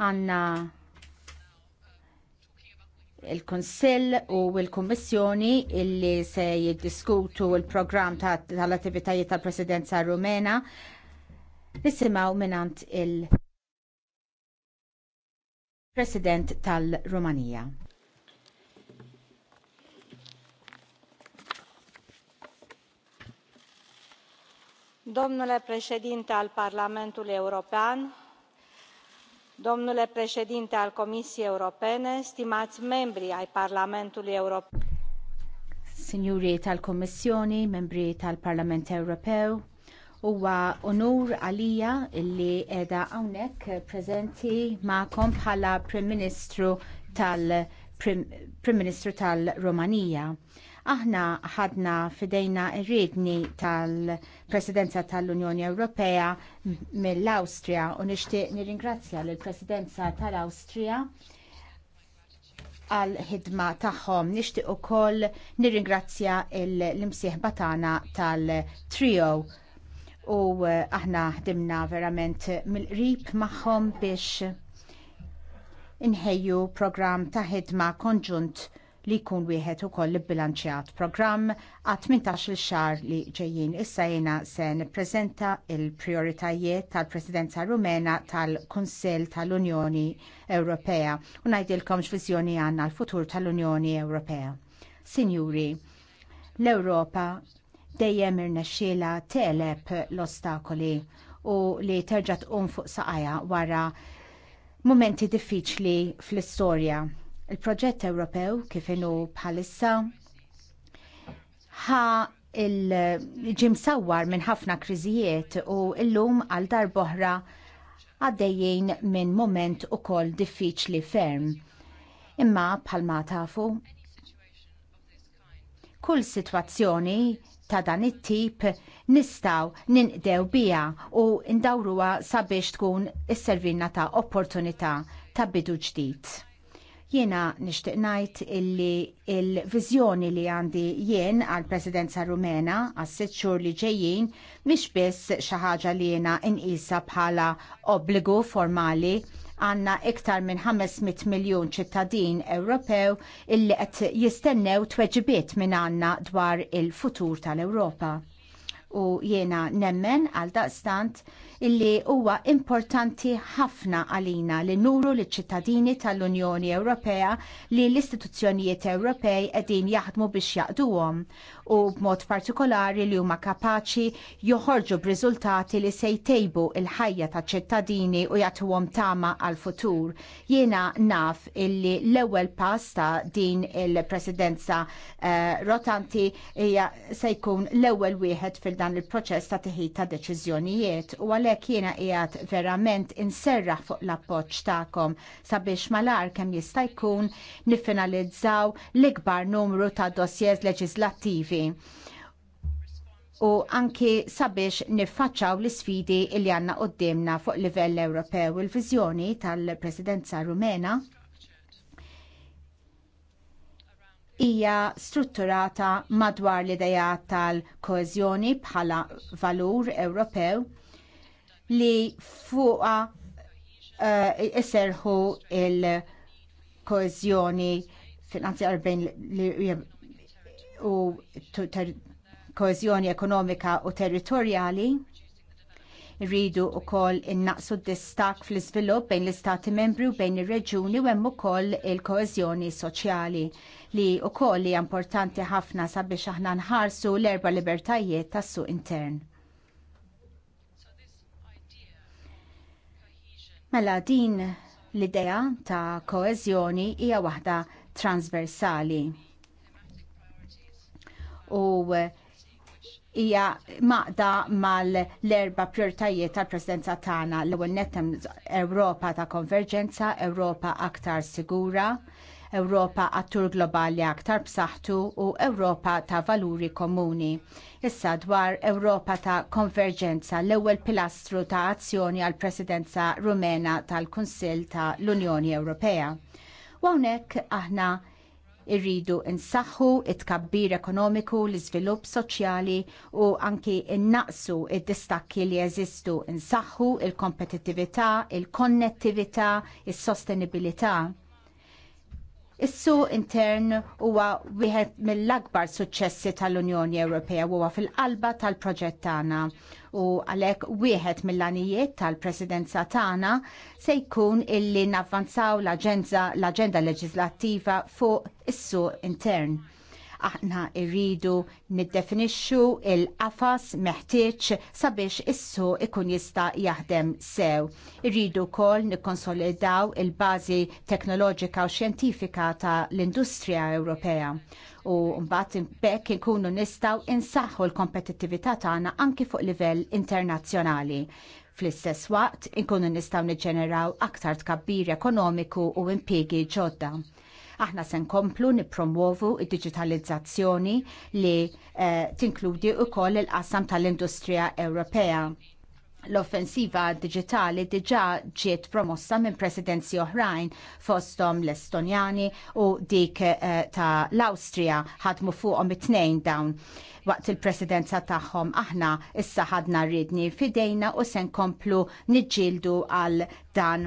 għanna il-Konsill u il-Kommissjoni illi se jiddiskutu il-programm tal-attivitajiet ta tal-Presidenza Rumena nisimaw minant il-President tal-Rumanija. Domnule președinte al Parlamentului European, domnule președinte al comisiei europene stimați membri ai parlamentului european Sinjuri tal-Kommissjoni, membri tal-Parlament Ewropew, huwa onur għalija illi edha hawnhekk preżenti magħkom bħala Prim Ministru tal-Prim Ministru tal-Romanija. tal prim ministru tal romanija tal Aħna ħadna fidejna ridni tal-Presidenza tal-Unjoni Ewropea mill-Awstrija u nixtieq nirringrazzja lill-Presidenza tal-Awstrija għal ħidma tagħhom. Nixtieq ukoll nirringrazzja l-imsieħba tagħna tal-trio u eh, aħna ħdimna verament mill-qrib magħhom biex inħejju program ta' ħidma konġunt li jkun wieħed ukoll bilanċjat programm għat 18 xahar li ġejjin issa jiena se nippreżenta il-prioritajiet tal-Presidenza Rumena tal-Kunsill tal-Unjoni Ewropea u ngħidilkom x'viżjoni għandna l-futur tal-Unjoni Ewropea. Sinjuri, l-Ewropa dejjem irnexxiela teleb l-ostakoli u li terġa' tqum fuq saqajja wara momenti diffiċli fl-istorja Il-proġett Ewropew kif inhu bħalissa ħa il-ġim sawwar minn ħafna kriżijiet u illum għal darboħra għaddejjin minn moment u kol diffiċli ferm. Imma bħalma tafu, kull situazzjoni ta' dan it-tip nistaw ninqdew bija u ndawruha sabiex tkun is-servinna ta' opportunità ta' bidu ġdid. Jiena nixtieq ngħid illi il-viżjoni li għandi jien għal presidenza rumena għas sitt xhur li ġejjin mhix biss xi ħaġa li jiena inqisha bħala obbligu formali għanna iktar minn 500 miljon ċittadin Ewropew illi qed jistennew tweġibiet minn għanna dwar il-futur tal-Ewropa. U jiena nemmen għal daqstant illi huwa importanti ħafna għalina li nuru li ċittadini tal-Unjoni Ewropea li l-istituzzjonijiet Ewropej edin jaħdmu biex jaqduhom u b'mod partikolari li huma kapaċi joħorġu b'riżultati li se jtejbu il-ħajja ta' ċittadini u jagħtuhom tama għal-futur. Jiena naf illi l-ewwel pass ta' din il-presidenza uh, rotanti hija se jkun l-ewwel wieħed fil dan il-proċess ta' tiħi ta' deċiżjonijiet u għalhekk għalhekk jiena qiegħed verament inserraħ fuq l-appoġġ tagħkom sabiex malar kemm jista' jkun niffinalizzaw l-ikbar numru ta' dossiers leġislattivi u anki sabiex niffaċċaw l-isfidi li għanna qoddimna fuq livell Ewropew il-viżjoni tal-Presidenza Rumena hija strutturata madwar l-idea tal koezjoni bħala valur Ewropew li fuqa uh, iserħu il-kozjoni finanzjar bejn u kozjoni ekonomika u territorjali rridu u koll innaqsu distak fl-izvilup bejn l-istati membri u bejn ir-reġuni u hemm ukoll il koezjoni soċjali li u koll li importanti ħafna sabiex aħna nħarsu l-erba libertajiet tas-suq intern. Mela din l-idea ta' koeżjoni hija waħda transversali. U hija maqda mal-erba prioritajiet tal-Presidenza tagħna l-ewwel nettem Ewropa ta' konverġenza, Ewropa aktar sigura, Ewropa għattur globali aktar b'saħħtu u Ewropa ta' valuri komuni. Issa dwar Ewropa ta' konverġenza l-ewwel pilastru ta' azzjoni għall presidenza rumena tal-Kunsill ta' l-Unjoni Ewropea. Hawnhekk aħna irridu insaħħu it-kabbir ekonomiku, l-iżvilupp soċjali u anki innaqsu id-distakki li jeżistu insaħħu il-kompetittività, il-konnettività, is-sostenibilità. Il is su intern huwa wieħed mill-akbar suċċessi tal-Unjoni Ewropea huwa fil-qalba tal-proġett tagħna u għalhekk wieħed mill-għanijiet tal-presidenza tagħna se jkun illi navvanzaw l-aġenda leġislattiva fuq is-suq intern Aħna irridu niddefinixxu il-qafas meħtieġ sabiex issu ikun jista' jaħdem sew. Irridu wkoll nikkonsolidaw il-bażi teknoloġika u xjentifika ta' l-industrija Ewropea u mbagħad bekk inkunu nistgħu insaħħu l-kompetittività tagħna anki fuq livell internazzjonali. Fl-istess waqt inkunu nistgħu niġġeneraw aktar tkabbir ekonomiku u impjiegi ġodda. Aħna se nkomplu nippromovu il digitalizzazzjoni li eh, tinkludi wkoll il-qasam tal-industrija Ewropea. L-offensiva digitali diġa ġiet promossa minn presidenzi oħrajn fostom l-Estonjani u dik uh, ta' l-Austria ħadmu fuqhom it-tnejn dawn. Waqt il-presidenza tagħhom aħna issa ħadna rridni fidejna u se nkomplu niġġieldu għal dan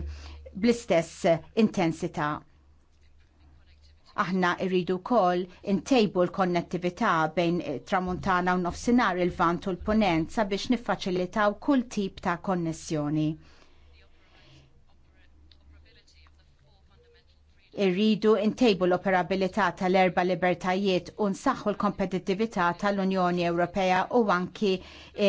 bl-istess intensità aħna irridu kol intejbu l-konnettività bejn eh, tramuntana u nofsinar il-vant u l-ponent sabiex niffaċilitaw kull tip ta' konnessjoni. Irridu intejbu l-operabilità tal-erba libertajiet u nsaħħu l-kompetittività tal-Unjoni Ewropea u anki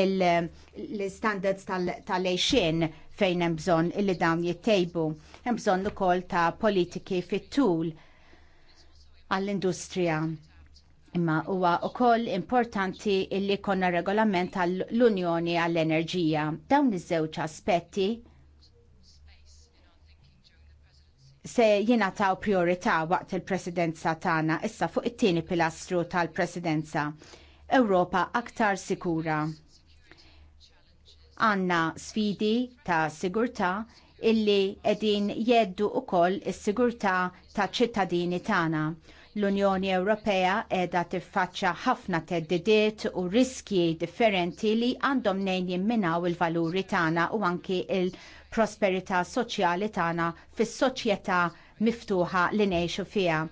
l-standards tal-lejxin fejn hemm bżonn illi dawn jittejbu. Hemm bżonn ukoll ta' politiki fit-tul għall-industrija. Imma huwa wkoll importanti illi konna regolament għall-Unjoni għall-Enerġija. Dawn iż-żewġ aspetti se jingħataw priorità waqt il-presidenza tagħna issa fuq it-tieni pilastru tal-presidenza. Ewropa aktar sikura. Għanna sfidi ta' sigurtà illi edin jeddu ukoll is-sigurtà ta' ċittadini tagħna. L-Unjoni Ewropea edha tiffaċċa ħafna teddidiet u riskji differenti li għandhom nejn jimminaw il-valuri tagħna u anki il-prosperità soċjali tagħna fis-soċjetà miftuħa li ngħixu fiha.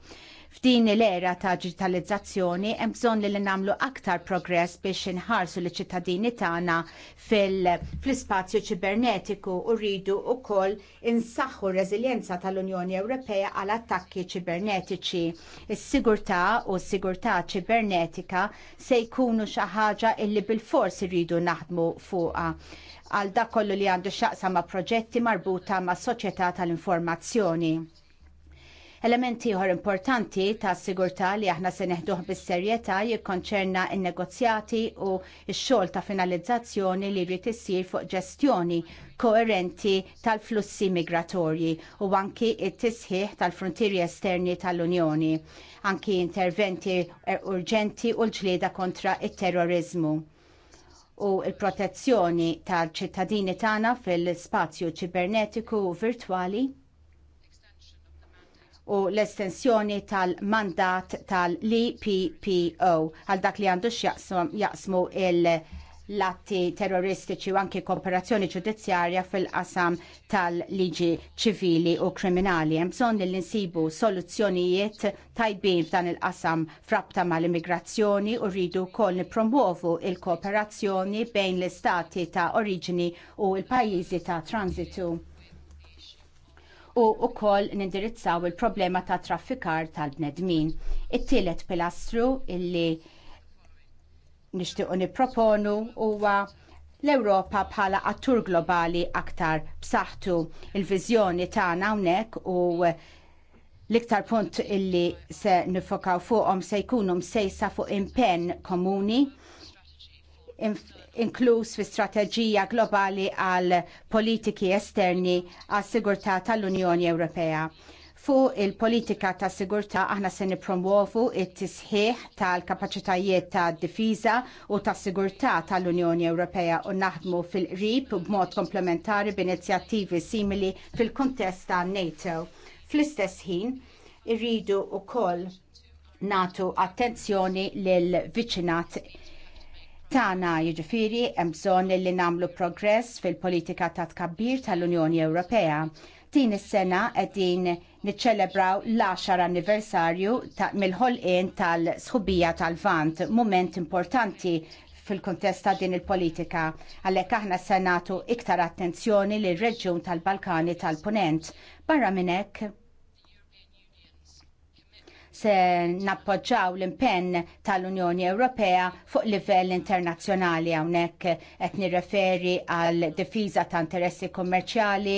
F'din l-era ta' digitalizzazzjoni hemm bżonn li nagħmlu aktar progress biex inħarsu l ċittadini tagħna fl-ispazju ċibernetiku u rridu wkoll insaħħu r-reżiljenza tal-Unjoni Ewropea għal attakki ċibernetiċi. Is-sigurtà u s-sigurtà ċibernetika se jkunu xi ħaġa illi bil-fors irridu naħdmu fuqha għal dak kollu li għandu xaqsa ma' proġetti marbuta ma' soċjetà tal-informazzjoni. Elementi ieħor importanti ta' sigurtà li aħna se neħduh bis-serjetà jikkonċerna n-negozjati u x-xogħol ta' finalizzazzjoni li jrid issir fuq ġestjoni koerenti tal-flussi migratorji u anki it-tisħiħ tal-frontieri esterni tal-Unjoni, anki interventi er-, urġenti u l-ġlieda kontra it-terrorizmu u l-protezzjoni tal-ċittadini tagħna fil-spazju ċibernetiku u virtwali u l-estensjoni tal-mandat tal-EPPO għal dak li għandu jaqsmu l-atti terroristiċi u anki kooperazzjoni ġudizzjarja fil-qasam tal-liġi ċivili u kriminali. Hemm bżonn l insibu soluzzjonijiet tajbin f'dan il-qasam frabta mal-immigrazzjoni u rridu wkoll nipromuovu il-kooperazzjoni bejn l-istati ta' oriġini u l-pajjiżi ta' transitu u wkoll nindirizzaw il-problema ta' traffikar tal-bnedmin. It-tielet pilastru illi nixtiequ nipproponu huwa l-Ewropa bħala attur globali aktar b'saħħtu il-viżjoni tagħna hawnhekk u l-iktar punt illi se nifokaw fuqhom se jkunu msejsa fuq impenn komuni inkluż fi strateġija globali għal politiki esterni għas sigurtà tal-Unjoni Ewropea. Fuq il-politika ta' sigurtà aħna se nippromuovu it-tisħiħ tal-kapaċitajiet ta' difiża u ta' sigurtà tal-Unjoni Ewropea u naħdmu fil-qrib b'mod komplementari b'inizjattivi simili fil-kuntest ta' NATO. Fl-istess ħin, irridu wkoll nagħtu attenzjoni lill viċinat tana jiġifieri hemm bżonn li nagħmlu progress fil-politika ta' tkabbir tal-Unjoni Ewropea. Din is-sena qegħdin niċċelebraw l-10 anniversarju mill-ħolqien tal-sħubija tal-Vant, mument importanti fil kontesta ta' din il-politika, għalhekk aħna se nagħtu iktar attenzjoni lir reġjun tal-Balkani tal-Punent. Barra minn hekk se nappoġġaw l-impenn tal-Unjoni Ewropea fuq livell internazzjonali hawnhekk qed nirreferi għal difiża ta' interessi kummerċjali,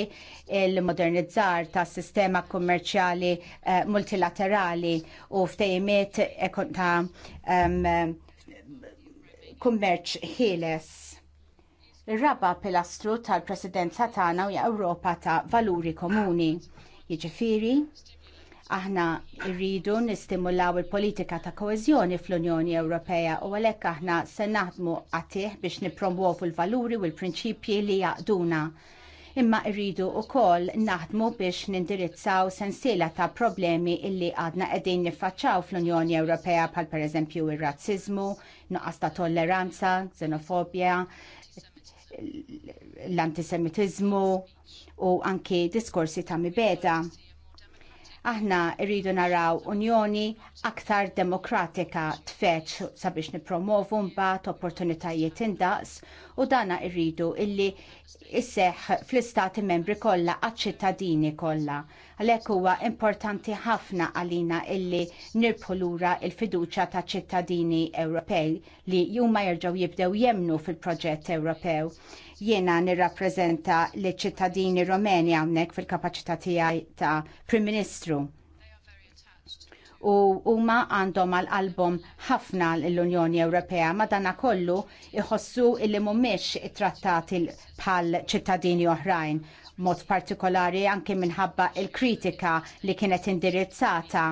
il-modernizzar ta' sistema kummerċjali uh, multilaterali u ftejimiet ta' um, kummerċ ħieles. Ir-raba pilastru tal-presidenza tagħna hija Ewropa ta' valuri komuni. Jiġifieri, Aħna rridu nistimulaw il-politika ta' koeżjoni fl-Unjoni Ewropea u għalhekk aħna se naħdmu għatih biex nippromuovu l-valuri u l-prinċipji li jaqduna imma rridu wkoll naħdmu biex nindirizzaw sensiela ta' problemi illi għadna qegħdin niffaċċaw fl-Unjoni Ewropea bħal pereżempju r razzizmu nuqqas ta' tolleranza, xenofobja, l antisemitiżmu u anki diskorsi ta' mibeda. Aħna rridu naraw unjoni aktar demokratika tfeċ sabiex nipromovu mbagħad opportunitajiet indaqs u dana rridu illi isseħ fl-istati membri kollha għaċ-ċittadini kollha. Għalhekk huwa importanti ħafna għalina illi nirbħu lura l-fiduċja ta' ċittadini Ewropej li huma jerġgħu jibdew jemnu fil-proġett Ewropew Jiena nirrappreżenta li ċittadini Romeni hawnhekk fil-kapaċità tiegħi ta' Prim Ministru u huma għandhom għal album ħafna l-Unjoni Ewropea ma dana kollu iħossu illi mhumiex trattati bħal ċittadini oħrajn mod partikolari anke minħabba il-kritika li kienet indirizzata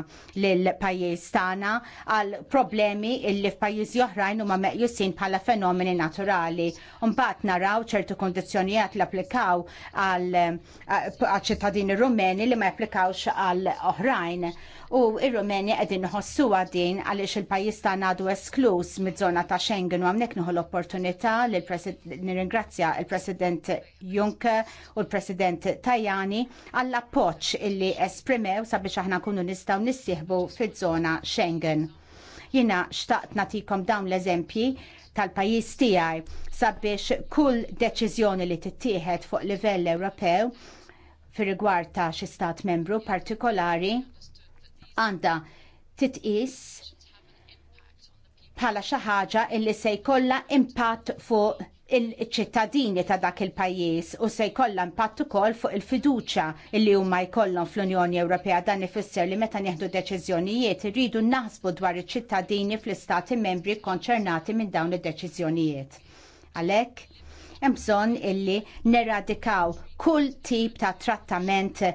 lil pajjiż tagħna għal problemi illi f'pajjiżi oħrajn huma meqjusin bħala fenomeni naturali. Mbagħad naraw ċertu kondizzjonijiet li applikaw għal ċittadini rumeni li ma japplikawx għal oħrajn u il rumenja qegħdin nħossu din għaliex il-pajjiż ta' nadu esklus miż-żona ta' Schengen u għamnek nħu l-opportunità li nirringrazzja il-President Juncker u l-President Tajani għall-appoġġ illi esprimew sabiex aħna kunu nistgħu nissieħbu fiż-żona Schengen. Jiena xtaqt natikom dawn l-eżempji tal-pajis tiegħi sabiex kull deċiżjoni li tittieħed fuq livell Ewropew fir rigward ta' xi stat membru partikolari Għanda, titqis bħala xi ħaġa illi se jkollha impatt fuq il-ċittadini ta' dak il-pajjiż u se jkollha impatt ukoll fuq il-fiduċja li huma jkollhom fl-Unjoni Ewropea dan ifisser li meta nieħdu deċiżjonijiet irridu naħsbu dwar iċ-ċittadini fl-istati membri konċernati minn dawn id-deċiżjonijiet. Għalhekk hemm bżonn illi neradikaw kull tip ta' trattament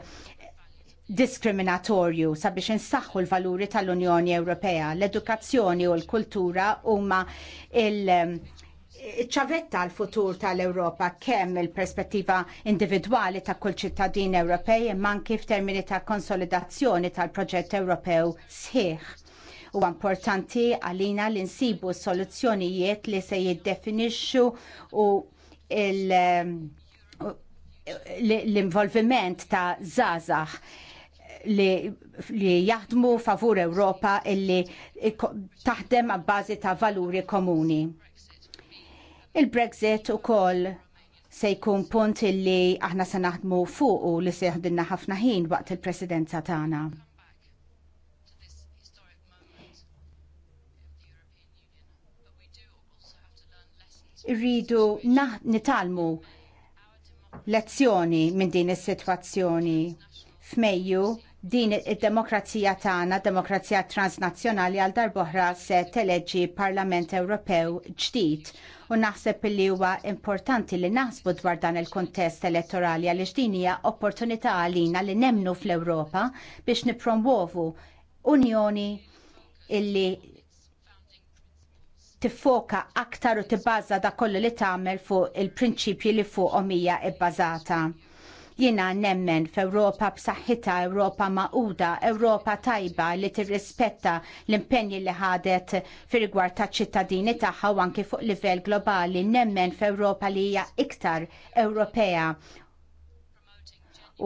diskriminatorju sabiex insaħħu l-valuri tal-Unjoni Ewropea. L-edukazzjoni u l-kultura huma il- um, ċavetta l-futur tal-Europa kemm il-perspettiva individwali ta' kull ċittadin Ewropej imma anke f'termini ta' konsolidazzjoni tal-proġett Ewropew sħiħ. U importanti għalina li nsibu soluzzjonijiet li se jiddefinixxu u um, l-involviment ta' zazax li, li jaħdmu favur Ewropa illi taħdem għabbażi ta' valuri komuni. Il-Brexit u kol se jkun punt illi aħna se naħdmu fuq u li se ħafna ħin waqt il-presidenza tagħna. Irridu nitalmu lezzjoni minn din is-sitwazzjoni f'Mejju din id-demokrazija tagħna, demokrazija transnazzjonali għal darboħra se teleġġi Parlament Ewropew ġdid u naħseb li huwa importanti li naħsbu dwar dan il-kontest elettorali għaliex din hija opportunità għalina li nemnu fl-Ewropa biex nippromuovu unjoni illi tiffoka aktar u tibbaża da kollu li tagħmel fuq il-prinċipji li fuqhom hija bbażata. Jiena nemmen f'Ewropa b'saħħitha, Ewropa maquda, Ewropa tajba li tirrispetta l-impenji li ħadet fir rigward taċ ċittadini tagħha u anki fuq livell globali, nemmen f'Ewropa li hija iktar Ewropea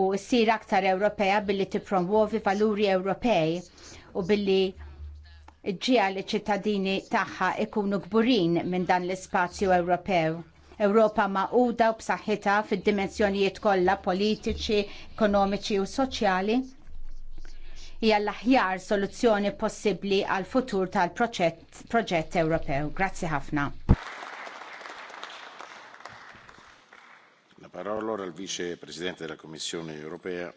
u ssir aktar Ewropea billi tippromuovi valuri Ewropej u billi ġija li ċittadini tagħha ikunu kburin minn dan l-ispazju Ewropew Ewropa maquda u b'saħħitha fid-dimensjonijiet kollha politiċi, ekonomiċi u soċjali hija l-aħjar soluzzjoni possibbli għal futur tal-proġett Ewropew. Grazzi ħafna. La parola ora al Vice Presidente della Commissione Europea.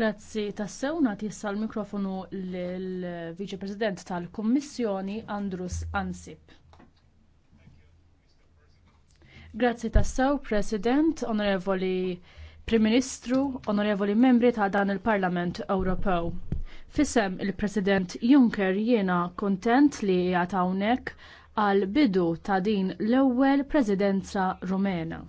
Grazzi tassew nagħti issa l-mikrofonu lill viċe President tal-Kummissjoni Andrus Ansip. Grazzi tassaw, President, Onorevoli Prim Ministru, Onorevoli Membri ta' dan il-Parlament Ewropew. Fisem il-President Juncker jiena kontent li jgħat hawnhekk għal bidu ta' din l-ewwel Presidenza Rumena.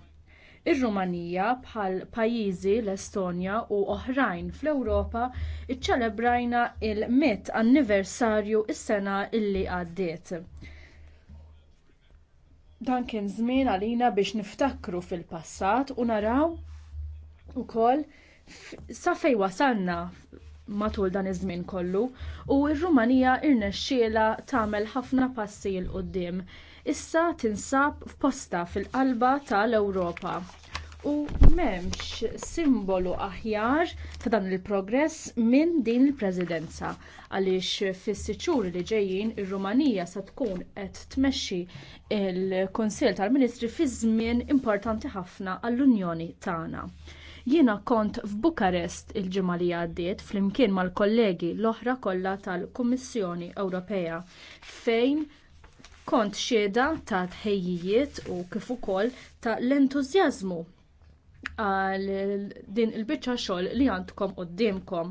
Ir-Rumanija bħal pajjiżi l-Estonja u oħrajn fl-Ewropa iċċelebrajna il-100 anniversarju is-sena illi għaddiet. Dan kien żmien għalina biex niftakru fil-passat u naraw ukoll sa safej wasanna matul dan iż-żmien kollu u r-Rumanija irnexxiela tagħmel ħafna passi l qudiem Issa tinsab f'posta fil-qalba tal-Ewropa u m'hemmx simbolu aħjar ta' dan il-progress minn din il-Presidenza għaliex fis-siċur li ġejjin ir-Rumanija se tkun qed tmexxi l-Kunsill tal-Ministri fi żmien importanti ħafna għall-Unjoni tagħna. Jiena kont f'Bukarest il-ġimgħa li għaddiet flimkien mal-kollegi l-oħra kollha tal-Kummissjoni Ewropea fejn kont xieda ta' tħejjijiet u kif ukoll ta' l-entużjażmu għal din il-biċċa xogħol li għandkom qudiemkom.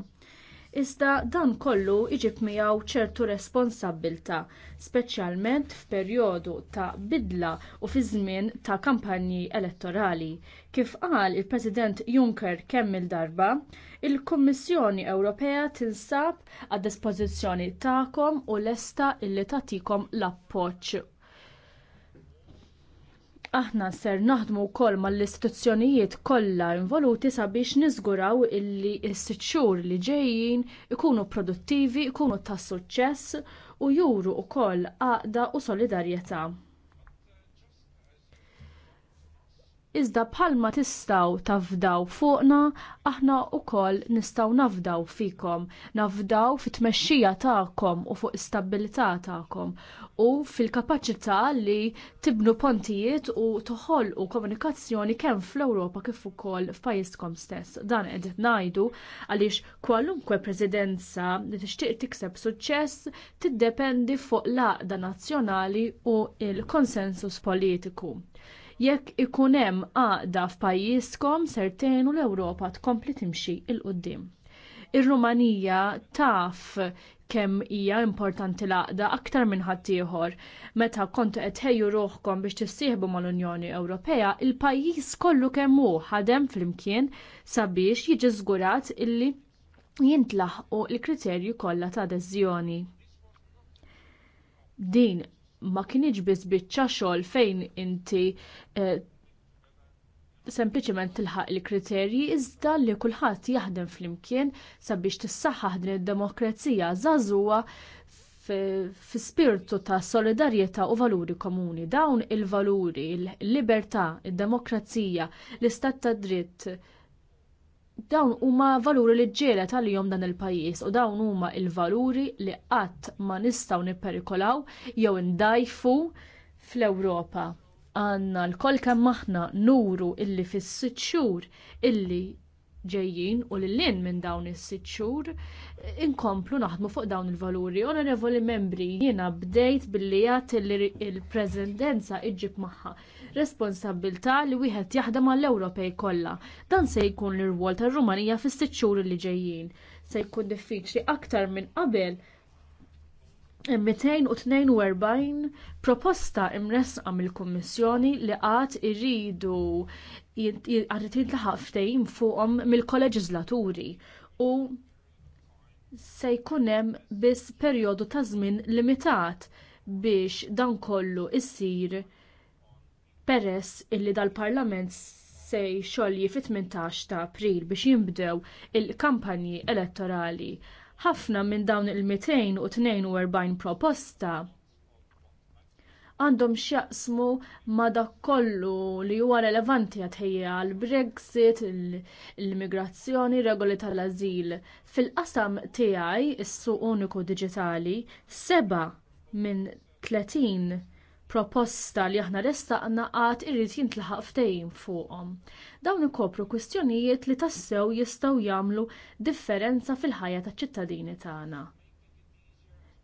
Iżda dan kollu iġib miegħu ċertu responsabilta, speċjalment f'perjodu ta' bidla u fi żmien ta' kampanji elettorali. Kif qal il-President Juncker kemm il-darba, il-Kummissjoni Ewropea tinsab għad dispożizzjoni tagħkom u lesta illi tagħtikom l-appoġġ Aħna ser naħdmu wkoll mal-istituzzjonijiet kollha involuti sabiex niżguraw illi s-sitt xhur li ġejjin ikunu produttivi, ikunu ta' suċċess u juru wkoll għaqda u solidarjetà. iżda bħalma tistaw tafdaw fuqna, aħna wkoll nistgħu nafdaw fikom, nafdaw fit-tmexxija tagħkom u fuq istabilità tagħkom u fil-kapaċità li tibnu pontijiet u toħolqu komunikazzjoni kemm fl-Ewropa kif ukoll f'pajjiżkom stess. Dan qed ngħidu għaliex kwalunkwe preżidenza li tixtieq tikseb suċċess tiddependi fuq l-għaqda nazzjonali u l konsensus politiku. Jekk ikun hemm għaqda f'pajjiżkom sertenu l-Ewropa tkompli timxi il qudiem Ir-Rumanija taf kemm hija importanti l-għaqda aktar minn ħaddieħor. Meta kontu qed ħejju ruħkom biex tissieħbu mal-Unjoni Ewropea, il-pajjiż kollu kemm hu ħadem flimkien sabiex jiġi żgurat illi jintlaħqu l-kriterju kollha ta' adeżjoni. Din ma kienieġ biss biċċa xogħol fejn inti eh, sempliċement tilħaq il-kriterji iżda li kulħadd jaħdem flimkien sabiex tissaħħaħ din id-demokrazija żagħżugħa fi spirtu ta' solidarjetà u valuri komuni. Dawn il-valuri, il-libertà, id-demokrazija, l-istat ta' dritt, dawn huma valuri li ġġiela tal-jom dan il-pajjiż u dawn huma l valuri li qatt ma nistgħu nipperikolaw jew ndajfu fl-Ewropa. Għanna l-kol kemm aħna nuru illi fis-sitt xhur illi ġejjin u l lin minn dawn is-sitt xhur inkomplu naħdmu fuq dawn il-valuri. Onorevoli membri, jiena bdejt billi jagħt il-preżendenza iġib magħha responsabilta li wieħed jaħdem għall ewropej kollha. Dan se jkun l-irwol tar-Rumanija fis-sitt xhur li ġejjin. Se jkun diffiċli aktar minn qabel 242 proposta imresqa mill-Kummissjoni li qatt iridu għad jitlaħaq ftehim fuqhom mill kolleġislaturi u se jkun hemm biss perjodu ta' żmien limitat biex dan kollu issir peress illi dal-Parlament se jxolli fit-18 ta' April biex jinbdew il-kampanji elettorali ħafna minn dawn il-242 proposta għandhom xjaqsmu ma kollu li huwa relevanti għatħejja għal Brexit, l-immigrazzjoni, regoli tal-azil. Fil-qasam tiegħi is-suq uniku diġitali seba' minn 30 proposta li aħna restaqna għad irrid jintlaħaq ftehim fuqhom. Dawn ikopru kwistjonijiet li tassew jistgħu jagħmlu differenza fil-ħajja taċ-ċittadini tagħna.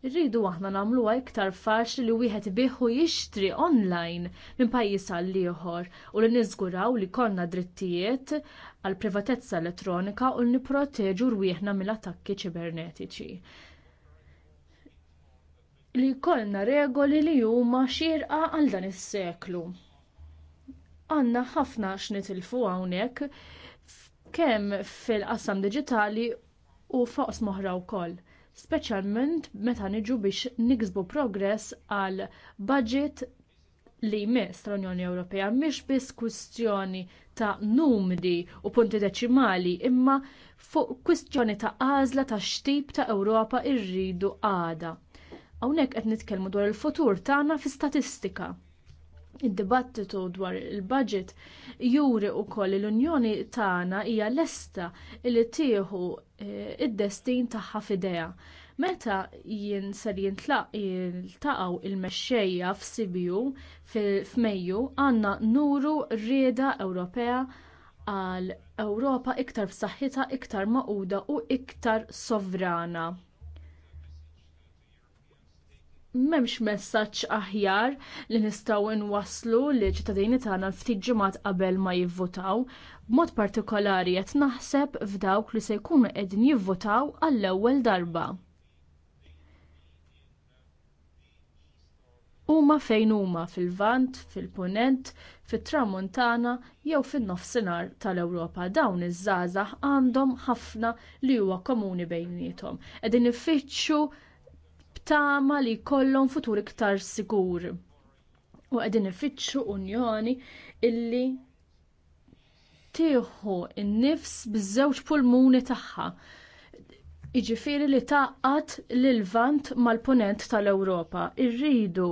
Irridu aħna nagħmluha iktar faċli li wieħed biħu jixtri online minn pajjiż għal ieħor u li niżguraw li konna drittijiet għal privatezza elettronika u li nipproteġu rwieħna mill-attakki ċibernetiċi li jkollna regoli li huma xirqa għal dan is-seklu. Għandna ħafna x'nitilfu hawnhekk kemm fil-qasam diġitali u faqs moħra wkoll, speċjalment meta niġu biex niksbu progress għal budget li jmiss tal-Unjoni Ewropea mhix biss kwistjoni ta' numri u punti deċimali imma fuq kwistjoni ta' għażla ta' xtip ta' Ewropa rridu għada. Hawnhekk qed nitkellmu dwar il-futur tagħna fi statistika. Id-dibattitu dwar il-budget juri wkoll li l-Unjoni tagħna hija lesta li tieħu eh, id-destin tagħha f'idea. Meta jien ser jintlaq jiltaqgħu il-mexxejja f'Sibiu f'Mejju għandna nuru rieda Ewropea għal Ewropa iktar f'saħħitha iktar maquda u iktar sovrana memx messaċ aħjar li nistaw inwaslu li ċittadini tagħna ftit ġimgħat qabel ma jivvotaw, b'mod partikolari qed naħseb f'dawk li se jkunu qegħdin jivvotaw għall-ewwel darba. Huma fejn huma fil-vant, fil-punent, fit-tramuntana jew fin-nofsinhar tal-Ewropa dawn iż-żgħażagħ għandhom ħafna li huwa komuni bejniethom. Qegħdin ifittxu b'tama li jkollhom futur iktar sigur. U qegħdin ifittxu unjoni illi tieħu n-nifs biż-żewġ pulmuni tagħha. Jiġifieri li taqqat l-vant mal-punent tal-Ewropa. Irridu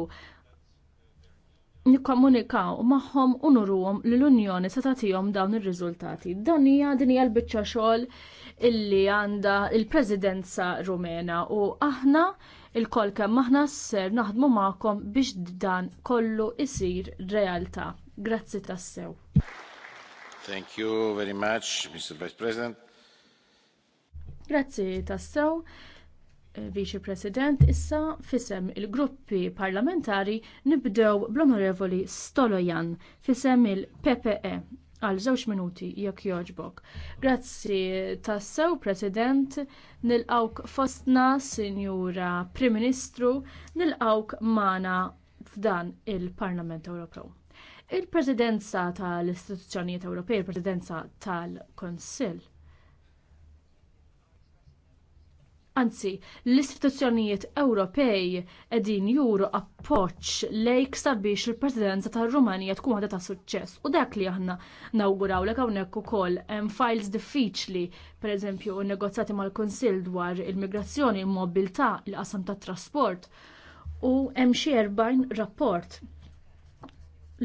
nikkomunikaw magħhom u nuruhom li l-Unjoni se tagħtihom dawn ir-riżultati. Dan hija din hija l-biċċa xogħol illi għandha l-Presidenza Rumena u aħna Il-koll kemm aħna ser naħdmu magħkom biex dan kollu isir realtà. Grazzi tassew. Thank you very much, Mr. Vice President. Grazzi tassew. Eh, Vice President, issa fisem il-gruppi parlamentari nibdew bl-Onorevoli Stolojan fisem il-PPE għal żewġ minuti jekk jogħġbok. Grazzi tassew, President, nilqawk fostna, Sinjura Prim Ministru, nilqawk mana f'dan il-Parlament Ewropew. Il-Presidenza tal-Istituzzjonijiet Ewropej, il-Presidenza tal-Konsill, Anzi, l-istituzzjonijiet Ewropej edin juru appoċ lejk sabiex il-presidenza tar rumanija tkun għadha ta' suċċess. U dak li aħna nawguraw lek hawnhekk ukoll hemm files diffiċli, pereżempju negozjati mal-Kunsill dwar il-migrazzjoni, il-mobilità, il-qasam tat-trasport. U hemm xi erbajn rapport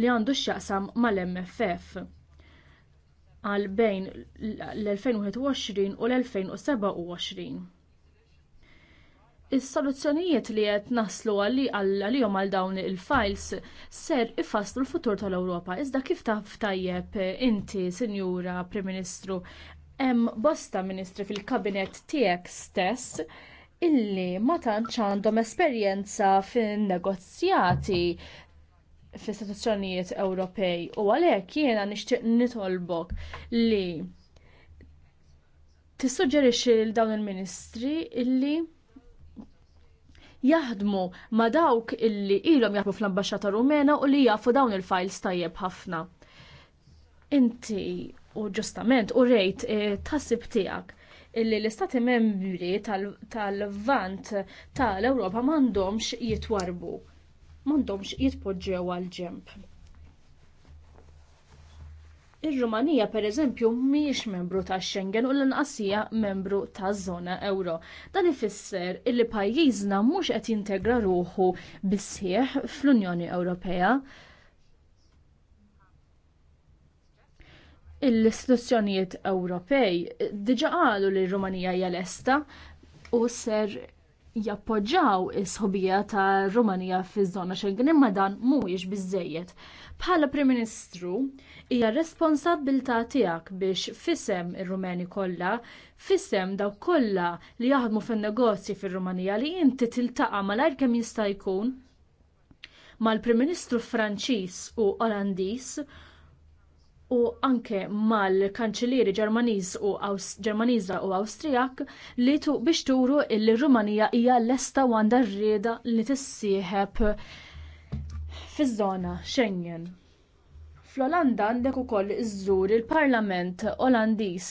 li għandu x'jaqsam mal-MFF għal bejn l-2021 u l-2027. Is-soluzzjonijiet li qed naslu għalihom għal dawn il-files ser ifasslu l-futur tal-Ewropa. Iżda kif taf tajjeb eh, inti, Sinjura Prim Ministru, hemm bosta ministri fil-kabinet tiegħek stess illi ma tantx għandhom esperjenza fin-negozjati fl-istituzzjonijiet Ewropej u għalhekk jiena nixtieq nitolbok li tissuġġerixxi lil dawn il-ministri illi jaħdmu ma' dawk illi ilhom jaħdmu fl-ambasċata rumena u li jafu dawn il-files tajjeb ħafna. Inti u ġustament u rejt e, tassib tiegħek illi l-istati membri tal-vant tal-Ewropa m'għandhomx jitwarbu, m'għandhomx jitpoġġew għal ġemp. Ir-Rumanija pereżempju mhijiex membru tax Schengen u l-inqasija membru taż-żona Ewro. Dan ifisser illi pajjiżna mhux qed jintegra ruħu bissieħ fl-Unjoni Ewropea. l-istituzzjonijiet Ewropej diġa qalu li r-Rumanija hija lesta u ser jappoġġaw is sħubija ta' Rumanija fiż-żona Schengen imma dan mhuwiex biżżejjed Bħala Prim Ministru, hija responsabilità tiegħek biex fisem ir-Rumeni kollha, fisem daw kollha li jaħdmu fin-negozji fir-Rumanija li inti tiltaqa' malajr kemm jista' jkun mal-Prim Ministru Franċiż u Olandiż u anke mal-kanċilieri Ġermaniż u Ġermaniża u Awstrijak li tu biex turu il-Rumanija hija lesta esta għandha rrieda li tissieħeb fiż-żona Schengen. Fl-Olanda għandek ukoll iżżur il-Parlament Olandiż.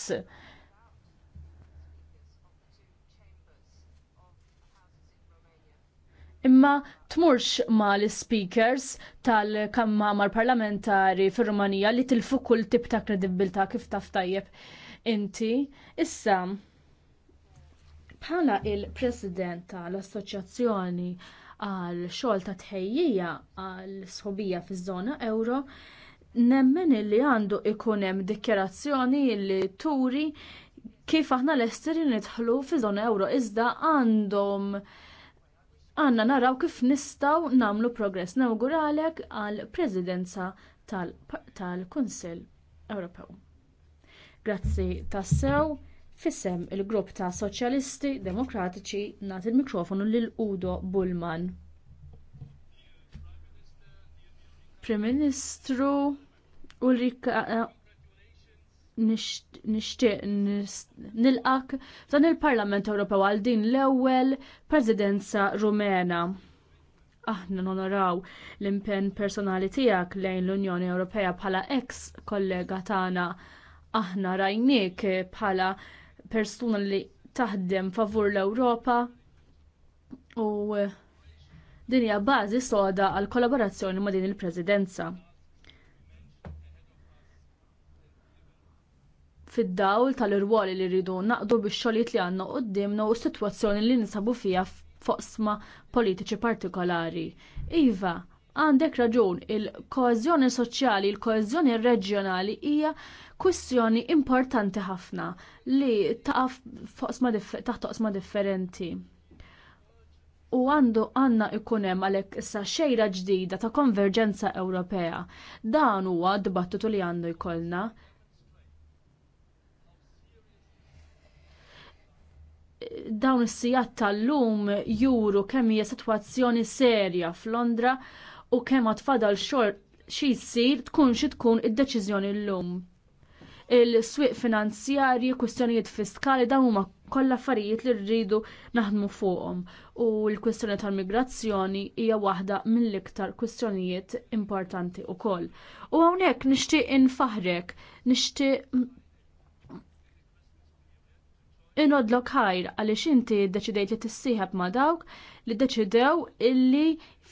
Imma tmurx ma l-speakers tal-kammamar parlamentari fir-Rumanija li tilfu kull tip ta' kredibilta kif taf tajjeb inti. Issa, bħala il-president tal-Assoċjazzjoni għal xogħol ta' tħejjija għal sħobija fiż-żona euro, nemmen li għandu ikun hemm dikjerazzjoni li turi kif aħna l-esteri nidħlu fiż-żona euro iżda għandhom għanna naraw kif nistaw namlu progress nawguralek għal prezidenza tal-Kunsill tal Ewropew. Grazzi tassew. Fissem il-grupp ta' Soċjalisti Demokratiċi nat il mikrofonu lil Udo Bullman. Prim Ministru Ulrika eh, nixtieq nilqak f'dan il-Parlament Ewropew għal din l-ewwel Presidenza Rumena. Aħna nonoraw l-impenn personali tiegħek lejn l-Unjoni Ewropea bħala ex kollega tagħna. Aħna rajnik bħala persuna li taħdem favur l-Ewropa u eh, din hija bażi soda għal kollaborazzjoni ma' din il-Presidenza. Fid-dawl tal-irwoli li rridu naqdu bix xogħlijiet li għandna qudiemna u s-sitwazzjoni li ninsabu fiha foqsma politiċi partikolari. Iva, għandek raġun, il-koezjoni soċjali, il-koezjoni reġjonali hija kwistjoni importanti ħafna li taqaf taħt oqsma differenti. U għandu għanna ikunem għalek issa xejra ġdida ta' konverġenza Ewropea. Dan huwa dibattitu li għandu jkollna. Dawn is-sijat tal-lum juru kemm hija sitwazzjoni serja f'Londra u kemm għatfadal xor xi jsir tkun xi tkun id-deċiżjoni llum il-swieq finanzjarji, kwistjonijiet fiskali, dawn huma kollha affarijiet li rridu naħdmu fuqhom. U l-kwistjoni tal-migrazzjoni hija waħda mill-iktar kwistjonijiet importanti wkoll. U hawnhekk nixtieq infaħrek, nixtieq inodlok ħajr għaliex inti deċidejt li tissieħab ma' dawk li ddeċidew illi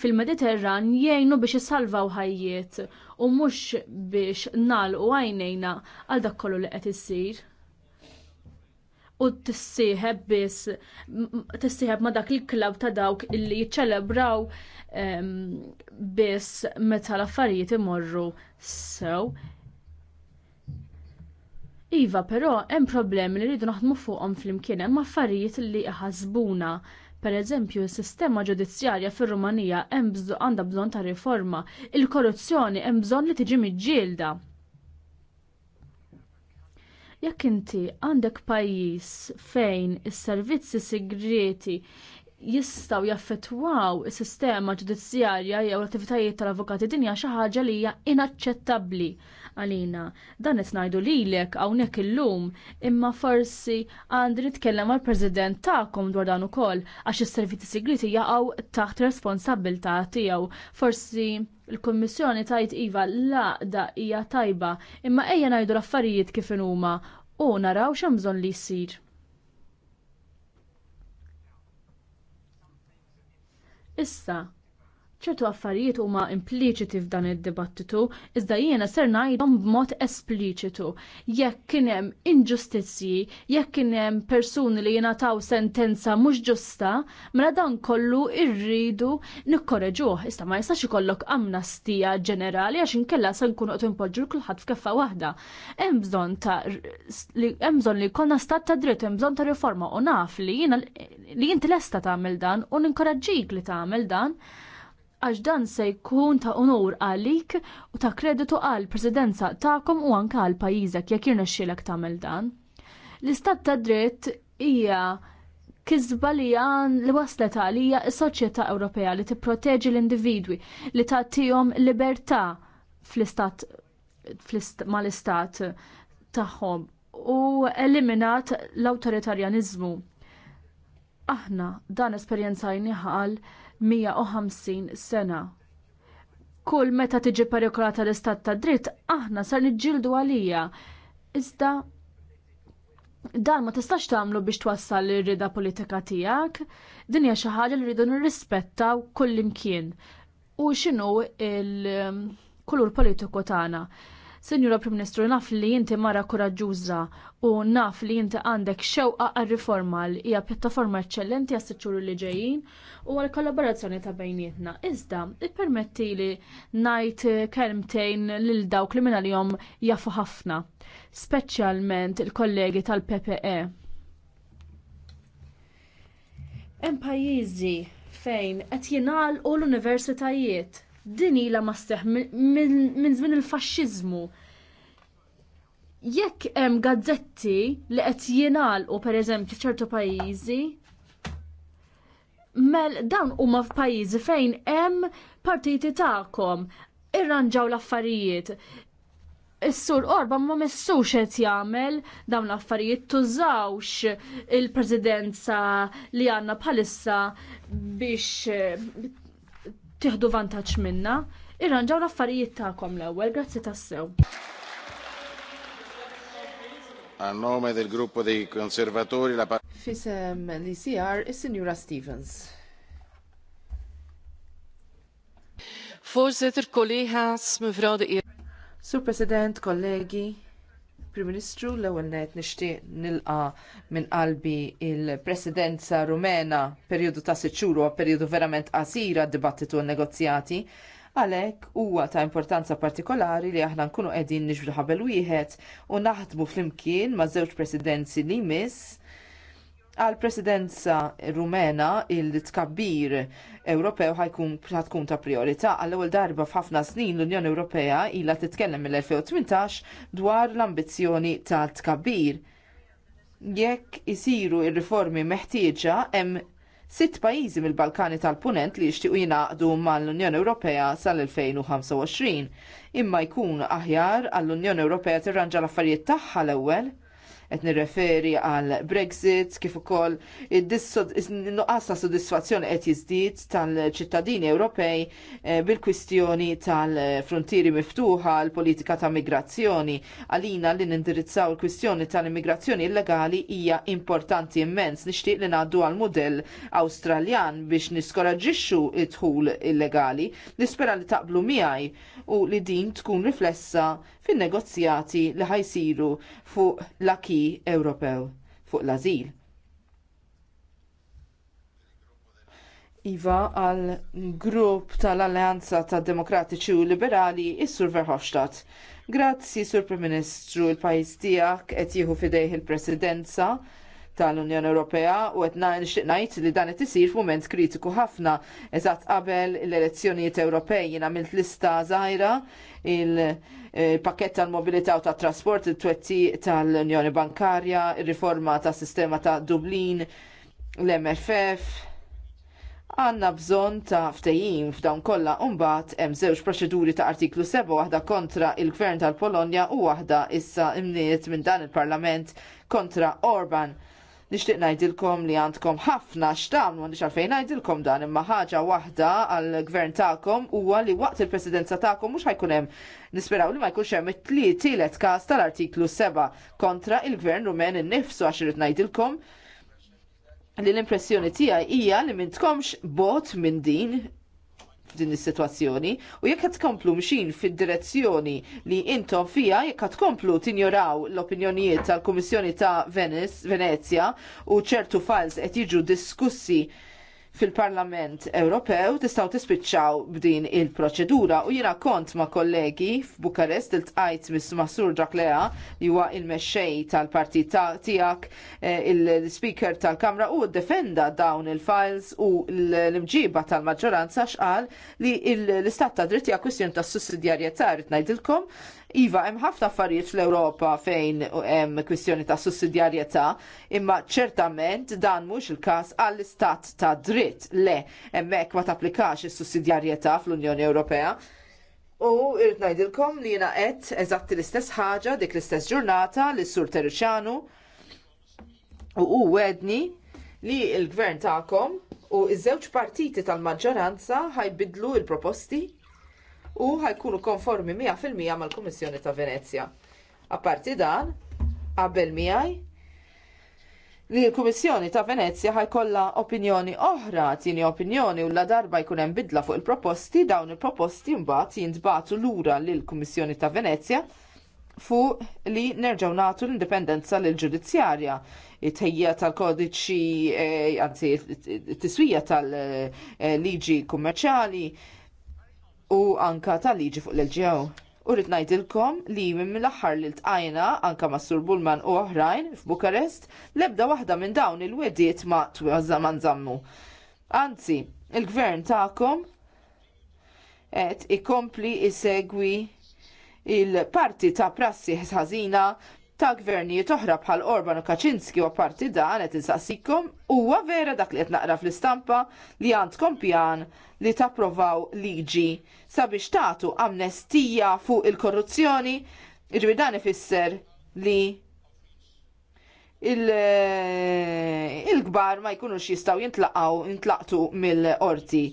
fil-Mediterran jgħinu biex isalvaw ħajjiet u mhux biex u għajnejna għal dak kollu li qed issir. U tissieħeb biss tissieħeb ma' dak il-klab ta' dawk illi jiċċelebraw ehm, biss meta l-affarijiet imorru sew. So, Iva, però hemm problemi li rridu naħdmu fuqhom flimkien hemm affarijiet li Per Pereżempju, s-sistema ġudizzjarja fir-Rumanija hemm għandha bżonn ta' riforma, il-korruzzjoni hemm bżonn li tiġi miġġielda. Jekk inti għandek pajjiż fejn is-servizzi segreti jistgħu jaffettwaw is-sistema ġudizzjarja jew l-attivitajiet tal-avukati dinja xi ħaġa li hija inaċċettabbli għalina. Dan qed ngħidu lilek hawnhekk illum, imma forsi għandi nitkellem għall president tagħkom dwar dan ukoll għax is-servizzi segreti jaqgħu taħt responsabilità tiegħu. Forsi il kummissjoni tajt iva laqda hija tajba, imma ejja ngħidu l-affarijiet kif huma u naraw x'hemm bżonn li jsir. Issa, ċertu affarijiet huma impliċiti f'dan id-dibattitu, iżda jiena ser ngħidhom b'mod espliċitu. Jekk kien hemm inġustizzji, jekk kien hemm persuni li taw sentenza mhux ġusta, mela dan kollu irridu nikkoreġuh. Issa ma jistax ikollok amnastija ġenerali għax inkella se nkunu qed inpoġġu kulħadd f'keffa waħda. Hemm bżonn ta' hemm bżonn li jkollna stat ta' dritt, hemm bżonn ta' riforma u naf li jiena li inti lesta tagħmel dan u ninkoraġġik li tagħmel dan għax dan se jkun ta' onur għalik u ta' kreditu għal presidenza ta'kom u anka għal pajizek jekk jirna tagħmel dan. L-istat ta' dritt hija kizba li għan li waslet għalija s-soċjetà Ewropea li tipproteġi l-individwi li tagħtihom libertà fl-istat mal-istat tagħhom u eliminat l-autoritarjanizmu. Aħna dan esperjenzajni ħal 150 sena. Kull meta tiġi parikolata l-istat ta' dritt, aħna sar niġġieldu għalija. Iżda dan ma tistax tagħmlu biex twassal ir-rida politika tiegħek, din hija xi ħaġa li rridu nirrispettaw kullimkien. U x'inhu il-kulur politiku tagħna. Senjura Prim Ministru, naf li inti mara koraġuża u naf li inti għandek xewqa għal-riforma li hija pjattaforma eċċellenti għas siċċuru li ġejjin u għal-kollaborazzjoni ta' bejnietna. Iżda, ippermetti li ngħid kelmtejn lil dawk li minna li jom jafu ħafna, speċjalment il-kollegi tal-PPE. Hemm pajjiżi fejn qed jingħalqu l-universitajiet din ila ma seħ minn żmien il fasċizmu Jekk hemm gazzetti li qed jingħalqu pereżempju f'ċertu pajjiżi, mel dawn huma f'pajjiżi fejn hemm partiti tagħkom irranġaw l-affarijiet. Is-sur Orba ma messux qed jagħmel dawn l-affarijiet tużawx il-presidenza li għandna bħalissa biex tieħdu vantaġġ minna, irranġaw l-affarijiet tagħkom l-ewwel, grazzi tassew. A nome del gruppo dei conservatori la Fisem l-ICR is Signora Stevens. Voorzitter, collega's, mevrouw de Sur President, kollegi, Prim Ministru, l-ewwel ngħid nixtieq nilqa minn qalbi il-Presidenza Rumena perjodu ta' sitt xhur huwa perjodu verament qasira dibattitu u negozjati. Għalhekk huwa ta' importanza partikolari li aħna nkunu qegħdin niġbru ħabel wieħed u naħdmu flimkien ma' żewġ presidenzi li jmiss għal presidenza rumena il-tkabbir Ewropew ħajkun tkun ta' priorità għall ewwel darba f'ħafna snin l-Unjoni Ewropea ilha titkellem mill-2018 dwar l-ambizzjoni ta' tkabbir. Jekk isiru r riformi meħtieġa hemm sitt pajjiżi mill-Balkani tal-Punent li jixtiequ jingħaqdu mal-Unjoni Ewropea sal-2025. Imma jkun aħjar għall-Unjoni Ewropea tirranġa l-affarijiet tagħha l-ewwel qed nirreferi għal Brexit kif ukoll nuqqas ta' sodisfazzjoni qed jiżdied tal-ċittadini Ewropej eh, bil-kwistjoni tal-frontieri miftuħa l-politika ta' migrazzjoni. Għalina li nindirizzaw il-kwistjoni tal-immigrazzjoni illegali hija importanti immens nixtieq li ngħaddu għal mudell Awstraljan biex niskoraġixxu id-dħul illegali. Nispera li taqblu miegħi u li din tkun riflessa fin-negozjati li ħajsiru fuq l-aki Ewropew fuq l-azil. Iva għal grupp tal-Alleanza tad Demokratiċi u Liberali is-Sur Verhofstadt. Grazzi, Sur Prim Ministru, il pajjiż tiegħek qed jieħu fidejh il-Presidenza tal-Unjoni Ewropea u qed nixtieq ngħid li dan qed isir f'mument kritiku ħafna eżatt qabel l-elezzjonijiet Ewropej jien għamilt lista żgħira il-pakket eh, tal-mobilità u tat-trasport, it-twetti tal-Unjoni Bankarja, ir-riforma tas-sistema ta' Dublin, l-MFF, għanna bżon ta' ftejim f'dawn kollha mbagħad hemm żewġ proċeduri ta' artiklu 7 waħda kontra il-Gvern tal-Polonja u waħda issa imniet minn dan il-Parlament kontra Orban. Nixtieq ngħidilkom li għandkom ħafna x'tamlu għandix għalfejn ngħidilkom dan imma ħaġa waħda għall-gvern tagħkom huwa li waqt il-presidenza tagħkom mhux ħajkun hemm nisperaw li ma jkunx hemm it-tielet każ tal-artiklu 7 kontra il-gvern rumen innifsu għax irid ngħidilkom li l-impressjoni tiegħi hija li m'intkomx bot minn din din is-sitwazzjoni u jekk qed tkomplu mxin fid-direzzjoni li intom fija jekk qed tkomplu tinjoraw l-opinjonijiet tal-Kummissjoni ta' Venezia u ċertu files qed jiġu diskussi fil-Parlament Ewropew tistgħu tispiċċaw b'din il-proċedura u jiena kont ma' kollegi f'Bukarest il-tqajt mis Masur Draklea li huwa il-mexxej tal-partit tiegħek eh, il-speaker tal-Kamra u defenda dawn il-files u l-imġiba tal-maġġoranza x'qal li l-istat ta' dritt hija kwistjoni tas sussidjarjetà rrid ngħidilkom Iva, hemm ħafna affarijiet fl-Ewropa fejn hemm kwistjoni ta' sussidjarjetà, imma ċertament dan mhux il-każ għall-istat ta' dritt le hemmhekk ma tapplikax is-sussidjarjetà fl-Unjoni Ewropea. U irrid ngħidilkom li jiena qed eżatti l-istess ħaġa dik l-istess ġurnata li sur Terċanu u hu wedni li l-gvern tagħkom u iż-żewġ partiti tal-maġġoranza ħajbidlu l proposti u ħajkunu konformi 100% mal-Kummissjoni ta' Venezja. Apparti dan, qabel miegħi li l-Kummissjoni ta' Venezja ħajkolla opinjoni oħra, tieni opinjoni u la darba jkun hemm bidla fuq il-proposti, dawn il-proposti mbagħad jintbagħtu lura lill-Kummissjoni ta' Venezja fuq li nerġaw natu l-indipendenza l ġudizzjarja it-tejja tal-kodiċi, għanzi, eh, t-tiswija tal-liġi eh, kummerċali, u anka tal-liġi fuq l-LGO. U rrit ngħidilkom li minn mill-aħħar li tqajna anka ma' Sur Bullman u oħrajn f'Bukarest l-ebda waħda minn dawn il-wediet ma' tważaman zammu. Anzi, il-gvern tagħkom qed ikompli isegwi il-parti ta' prassi ħażina ta' gvernijiet oħra bħal Orban u Kaczynski u parti dan qed insaqsikom huwa vera dak li qed naqra fl-istampa li għandkom pjan li tapprovaw liġi sabiex tagħtu amnestija fuq il-korruzzjoni, jiġri dan ifisser li il-gbar ma jkunux jistaw jintlaqaw, jintlaqtu mill-orti.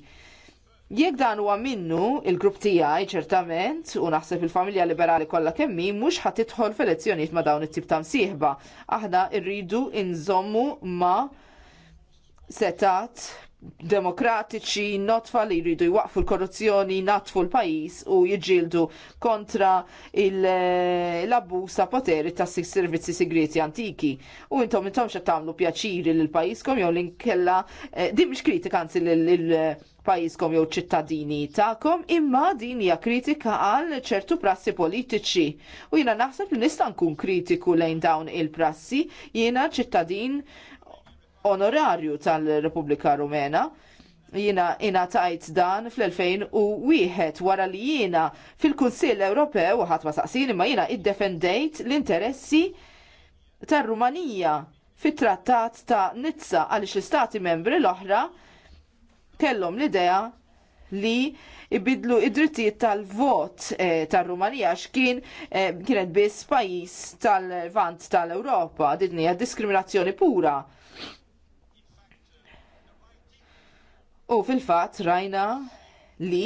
Jekk dan huwa minnu il-grupp tiegħi ċertament u naħseb il-familja liberali kollha kemmi mhux ħadd tidħol f'elezzjonijiet ma' dawn it-tip ta' msieħba. Aħna rridu nżommu ma' setat demokratiċi, notfa li jridu jwaqfu l-korruzzjoni, natfu l-pajis u jġildu kontra l-abbusa poteri ta' servizzi segreti antiki. U intom intom xa tamlu pjaċiri l pajjiżkom jew l-inkella, eh, di mx kritika anzi l pajjiżkom jew ċittadini tagħkom, imma din hija kritika għal ċertu prassi politiċi. U jiena naħseb li nista' nkun kritiku lejn dawn il-prassi, jiena ċittadin onorarju tal-Repubblika Rumena jina ina tajt dan fl-2001 wara li jina fil-Kunsill Ewropew ħadd ma saqsini ma jina iddefendejt l-interessi tar-Rumanija fit-trattat ta' Nizza għaliex l-istati membri l-oħra kellhom l-idea li ibidlu id-drittijiet tal-vot eh, tal-Rumanija x'kien eh, kienet biss pajjiż tal-vant tal-Ewropa, din hija diskriminazzjoni pura. U fil-fatt rajna li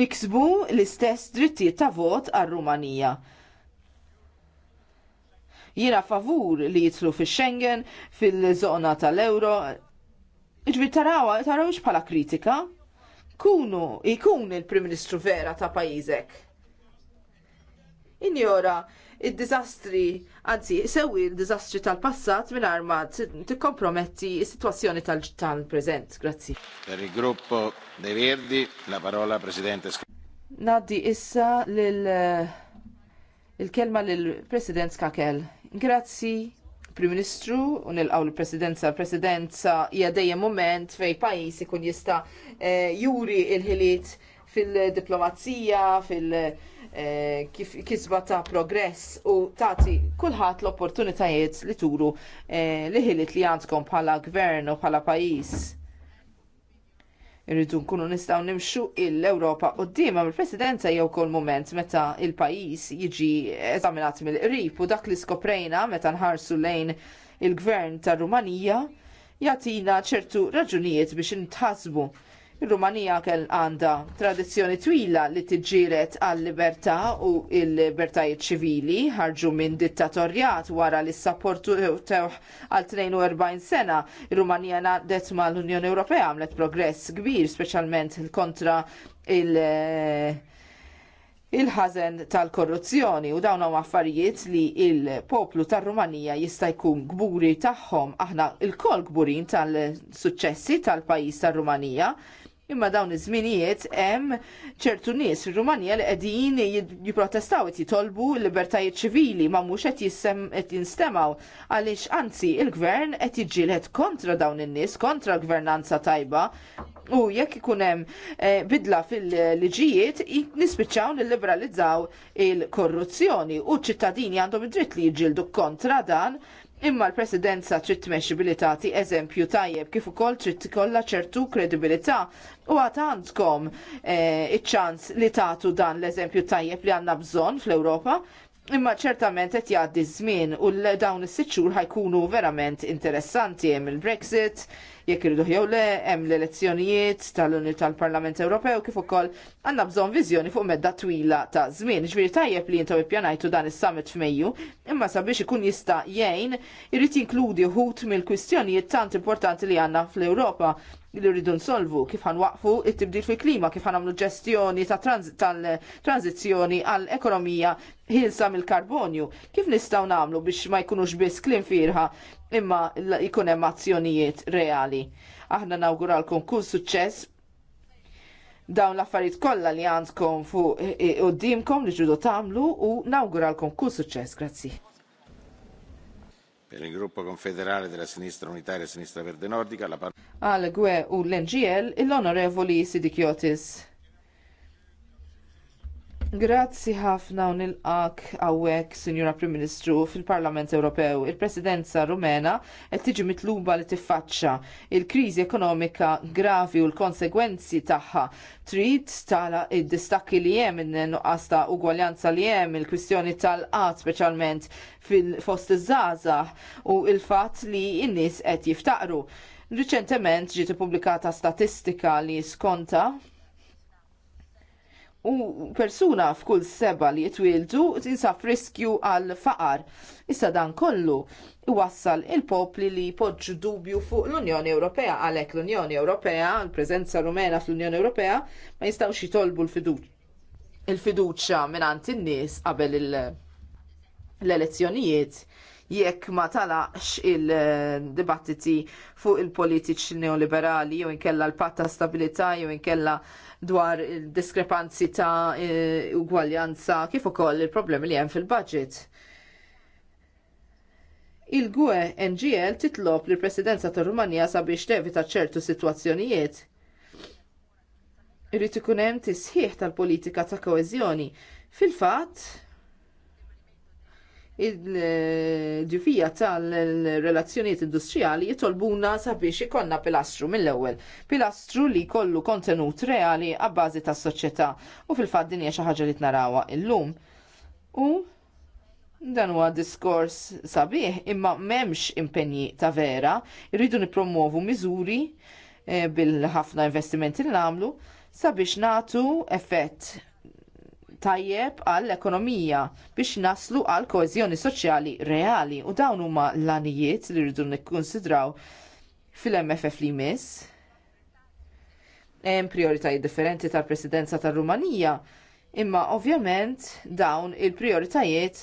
niksbu l-istess drittijiet ta' vot għar-Rumanija jiena favur li jitlu fi Schengen, fil-zona tal-euro, Iġbi taraw, taraw ix bħala kritika. Kunu, ikun il-Prim Ministru vera ta' pajizek. ora, il-dizastri, anzi, sewi il-dizastri tal-passat minn arma t-komprometti il-situazzjoni tal-prezent. Grazzi. Per il gruppo De Verdi, la parola Presidente Naddi issa eh, l-kelma l-President Skakel. Grazzi, Prim Ministru u nilqaw l-Presidenza. L-Presidenza hija dejjem moment fej pajjiż ikun jista' eh, juri il-ħiliet fil-diplomazija, fil-, eh, kif kisba ta' progress u tagħti kulħadd l-opportunitajiet li turu eh, li ħiliet li għandkom bħala gvern u bħala pajjiż Irridu nkunu nistgħu nimxu l-Ewropa qudiema mill-Presidenza jew kol moment meta il-pajjiż jiġi eżaminat mill-qrib u dak li skoprejna meta nħarsu lejn il-Gvern tar Rumanija jagħtina ċertu raġunijiet biex intħasbu Ir-Rumanija kell għandha tradizzjoni twila li tiġġieled għal libertà u l-libertajiet ċivili ħarġu minn dittatorjat wara li s-sapportu tewħ għal 42 sena. Ir-Rumanija ma mal-Unjoni Ewropea għamlet progress kbir, speċjalment kontra il- il ħazen tal-korruzzjoni u dawn huma affarijiet li l poplu tar-Rumanija jista' jkun gburi tagħhom aħna lkoll kburin tal-suċċessi tal-pajjiż tar-Rumanija Imma dawn iż-żminijiet hemm ċertu nies fir-Rumanija li qegħdin jipprotestaw qed jitolbu l-libertajiet ċivili ma mhux qed jinstemaw għaliex anzi il-gvern qed jiġġieled kontra dawn in-nies, kontra l-gvernanza tajba u jekk ikun hemm eh, bidla fil-liġijiet nispiċċaw nilliberalizzaw il-korruzzjoni u ċ-ċittadini għandhom id-dritt li jiġġieldu kontra dan imma l-presidenza trid tmexxi billi tagħti eżempju tajjeb kif ukoll trid ikollha ċertu kredibilità u għad għandkom eh, iċ-ċans li tagħtu dan l-eżempju tajjeb li għandna bżonn fl-Ewropa Imma ċertament qed jgħaddi żmien u dawn is-sitt xhur ħajkunu verament interessanti hemm il-Brexit, jekk irridu jew le hemm l-elezzjonijiet tal unju tal-Parlament Ewropew kif ukoll għandna bżonn viżjoni fuq medda twila ta' żmien. Ġifieri tajjeb li intom ippjanajtu dan is-summit f'Mejju, imma sabiex ikun jista' jgħin irid jinkludi wħud mill-kwistjonijiet tant importanti li għandna fl-Ewropa li rridu nsolvu kif ħanwaqfu it-tibdil fil-klima, kif ħanamlu ġestjoni tal-tranzizjoni għal ekonomija ħilsa mill-karbonju. Kif nistgħu nagħmlu biex ma jkunux biss klim firħa imma jkun hemm azzjonijiet reali. Aħna nawguralkom kull suċċess dawn l-affarijiet kollha li għandkom fuq eh, eh, qudiemkom li ġudu tagħmlu u nawguralkom kull suċċess. Grazzi. Per il gruppo confederale della sinistra unitaria e sinistra verde nordica la parola. Al GUE u l-NGL l onorevoli Sidikiotis. Grazzi ħafna unilqak għawek, Sinjora Prim Ministru, fil-Parlament Ewropew. Il-Presidenza Rumena qed tiġi mitluba li tiffaċċa il-kriżi ekonomika gravi u l-konsegwenzi tagħha. Trid tala id-distakki li hemm in-nuqqas ta' ugwaljanza li hemm il-kwistjoni tal-qatt speċjalment fil-fost iż-żgħażagħ u l-fatt li n-nies qed jiftaqru. Riċentement ġiet ippubblikata statistika li skonta u persuna f'kull seba li jitwildu tinsab riskju għal faqar. Issa dan kollu iwassal il-popli li jpoġġu dubju fuq l-Unjoni Ewropea għalhekk l-Unjoni Ewropea, l-preżenza rumena fl-Unjoni Ewropea ma jistgħux jitolbu l-fiduċa il għant il-nis qabel l-elezzjonijiet. il nies qabel l-elezzjonijiet. il jekk ma talaqx il-dibattiti fuq il-politiċi neoliberali jew inkella l-patt ta' stabilità jew inkella dwar il-diskrepanzi ta' eh, ugwaljanza kif ukoll il-problemi li hemm fil-budget. Il-GUE NGL titlob li presidenza tar Rumanija sabiex tevita ċertu sitwazzjonijiet. Irrid ikun hemm tisħiħ tal-politika ta' koezjoni. Fil-fatt, il-ġifija tal-relazzjoniet industrijali jitolbuna sabiex ikonna pilastru mill-ewwel. Pilastru li kollu kontenut reali għabbażi tas soċjetà u fil-fatt din hija xi ħaġa li il-lum. U dan huwa diskors sabiħ imma m'hemmx impenji ta' vera, irridu nippromovu miżuri eh, bil-ħafna investimenti li nagħmlu sabiex natu effett tajjeb għall-ekonomija biex naslu għal koeżjoni soċjali reali u dawn huma l-anijiet li rridu nikkonsidraw fil-MFF li jmiss. Hemm prioritajiet differenti tal-Presidenza tar-Rumanija, imma ovvjament dawn il-prioritajiet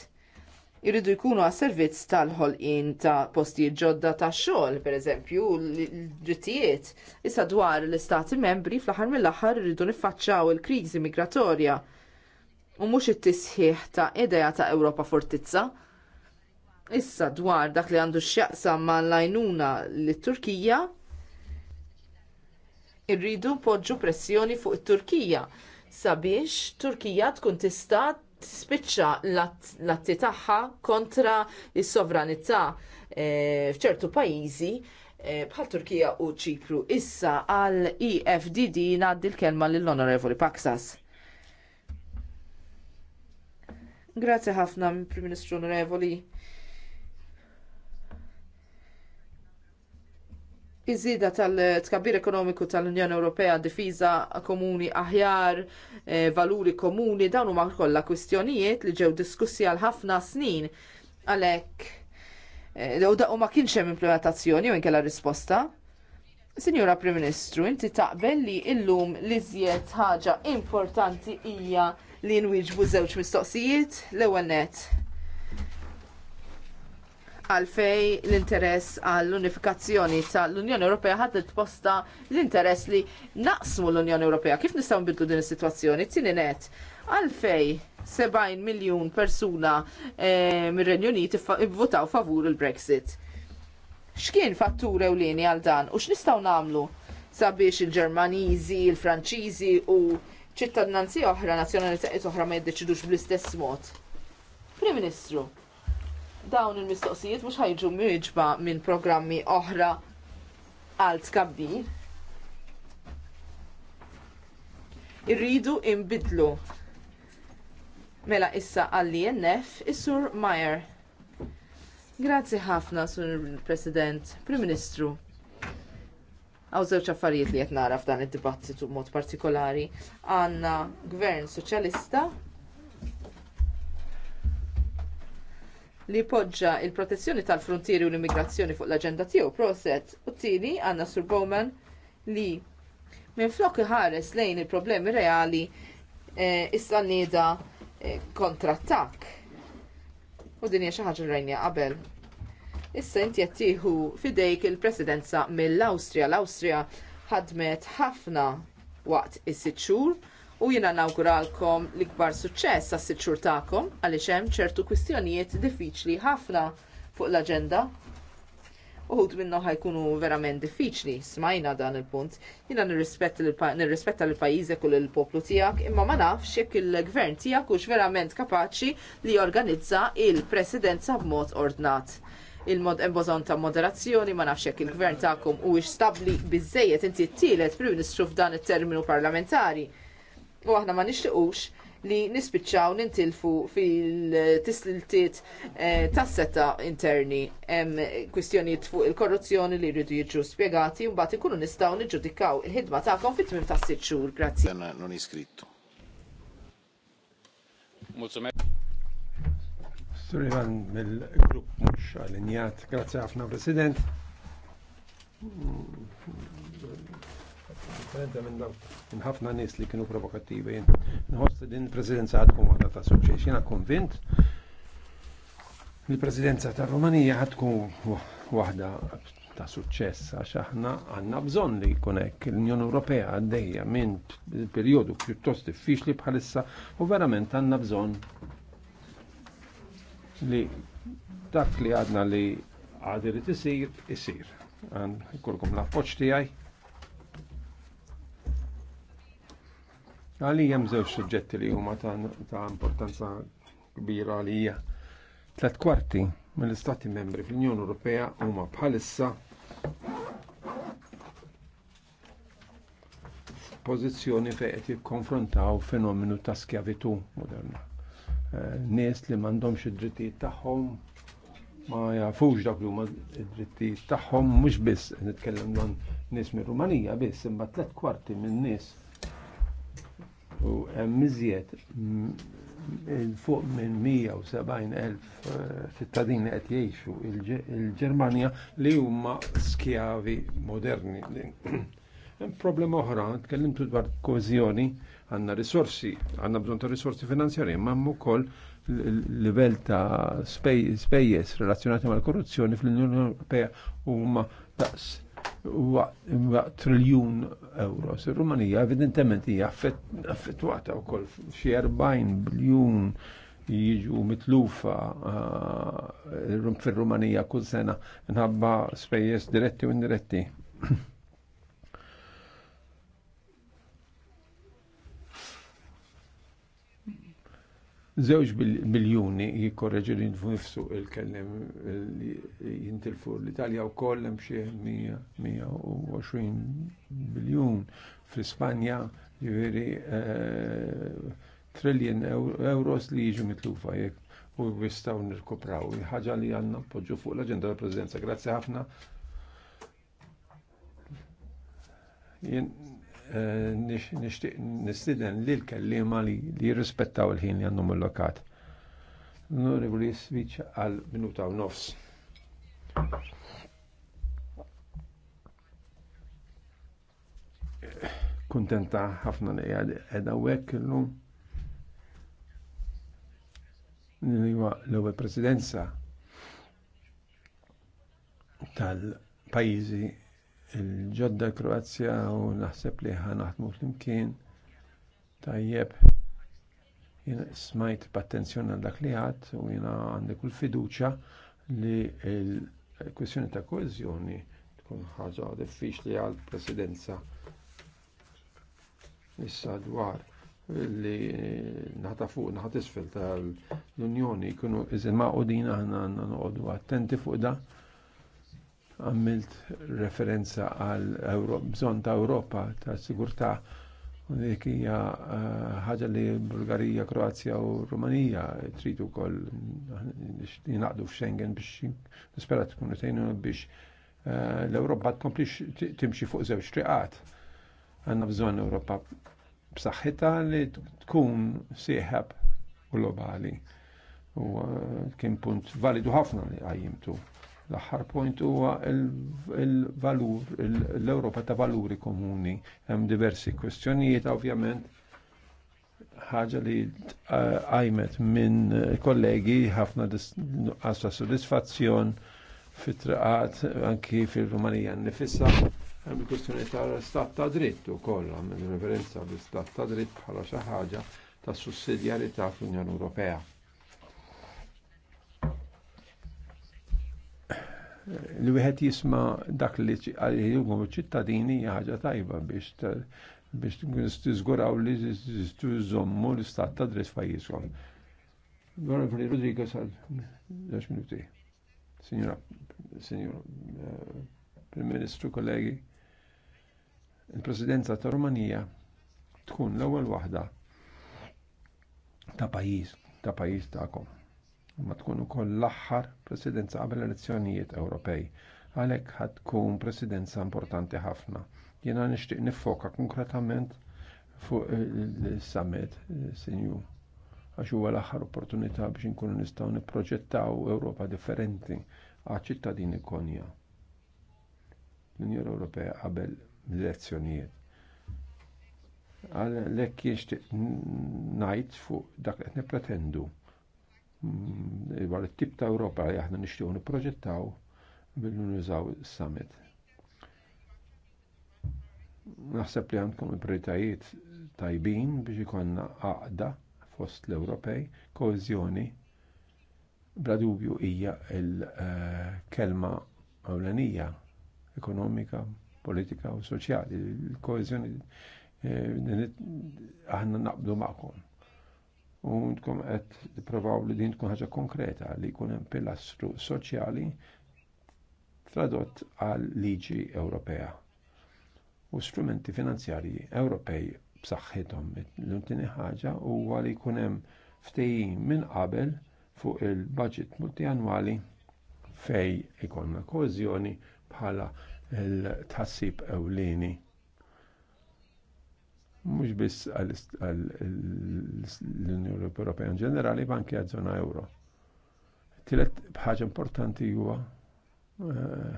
irridu jkunu għas servizz tal-ħolqien ta' postijiet ġodda ta' xogħol, pereżempju l-drittijiet. Issa dwar l-istati membri fl-aħħar mill-aħħar irridu niffaċċaw il-kriżi migratorja u mhux it-tisħiħ ta' idea ta' Ewropa Fortizza. Issa dwar dak li għandu x xaqsa ma' lajnuna lit turkija irridu poġġu pressjoni fuq it-Turkija sabiex Turkija tkun tista' tispiċċa l-atti tagħha kontra s-sovranità eh, f'ċertu pajjiżi eh, bħal Turkija u Ċipru. Issa għal EFDD ngħaddi l-kelma lill-Onorevoli Paksas. Grazzi ħafna, Prim Ministru Onorevoli. Iż-żieda tal-tkabbir ekonomiku tal-Unjoni Ewropea, difiża komuni aħjar, eh, valuri komuni, dawn huma kollha kwistjonijiet li ġew diskussi għal ħafna snin għalhekk eh, u ma kienx hemm implementazzjoni u inkella risposta. Sinjura Prim Ministru, inti taqbel li illum li żjed ħaġa importanti hija li nwieġbu żewġ mistoqsijiet l-ewwel nett. Għalfej l-interess għall-unifikazzjoni tal-Unjoni Ewropea ħadet posta l-interess li naqsmu l-Unjoni Ewropea. Kif nistgħu nbidlu din is-sitwazzjoni? Tieni net. Għalfej 70 miljun persuna eh, mir-Renju Unit ivvutaw favur il-Brexit. X'kien fattur ewlieni għal dan u x'nistgħu nagħmlu sabiex il-Ġermaniżi, il-Franċiżi u ċittadnanzi oħra, nazzjonalitajiet oħra ma jiddeċidux bl-istess mod. Prim Ministru, dawn il-mistoqsijiet mhux ħajġu miġba minn programmi oħra għal tkabbir. Irridu imbidlu. Mela issa għall-INF e is-Sur Mayer. Grazzi ħafna, Sur President, Prim Ministru. Għaw żewġ affarijiet li qed nara f'dan id-dibattitu mod partikolari għandna gvern soċjalista li poġġa l protezzjoni tal-frontieri u l-immigrazzjoni fuq l-aġenda tiegħu proset u tieni għandna Sur Bowman li minflok ħares lejn il-problemi reali eh, issa nieda eh, kontrattak. U din hija xi ħaġa rajnija qabel Issa inti jettieħu fidejk il-presidenza mill-Awstrija. L-Awstrija ħadmet ħafna waqt is-sitt xhur u jiena nawguralkom l-ikbar suċċess għas sitt xhur tagħkom għaliex hemm ċertu kwistjonijiet diffiċli ħafna fuq l-aġenda. Uħud minnu ħajkunu verament diffiċli, smajna dan il-punt. Jiena nirrispetta l-pajizek u l-poplu tiegħek, imma ma nafx jekk il-gvern tiegħek hux verament kapaċi li jorganizza l presidenza b'mod ordnat il-mod embozon ta' moderazzjoni ma nafx il-gvern tagħkom u stabbli bizzejet inti t-tielet prim ministru f'dan it-terminu parlamentari. U aħna ma nixtiequx li nispiċċaw nintilfu fil-tisliltiet eh, tas setta interni hemm kwistjonijiet fuq il-korruzzjoni li jridu jiġu spjegati u mbagħad ikunu nistgħu niġġudikaw il-ħidma tagħkom fit-tmiem tas-sitt xhur. Grazzi. Non iskrittu. Sullivan mill-grupp mux allinjat, grazie ħafna President. Differenti minn ħafna nies li kienu provokattivi. Nħoss din il-Presidenza għadkom għadha ta' suċċess. Jiena konvint il-Presidenza tar Rumanija ħadkun waħda ta' suċċess għax aħna għandna bżonn li jkun hekk. L-Unjoni Ewropea għaddejja minn perjodu pjuttost diffiċli bħalissa u verament għandna bżonn li dak li għadna li għadir tisir, isir. Għan kolkom l-appoċ tijaj. Għalli jem zewġ suġġetti li huma ta', importanza kbira għalija. Tlet kwarti mill-Istati membri fl-Unjoni Ewropea huma bħalissa f'pożizzjoni fejn qed jikkonfrontaw fenomenu ta' skjavitu moderna nies li m'għandhomx id-drittijiet tagħhom ma jafux dak li huma id-drittijiet tagħhom mhux biss nitkellem dan nies mir rumanija biss imma tliet kwarti minn nies u hemm il fuq minn 170,000 eh, ċittadini qed jgħixu il-Ġermanja li huma skjavi moderni. Hemm problema oħra, tkellimtu dwar kożjoni għanna risorsi, għanna bżon ta' risorsi finanzjari, ma' ukoll level ta' spejjes relazzjonati mal korruzzjoni fl-Unjoni Ewropea huma taqs triljun euro. Se rumanija evidentement hija affettwata wkoll xi 40 biljun jiġu mitlufa eh, fir-Rumanija kull sena nħabba spejjeż diretti u indiretti. Zewġ miljoni jikkorreġi li nifsu il-kellem li jintilfu l-Italja u kollem hemm xi 120 biljun fl-Ispanja jiviri eh, trillion euros li jiġu mitlufa jekk u jistaw nirkupraw. Ħaġa li għandna poġġu fuq l-aġenda tal prezidenza Grazzi ħafna. Eh, nistiden li l-kellima li jirrispettaw il-ħin li għandhom il-lokat. Nuri Onorevoli Switch għal minuta u nofs. Kuntenta ħafna li għad għedha għek l-lum. L-ewwel presidenza tal-pajizi il-ġodda Kroazja u naħseb li ħanaħdmu flimkien tajjeb jina smajt b'attenzjoni għal dak li ħadd u jina għandi kull fiduċja li l-kwestjoni ta' koezjoni tkun ħaġa diffiċli għal presidenza issa dwar li naħta fuq naħat isfel tal-Unjoni jkunu iżin ma' għodina għandna noqogħdu attenti fuq da' għamilt referenza għal bżon ta' Europa ta' sigurtà dik hija eh, ħaġa li Bulgarija, Kroazja u Rumanija tridu wkoll eh, jingħaqdu f'Schengen biex nispera tkun biex eh, l-Ewropa tkomplix timxi fuq żewġ triqat. Għandna bżonn Ewropa b'saħħitha li tkun sieħab globali. U kien punt validu ħafna li għajjimtu. L-aħħar point huwa il-valur, l-Ewropa ta' valuri komuni. Hemm diversi kwestjonijiet ovvjament ħaġa li għajmet minn kollegi ħafna għasta soddisfazzjon fit-traqat anki fil-Rumanija nifissa hemm il ta' l istat ta' dritt ukoll minn referenza l-istat ta' dritt bħala xi ħaġa ta' sussidjarita fl-Unjoni Ewropea. li wieħed jisma' dak li għalihom ċittadini hija ħaġa tajba biex biex tiżguraw li tiżommu l-istat ta' dritt pajjiżkom. Għara Fri Rodriguez għal 10 minuti. Signora, signor eh, Prim Ministru, kollegi, il-Presidenza ta' Romania tkun l-ewwel waħda ta' pajjiż, ta' pajjiż ta'kom ma tkun ukoll l-aħħar presidenza qabel elezzjonijiet Ewropej. Għalhekk ħad tkun presidenza importanti ħafna. Jiena nixtieq nifoka konkretament fuq il-summit sinju għax huwa l-aħħar opportunità biex inkunu nistgħu nipproġettaw Ewropa differenti għal ċittadini konja. L-Unjoni Ewropea qabel l-elezzjonijiet għal lekk jiex najt fuq dak li pretendu dwar it-tip ta' Ewropa li aħna nixtiequ nipproġettaw bil nużaw summit Naħseb li għandkom il-prioritajiet tajbin biex ikonna għaqda fost l-Ewropej, koezjoni bla dubju hija l-kelma ewlenija ekonomika, politika u soċjali. il koezjoni eh, aħna naqbdu magħkom u nkom qed provaw li din tkun ħaġa konkreta li jkun hemm pilastru soċjali tradott għal liġi Ewropea u strumenti finanzjarji Ewropej b'saħħithom. L-untini ħaġa huwa li jkun hemm ftehim minn qabel fuq il-budget multianwali fej ikonna kozjoni bħala il tassib ewlieni mhux biss għall-Unjoni Ewropea in ġenerali, banki għaż-żona euro. Tilet bħaġa importanti huwa eh,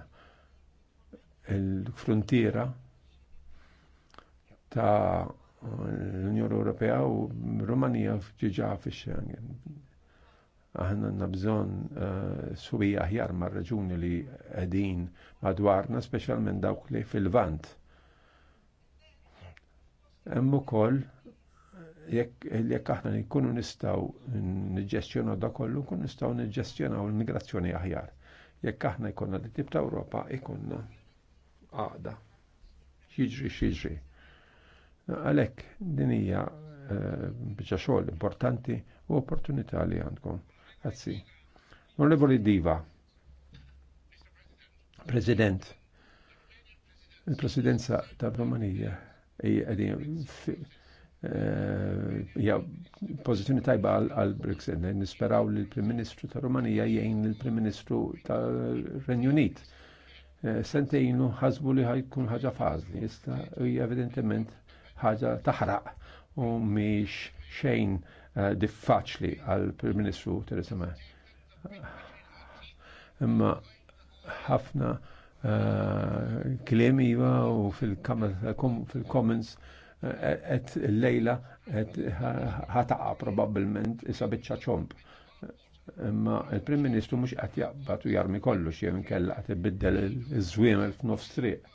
il-frontiera ta' l-Unjoni Ewropea u Rumanija fġiġa fi Schengen. Aħna għandna bżonn eh, subija aħjar mar-reġuni li qegħdin madwarna, speċjalment dawk li fil-Vant Emmu kol, jekk aħna nkunu nistgħu niġġestjonaw da kollu, nkun nistgħu niġġestjonaw l-migrazzjoni aħjar. Jekk aħna jkollna li tip ta' Europa jkollna għaqda. Xiġri xiġri. Għalhekk din hija eh, biċċa xogħol importanti u opportunità li għandkom. Għazzi. Onorevoli Diva. President. Il-Presidenza tal-Romanija hija eh, pożizzjoni tajba għal Brexit. Nisperaw li l-Prim Ministru ta' Rumanija jgħin l-Prim Ministru ta' Renju Unit. Eh, sentejnu ħasbu li ħajkun ħaġa fażli, issa hija evidentement ħaġa taħraq u miex xejn eh, diffaċli għal Prim Ministru Theresa May. Imma ħafna Eh, kliem iva u fil comments eh, e- et l-lejla et ħataqa probabbilment isa bitċa ċomp. Ma il-Prim Ministru mhux qed jaqbad u jarmi kollox jew inkella qed ibiddel iż-żwiemel f'nofs triq.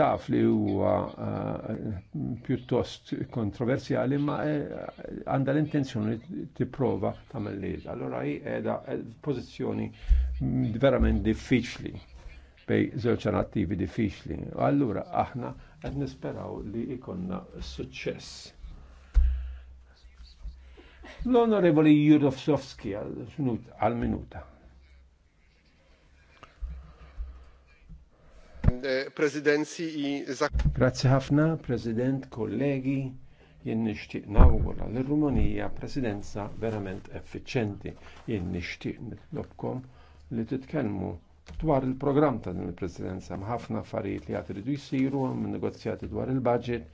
Taf li huwa eh, pjuttost kontroversjali ma għandha l-intenzjoni tipprova tagħmel lejl. Allura hi qiegħda pożizzjoni verament diffiċli bej żewġ attivi diffiċli. Allura aħna qed nisperaw li ikonna suċċess. L-Onorevoli Jurofsovski għal-minuta. Eh, Presidenzi i e Grazzi ħafna, President, kollegi, jien nixtieq nawgura l rumunija presidenza verament effiċenti. Jien nixtieq nitlobkom li titkellmu dwar il-programm ta' din il-presidenza ħafna affarijiet li għat iridu jsiru hemm negozjati dwar il-budget,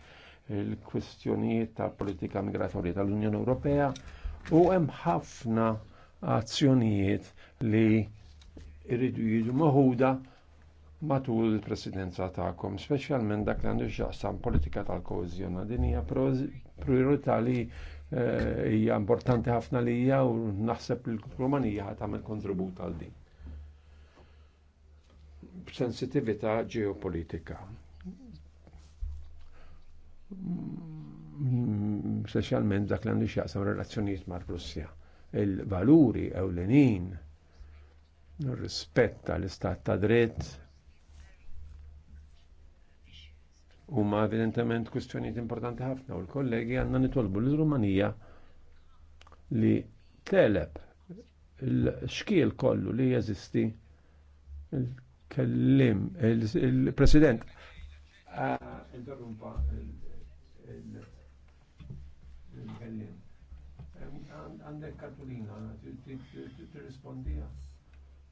il-kwistjonijiet ta' politika migratorja tal-Unjoni Ewropea u hemm ħafna azzjonijiet li iridu jiġu maħuda matul il-presidenza ta'kom, Speċjalment dak li għandu ġaqsam politika tal-kohezjona. Din hija priorità li eh, hija importanti ħafna li hija u naħseb li l-Rumanija tagħmel kontribut għal din b'sensitività ġeopolitika. Mm, specialment dak li għandu xjaqsam relazzjonijiet mar russja Il-valuri ewlenin, rispett tal-istat ta' dritt, huma evidentement kwistjonijiet importanti ħafna u l-kollegi għandna nitolbu l-Rumanija li teleb l-xkiel kollu li jeżisti kellim il-president ah, interrumpa il-kellim għandek kartulina t-rispondija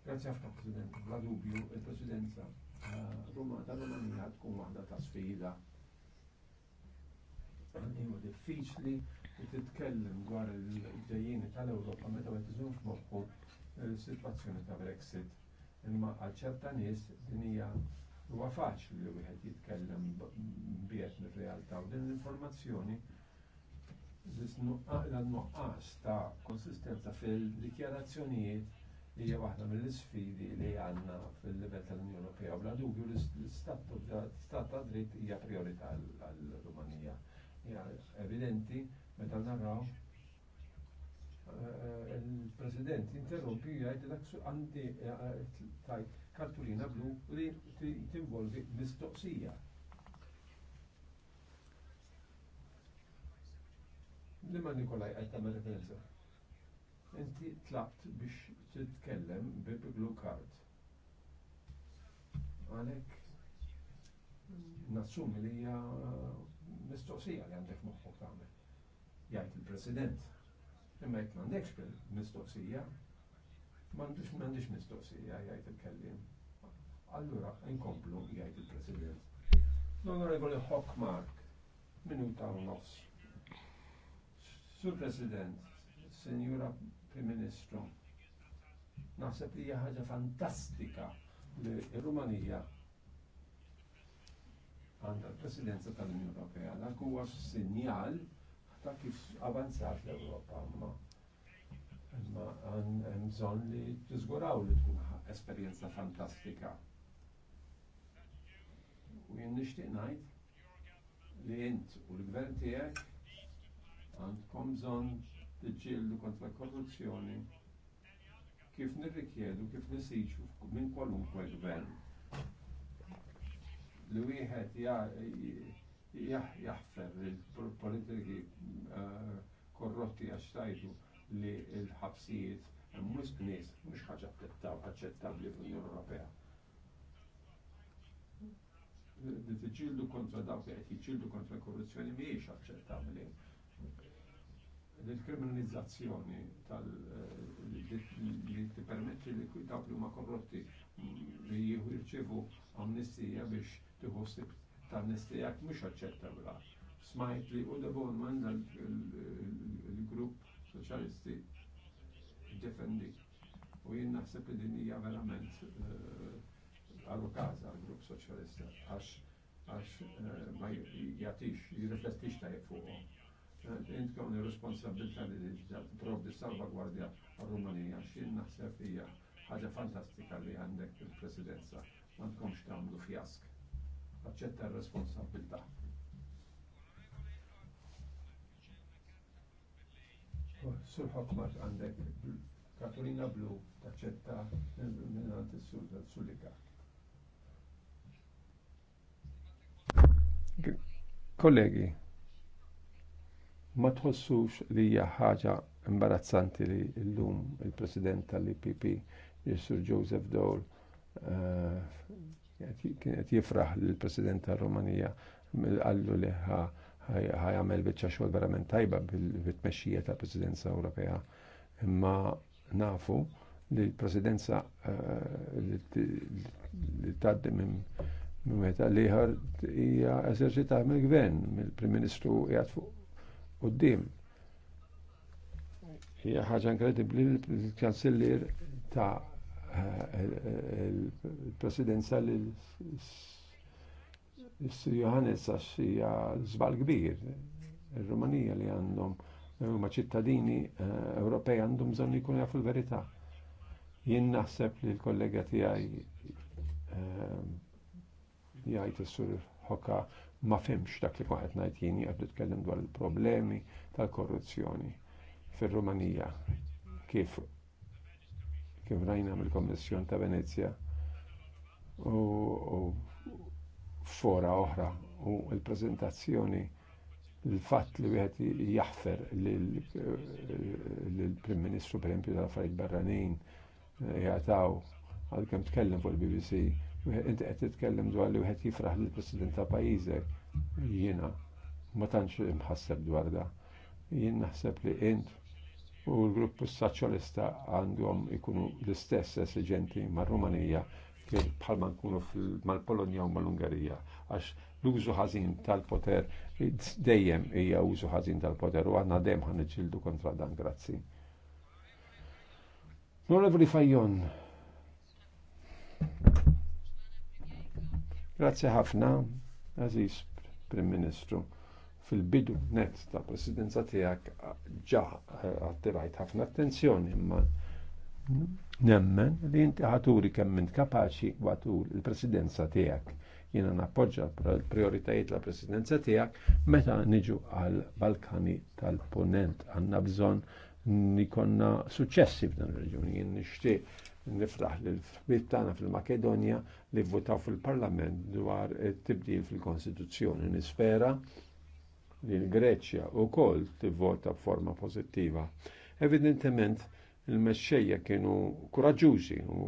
grazie għafna president la dubju il-presidenza ta' eh, Romanija tkun waħda ta' sfida Għandimu diffiċli e titkellem dwar il-ġejjini tal-Ewropa meta ma tiżumx moħħu il-situazzjoni eh, ta' Brexit imma għal ċerta nies din hija huwa faċli li wieħed jitkellem biet mir-realtà u din l-informazzjoni l-nuqqas ta' konsistenza fil-dikjarazzjonijiet hija waħda mill-isfidi li għandna fil-livell tal-Unjoni Ewropea u bla dubju l-istat ta' dritt hija priorità għall-Rumanija. evidenti meta naraw il-President interrompi jgħajt l għandi eh, eh, tajt kartulina blu li tinvolvi mistoqsija. Lima Nikolaj għajt għamel referenza. Inti tlaqt biex titkellem bi blu card. Għalek nassum li hija mistoqsija li għandek moħħok tagħmel. Jgħid il-President. Imma jek mandekx mistoqsija, mandux mandix mistoqsija jgħajt il-kellim. Allura, inkomplu jgħajt il-President. L-Onorevoli Hockmark, minuta u nofs. Sur President, Senjura Prim Ministru, naħseb li hija ħaġa fantastika li rumanija għandha l-Presidenza tal-Unjoni Ewropea. Dak huwa sinjal ta' kif avanzat l europa ma għan hemm li tiżguraw li tkun esperienza fantastika. U jen nixtieq ngħid li jent u l-gvern tiegħek għandkom bżonn tiġġieldu kontra korruzzjoni kif nirrikjedu, kif nisiġu minn kwalunkwe gvern. Li wieħed jaħfrem il-politiki eh, korrotti għax tajdu li l-ħabsijiet eh, mhux nies mhux ħaġa aċċettabbli fl-Unjoni Ewropea. Li kontra dawk li qed kontra korruzzjoni mhijiex aċċettabbli. Il-kriminalizzazzjoni tal eh, li tippermetti li dawk li huma korrotti mm, li jirċevu amnistija biex tiħu ta' nistijak mux aċċettabla. Smajt li u debonman l-grupp soċalisti ġefendi. U jien naħseb li din hija verament għallu eh, kaza għal-grupp soċalisti għax għax eh, ma jagħtix, jirreflettix ta' fuqhom. Eh, intkom ir responsabilta li provdi salvagwardja għal-Rumanija x'in naħseb hija ħaġa fantastika li għandek il-presidenza ma tkomx tagħmlu fjask aċċetta r-responsabilità. Oh, sur Hokmar għandek Katolina Blu taċċetta minnant il-Sulika. Kollegi, ma tħossux li hija ħaġa imbarazzanti li llum il-President tal-IPP, Sir Joseph Dole, kienet jifraħ l-President ta' Rumanija għallu li ħajamel bieċa xogħol verament tajba bil-tmexxija ta' Presidenza Ewropea. Imma nafu li l-Presidenza eh, li tgħaddi minn meta li ħar hija eżerċitata mill-Gvern, mill-Prim Ministru qiegħed fuq quddiem. Hija ħaġa inkredibbli l-Kanzillier ta' il-presidenza li Sir Johannes għax hija żbal kbir. Ir-Rumanija li għandhom huma ċittadini eh, Ewropej għandhom bżonn jkun jafu l-verità. Jien naħseb li l-kollega tiegħi eh, jgħid is-sur Hoka ma fimx dak li kwaħet ngħid jien jgħid tkellem dwar il-problemi tal-korruzzjoni fir-Rumanija kif kif rajna mill-Kommissjon ta' Venezia u, fora oħra u l-prezentazzjoni l-fatt li wieħed jaħfer lill-Prim Ministru pereempju tal-affarijiet barranin eh, jagħtaw għalkemm tkellem fuq il-BBC, inti qed titkellem dwar li wieħed jifraħ lill-President ta' pajjiżek jiena ma tantx imħasseb dwar da. Jien naħseb li int u l-grupp soċjalista għandhom ikunu l-istess esiġenti mar-Rumanija kif bħalma nkunu mal-Polonja u mal ungarija għax l-użu ħażin tal-poter dejjem hija użu ħażin tal-poter u għandna dejjem ħaniġġieldu kontra dan grazzi. Onorevoli Fajjon. Grazzi ħafna, Aziz Prim Ministru fil-bidu net ta' presidenza tiegħek ġa għattirajt eh, ħafna attenzjoni imma nemmen li inti ħaturi kemm kapaxi kapaċi watul il-presidenza tiegħek. Jiena nappoġġa l-prioritajiet la presidenza tiegħek meta niġu għal Balkani tal-Ponent għandna bżonn nikonna suċċessi f'dan ir-reġjuni. Jien nixtieq nifraħ li l-fbib fil-Makedonja li votaw fil-Parlament dwar it-tibdil fil-Kostituzzjoni. nisfera li l-Greċja u kol tivvota b'forma pozittiva. Evidentement, il mesċeja kienu kuraġuġi u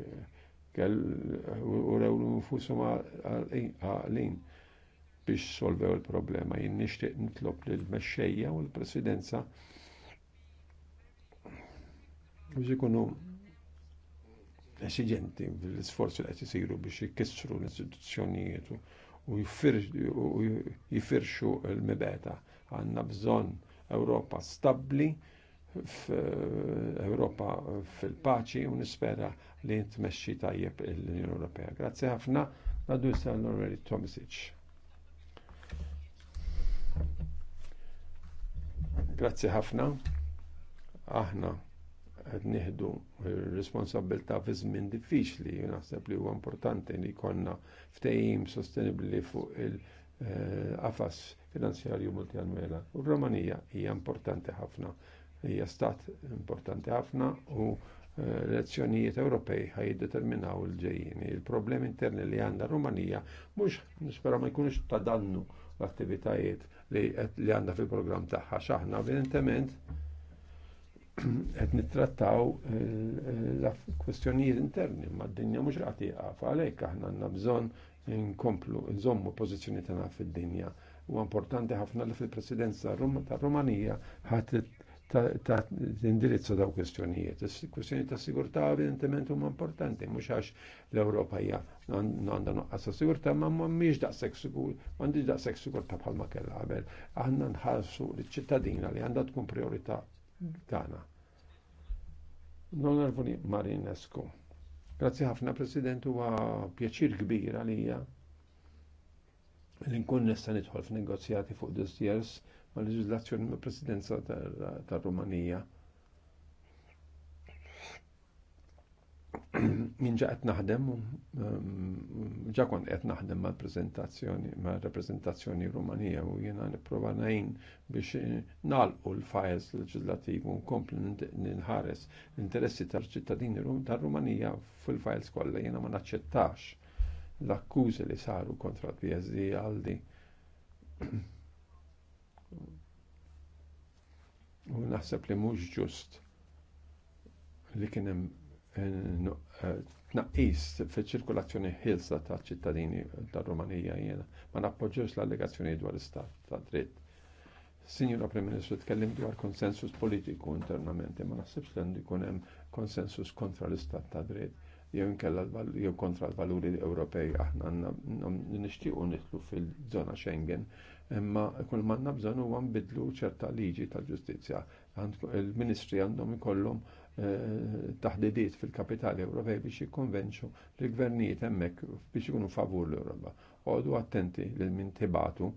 eh, rewlu nfushom għalin biex solvew il-problema. Jien nixtieq nitlob l mexxejja u l-Presidenza biex ikunu esigenti fl-isforzi li qed isiru biex ikissru l-istituzzjonijiet u jifirxu l-mibeta. Għanna bżon Ewropa stabli, Ewropa fil-paċi u nispera li jintmesċi tajjeb l-Unjoni Ewropea. Grazzi ħafna, għaddu l-Onorevoli Tomisic. Grazzi ħafna, aħna qed nieħdu r-responsabbilta' fi żmien diffiċli, naħseb li huwa importanti li jkollna ftehim sostenibbli fuq il-qafas finanzjarju multianwela. U r-Romanija hija importanti ħafna, hija stat importanti ħafna u eh, elezzjonijiet Ewropej ħajdeterminaw il ġejjin Il-problemi interni li għandha Rumanija mhux nispera ma jkunux ta' dannu l-attivitajiet li għandha fil-programm tagħha. X'aħna evidentement qed nittrattaw l-kwestjonijiet interni, ma d-dinja mhux raqti f'għalhekk aħna għandna bżonn nkomplu nżommu pożizzjoni tagħna fid-dinja. Huwa importanti ħafna li fil-Presidenza tar-Rumanija ħadd ta' indirizzo daw kwestjonijiet. Kwestjonijiet ta' sigurtà evidentement huma importanti, mhux għax l-Ewropa hija għandha noqqas ta' sigurtà, ma m'għandix daqshekk sigur, m'għandix daqshekk sigurtà bħalma kellha qabel. Aħna nħarsu liċ-ċittadina li għandha tkun priorità tagħna. L-Onorevoli Marinescu. Grazzi ħafna President u pjaċir kbir għalija L-inkun nista' nidħol f'negozjati fuq disjers ma' leġiżlazzjoni ma' Presidenza tar-Rumanija. minn ġaqet naħdem, ġakon qed naħdem um, mal-preżentazzjoni, mal-rappreżentazzjoni Rumanija u jiena nipprova najn biex eh, nalqu l-files leġislattiv u nkompli ninħares l-interessi tal-ċittadini tar-Rumanija fil-files kollha jiena ma naċċettax l-akkużi li saru kontra PSD għaldi. U naħseb li mhux ġust li kien Eh, eh, tnaqqis fil-ċirkulazzjoni ħilsa ta' ċittadini tar Rumanija jiena ma nappoġġewx l-allegazzjoni dwar l istat ta' dritt. Sinjura Prim Ministru tkellim dwar konsensus politiku internament, ma naħsibx li għandu jkun hemm konsensus kontra l-istat ta' dritt jew inkella jew kontra l-valuri Ewropej aħna għandna nixtiequ nitlu fil-żona Schengen, imma kull manna bżonn huwa nbidlu ċerta liġi tal-ġustizzja. Il-ministri għandhom ikollhom taħdidiet fil-kapitali Ewropej biex jikkonvenċu li gvernijiet hemmhekk biex ikunu favur l-Ewropa. Għodu attenti lil min tibatu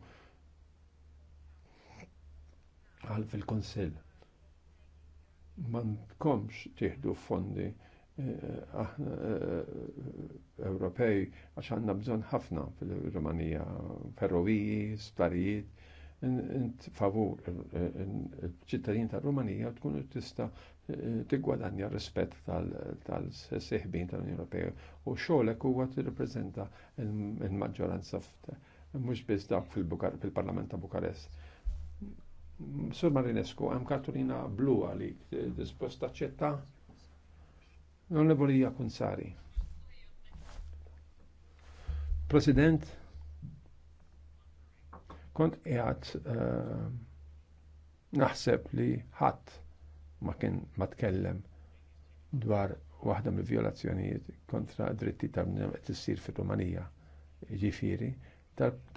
għal fil-Konsill. Ma n'komx tieħdu fondi eh, eh, Ewropej għax għandna bżonn ħafna fil-Rumanija, ferroviji, sparijiet, int favur eh, il-ċittadin tal Rumanija tkun tista' tigwadanja rispet tal seħbin tal-Unjoni Ewropea u xogħlek huwa tirrepreżenta il maġġoranza mhux biss dawk fil-Parlament ta' Bukarest. Sur Marinescu, hemm kartulina blu għalik disposta ċetta Non le volija kun sari. President, kont qiegħed eh, naħseb li ħadd ma kien ma tkellem dwar waħda mill-violazzjonijiet kontra dritti tal-bnedem qed issir fir-Rumanija, ġifieri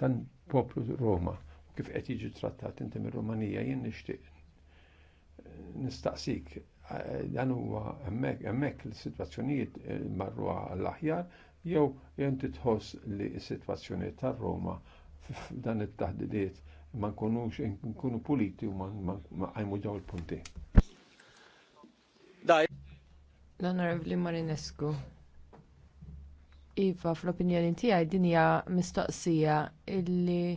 tan poplu Roma u kif qed jiġu trattat inti mir-Rumanija jien nixtieq nistaqsik dan huwa hemmhekk is sitwazzjonijiet eh, marruha għall-aħjar jew jien tħoss li s-sitwazzjoni tar-Roma f'dan it-taħdidiet ma nkunux nkunu puliti u ma nqajmu ġew il-punti. L-Onorevli Marinescu. Iva, fl-opinjoni tiegħi dinja mistoqsija illi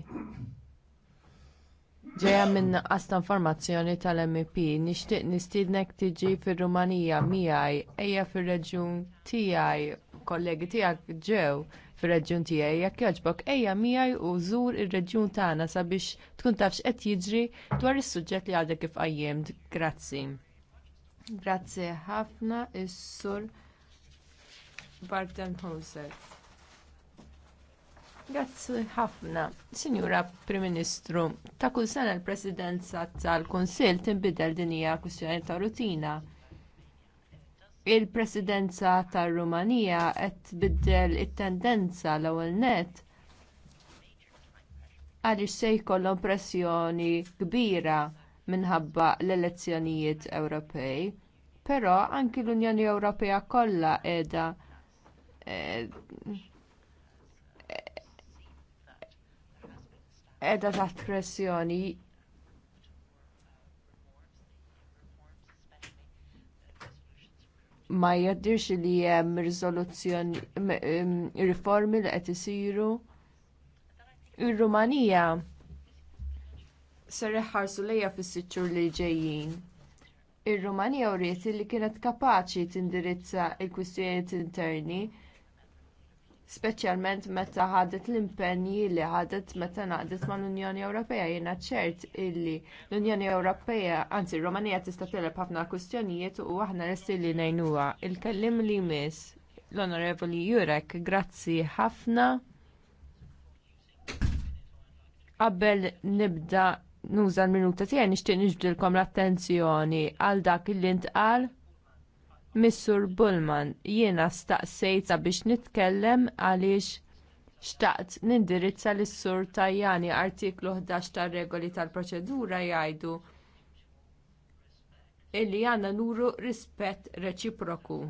ġeja minn għasta informazzjoni tal mp nixtieq nistiednek tiġi fir-Rumanija miegħi ejja fir-reġjun tiegħi kollegi tiegħek ġew fir-reġjun tiegħi jekk jogħġbok ejja miegħi u żur ir-reġjun tagħna sabiex tkun tafx qed jiġri dwar is-suġġett li għadek kif qajjimt. Grazzi. Grazzi ħafna is-sur Barton Grazzi ħafna, Sinjura Prim Ministru, ta' kull sena l-Presidenza tal-Kunsill tinbidel din hija kwistjoni ta' rutina. Il-Presidenza tar-Rumanija qed tbiddel it-tendenza l-ewwel nett għaliex se jkollhom pressjoni kbira minħabba l-elezzjonijiet Ewropej, però anki l-Unjoni Ewropea kollha qiegħda eh, qiegħda taħt pressjoni ma jaddirx li hemm riżoluzzjoni riformi li qed isiru ir-Rumanija ser iħarsu lejha fis-sitxur li ġejjin. Ir-Rumanija wriet li kienet kapaċi tindirizza l kwistjonijiet interni speċjalment meta ħadet l-impenji li ħadet meta naqdet mal unjoni Ewropea jiena ċert illi l-Unjoni Ewropea, anzi Romanija tista' telep ħafna kwistjonijiet u aħna lesti li ngħinuha. Il-kellim li miss l-Onorevoli Jurek, grazzi ħafna. Qabel nibda nuża l-minuta tiegħi nixtieq niġbdilkom l-attenzjoni għal dak li ntqal Missur Bullman jiena staqsejt sabiex nitkellem għaliex xtaqt nindirizza lis sur Tajani artiklu 11 tar-regoli tal-proċedura jgħidu illi għandna nuru rispett reċiproku.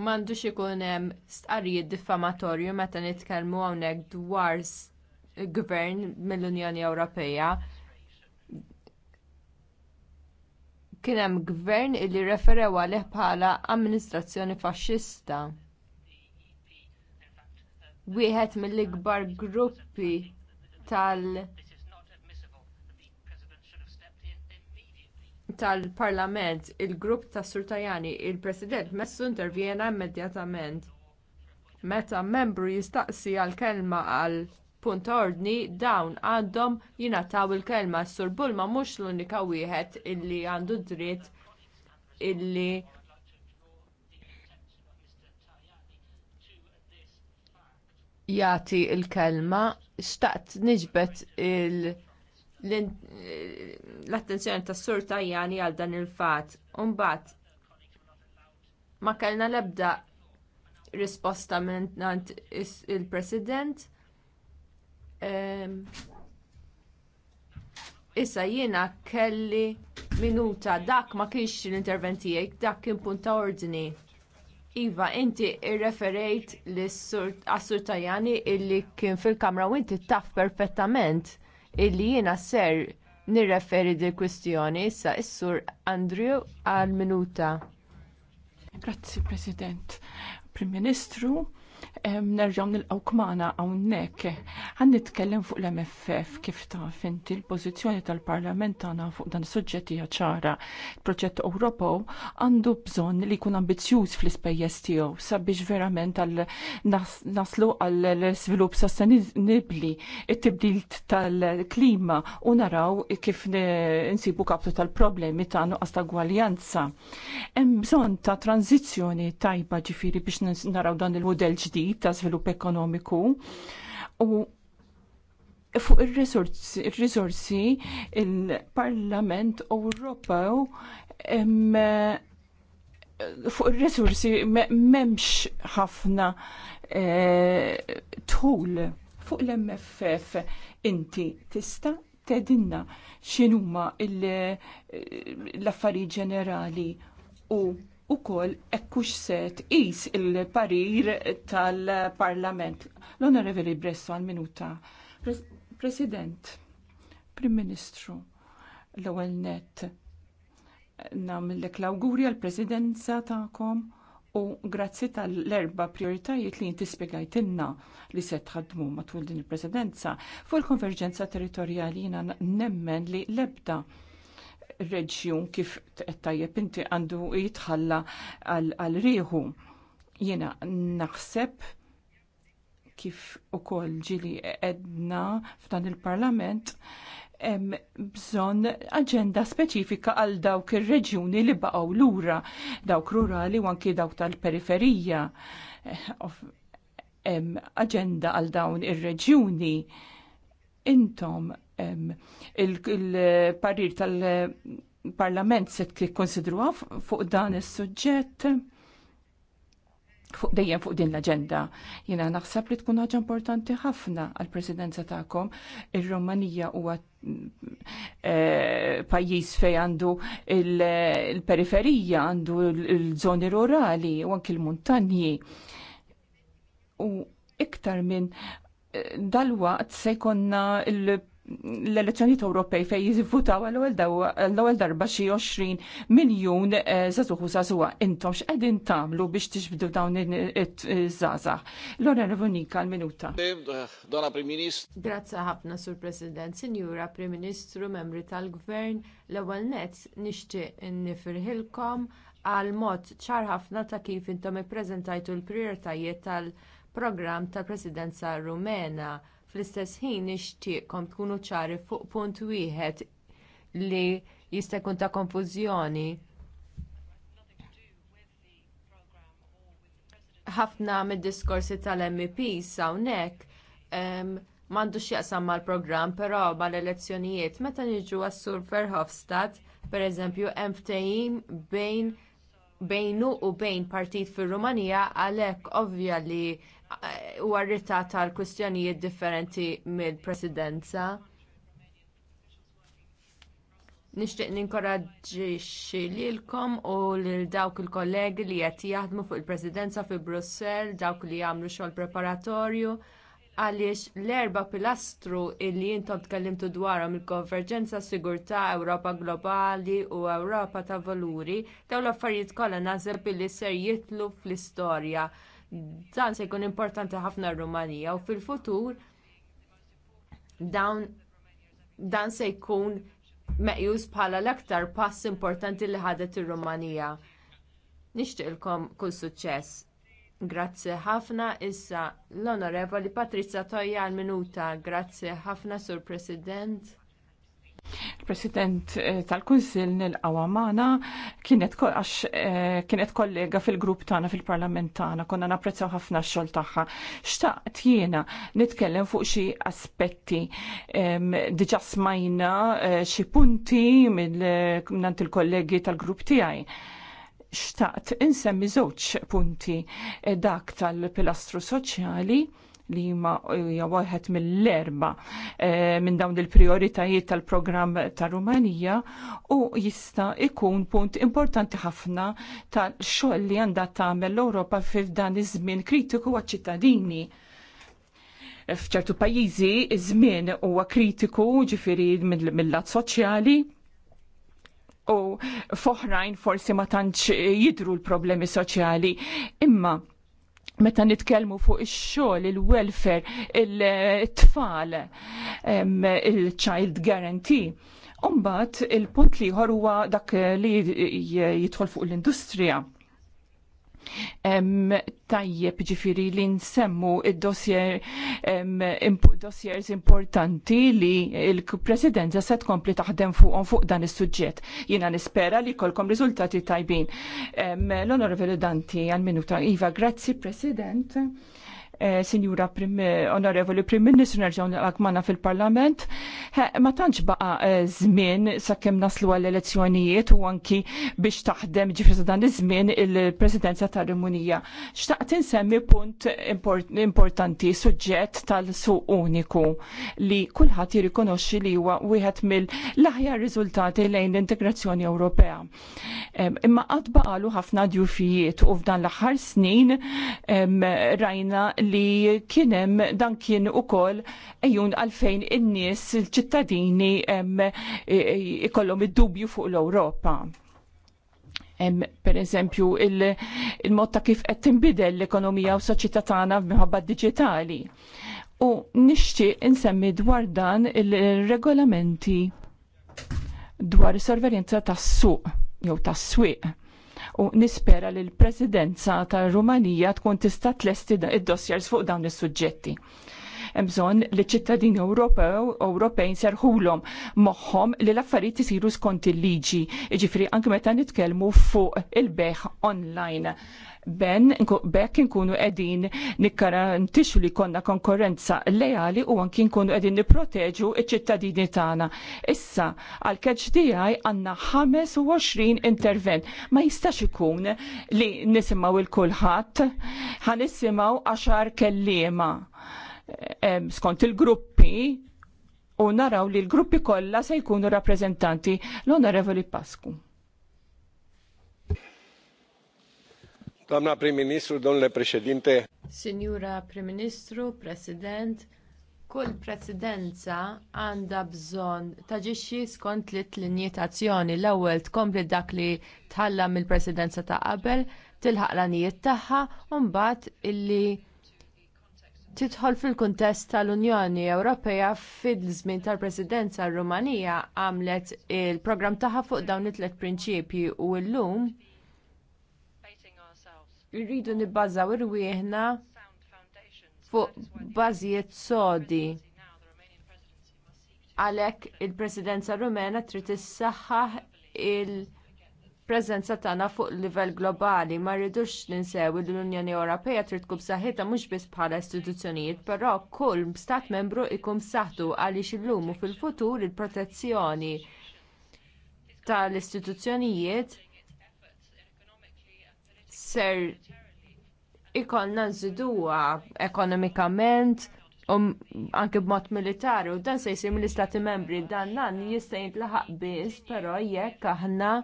M'għandux ikun hemm stqarrijiet diffamatorju meta nitkellmu hawnhekk dwar gvern mill-Unjoni Ewropea kien hemm gvern li referew għalih bħala amministrazzjoni faxxista. Wieħed mill-ikbar gruppi tal- tal-parlament, il-grupp tas Surtajani, il-president messu intervjena immedjatament. Meta membru jistaqsi għall kelma għal punt ordni dawn għandhom jingħataw il-kelma s-sur Bulma mhux l-unika wieħed illi għandu dritt illi jagħti l kelma xtaqt niġbet l-attenzjoni tas sur tajjani għal dan il-fat. Umbat, ma kellna l-ebda risposta minn il-president Issa jiena kelli minuta dak ma kienx l-intervent dak kien punt ta' ordni. Iva, inti irreferejt għas-sur Tajani illi kien fil-kamra u inti taf perfettament illi jiena ser nirreferi di kwistjoni issa is-sur Andrew għal minuta. Grazzi President. Prim Ministru, nerġaw nilqaw kmana għawnek. Għan nitkellem fuq l-MFF kif taf inti l-pozizjoni tal-parlament għana fuq dan suġġetti ċara. Il-proġett Ewropew għandu bżon li kun ambizjuż fl-ispejjeż tiegħu sabiex verament għal naslu għal svilupp sostenibbli it-tibdil tal-klima u naraw kif nsibu kaptu tal-problemi ta' nuqqas ta' gwaljanza. Hemm bżonn ta' tranzizzjoni tajba ġifiri biex naraw dan il-modell ġdid ġdid ta' żvilupp ekonomiku u fuq ir-risorsi il parlament Ewropew fuq ir-risorsi m'hemmx ħafna dħul e, tul fuq l-MFF inti tista' tedinna x'inhuma l-affarijiet ġenerali u u kol ekkux set is il-parir tal-parlament. L-Onorevoli Bresso għal-minuta. President, Prim Ministru, l-ewel net, namillek l-auguri għal-presidenza ta'kom u grazzi tal-erba prioritajiet li jinti spiegajtinna li se tħadmu matul din il-presidenza. Fuq il-konverġenza territorjali jina nemmen li lebda ebda reġjun kif tajjeb inti għandu jitħalla għal rieħu. Jiena naħseb kif ukoll ġili edna f'dan il-parlament hemm bżonn aġenda speċifika għal dawk ir-reġjuni li baqgħu lura dawk rurali u anki dawk tal-periferija. Hemm eh, aġenda għal dawn ir-reġjuni intom il-parir tal-parlament se tikkonsidruha fuq dan is-suġġett fuq dejjem fuq din l-agenda. Jina naħseb li tkun ħaġa importanti ħafna għal presidenza tagħkom. Ir-Romanija huwa eh, pajjiż fej għandu il-periferija, għandu l-żoni rurali u anki l-muntanji. U iktar minn eh, dalwaqt se jkonna il l-elezzjonijiet Ewropej fejn jivvutaw l-ewwel darba xi 20 miljun żagħżugħu eh, żagħżugħa intom x'qegħdin tagħmlu biex tiġbdu dawn iż-żgħażagħ. Lora Revonika l-minuta. Dona Prim Ministru. Grazzi ħafna Sur President, Sinjura Prim Ministru, membri tal-Gvern, l-ewwel nett nixtieq nifirħilkom għal mod ċar ħafna ta' kif intom ippreżentajtu l-prijoritajiet tal-programm tal-Presidenza Rumena Fl-istess ħin nixtieqkom tkunu ċari fuq punt wieħed li jista' jkun ta' konfużjoni. Ħafna mid-diskorsi tal-MEPs hawnhekk m'għandux x'jaqsam mal-programm, però mal-elezzjonijiet meta niġu għas-Sur Verhofstadt, pereżempju hemm ftehim bejn bejnu u bejn partit fir-Rumanija għalhekk ovvja li u għarrita tal-kwistjonijiet differenti mill-presidenza. Nixtieq ninkoraġġi lilkom u lil dawk il-kollegi li qed jaħdmu fuq il-presidenza fi Brussell, dawk li jagħmlu xogħol preparatorju għaliex l-erba pilastru illi intom tkellimtu dwarhom il-konverġenza sigurtà Ewropa globali u Ewropa ta' valuri dawn l-affarijiet kollha naħseb billi ser jitlu fl-istorja Dan se jkun importanti ħafna r-Rumanija u fil-futur dawn dan se jkun meqjus bħala l-aktar pass importanti li ħadet ir-Rumanija. Nixtieqilkom kull suċċess. Grazzi ħafna issa l-Onorevoli Patrizza Tojja għal minuta. Grazzi ħafna sur President. President eh, tal-Kunsil nil awamana kienet, għax, eh, kienet kollega fil-grupp tagħna fil-parlament tagħna konna napprezzaw ħafna x-xogħol tagħha. Xtaqt jiena nitkellem fuq xi aspetti diġà smajna eh, xi punti mill il-kollegi tal-grupp tiegħi xtaqt insemmi żewġ punti dak tal-pilastru soċjali li ma hija waħed mill-erba eh, minn dawn il-prioritajiet tal-programm ta' Rumanija u jista' ikun punt importanti ħafna tal-xogħol li għandha tagħmel l-Ewropa f'dan iż-żmien kritiku għaċ-ċittadini. F'ċertu pajjiżi iż-żmien huwa kritiku ġifieri mill-lat soċjali u foħrajn forsi ma tantx jidru l-problemi soċjali imma meta nitkellmu fuq ix-xogħol, il-welfare, il-tfal, il-child guarantee. Umbat il-punt liħor huwa dak li jidħol fuq l-industrija Tajjeb ġifiri li nsemmu id-dossiers dossier, importanti li il-presidenza se tkompli taħdem fuqhom fuq dan is-suġġett. Jiena nispera li kolkom riżultati tajbin. L-onorevoli Danti għal-minuta. Iva, grazzi President. Eh, Sinjura eh, Onorevoli Prim Ministru nerġgħu nilqak fil-Parlament, ma tantx baqa' eh, żmien sakemm naslu għall-elezzjonijiet u anki biex taħdem ġifri dan iż-żmien il-Presidenza tar-Rumunija. Xtaqt insemmi punt importanti suġġett tal-suq uniku li kulħadd jirrikonoxxi li huwa wieħed mill-aħjar riżultati lejn l-integrazzjoni Ewropea. Imma qatt baqalu ħafna djufijiet u f'dan l-aħħar snin rajna li kienem dan kien u kol ejjun għalfejn in-nies il-ċittadini e, e, ikollhom id-dubju fuq l-Ewropa. Hemm pereżempju il-mod ta' kif qed tinbidel l-ekonomija u soċjetà tagħna minħabba digitali. U nixtieq insemmi dwar dan il-regolamenti dwar is-sorveljanza tas-suq jew tas-swieq u nispera li l-presidenza tar rumanija tkun tista' tlesti id-dossiers fuq dawn is-suġġetti bżonn li ċittadini Ewropew Ewropejn serħulhom moħħom li l-affarijiet isiru skont il-liġi. Jiġifieri anke meta nitkellmu fuq il-beħ online. Ben, bekk nkunu qegħdin nikkarantixu li konna konkurrenza lejali u anki nkunu qegħdin nipproteġu iċ-ċittadini tagħna. Issa għal keċ tiegħi għandna 25 intervent. Ma jistax ikun li nisimgħu il kulħadd ħanisimgħu għaxar kelliema skont il-gruppi u naraw li l-gruppi kollha se jkunu rappreżentanti l-Onorevoli Pasku. Donna prim-ministru, domnule președinte. Signora prim-ministru, president, kull presidenza għandha bżonn taġixxi skont li t-linjiet azzjoni. L-ewwel tkompli dak li tħallam mill presidenza ta' qabel, tilħaq l-anijiet tagħha u mbagħad illi tidħol fil-kuntest tal-Unjoni Ewropea fil-żmien tal-Presidenza Rumanija għamlet il-programm tagħha fuq dawn it-tliet prinċipji u llum irridu nibbażaw irwieħna fuq bażijiet sodi. Għalhekk il-Presidenza Rumena trid issaħħaħ il-, -presidenza preżenza tagħna fuq livell globali ma rridux ninsewi li l-Unjoni Ewropea trid tkun b'saħħitha mhux biss bħala istituzzjonijiet, però kull stat membru jkun b'saħħtu għaliex illumu fil-futur il-protezzjoni tal-istituzzjonijiet ser ikollna nżiduha ekonomikament u um, anke b'mod militari u dan se jsir mill-istati membri dan lan jista' jintlaħaq biss però jekk aħna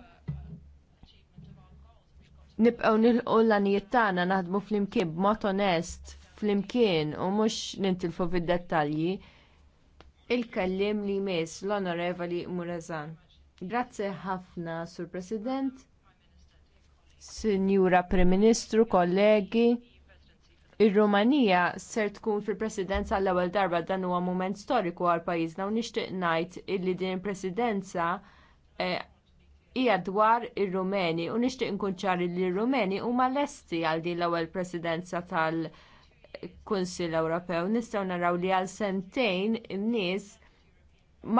nibqgħu nilqu l-għanijiet tagħna naħdmu flimkien b'mod onest flimkien u mhux nintilfu fid-dettalji. Il-kellim li jmiss l-Onorevoli Murazan. Grazzi ħafna, Sur President, Sinjura Prim Ministru, kollegi. Ir-Rumanija ser tkun fil-presidenza l-ewwel darba dan huwa mument storiku għal pajjiżna u nixtieq ngħid illi din il-presidenza eh, hija dwar ir-Rumeni u nixtieq inkun ċari li r-Rumeni huma lesti għal din l-ewwel presidenza tal-Kunsill Ewropew. Nistgħu naraw li għal sentejn in-nies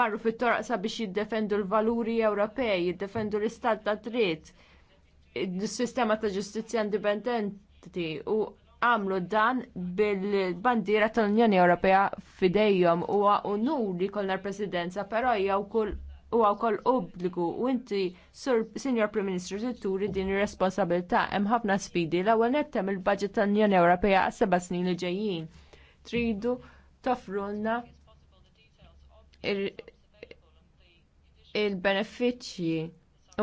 marru fit toraq biex jiddefendu l-valuri Ewropej, jiddefendu l-istat ta' dritt, il-sistema ta' ġustizzja indipendenti u għamlu dan bil-bandiera tal-Unjoni Ewropea fidejhom u unur li l-presidenza, però jgħu kull u wkoll obbligu u inti sur Senior Prim Ministru turi din ir-responsabilità hemm ħafna sfidi l-ewwel nettem il-budget tal-Unjoni Ewropea għas seba' snin li ġejjin. Tridu tofrulna il-benefiċċji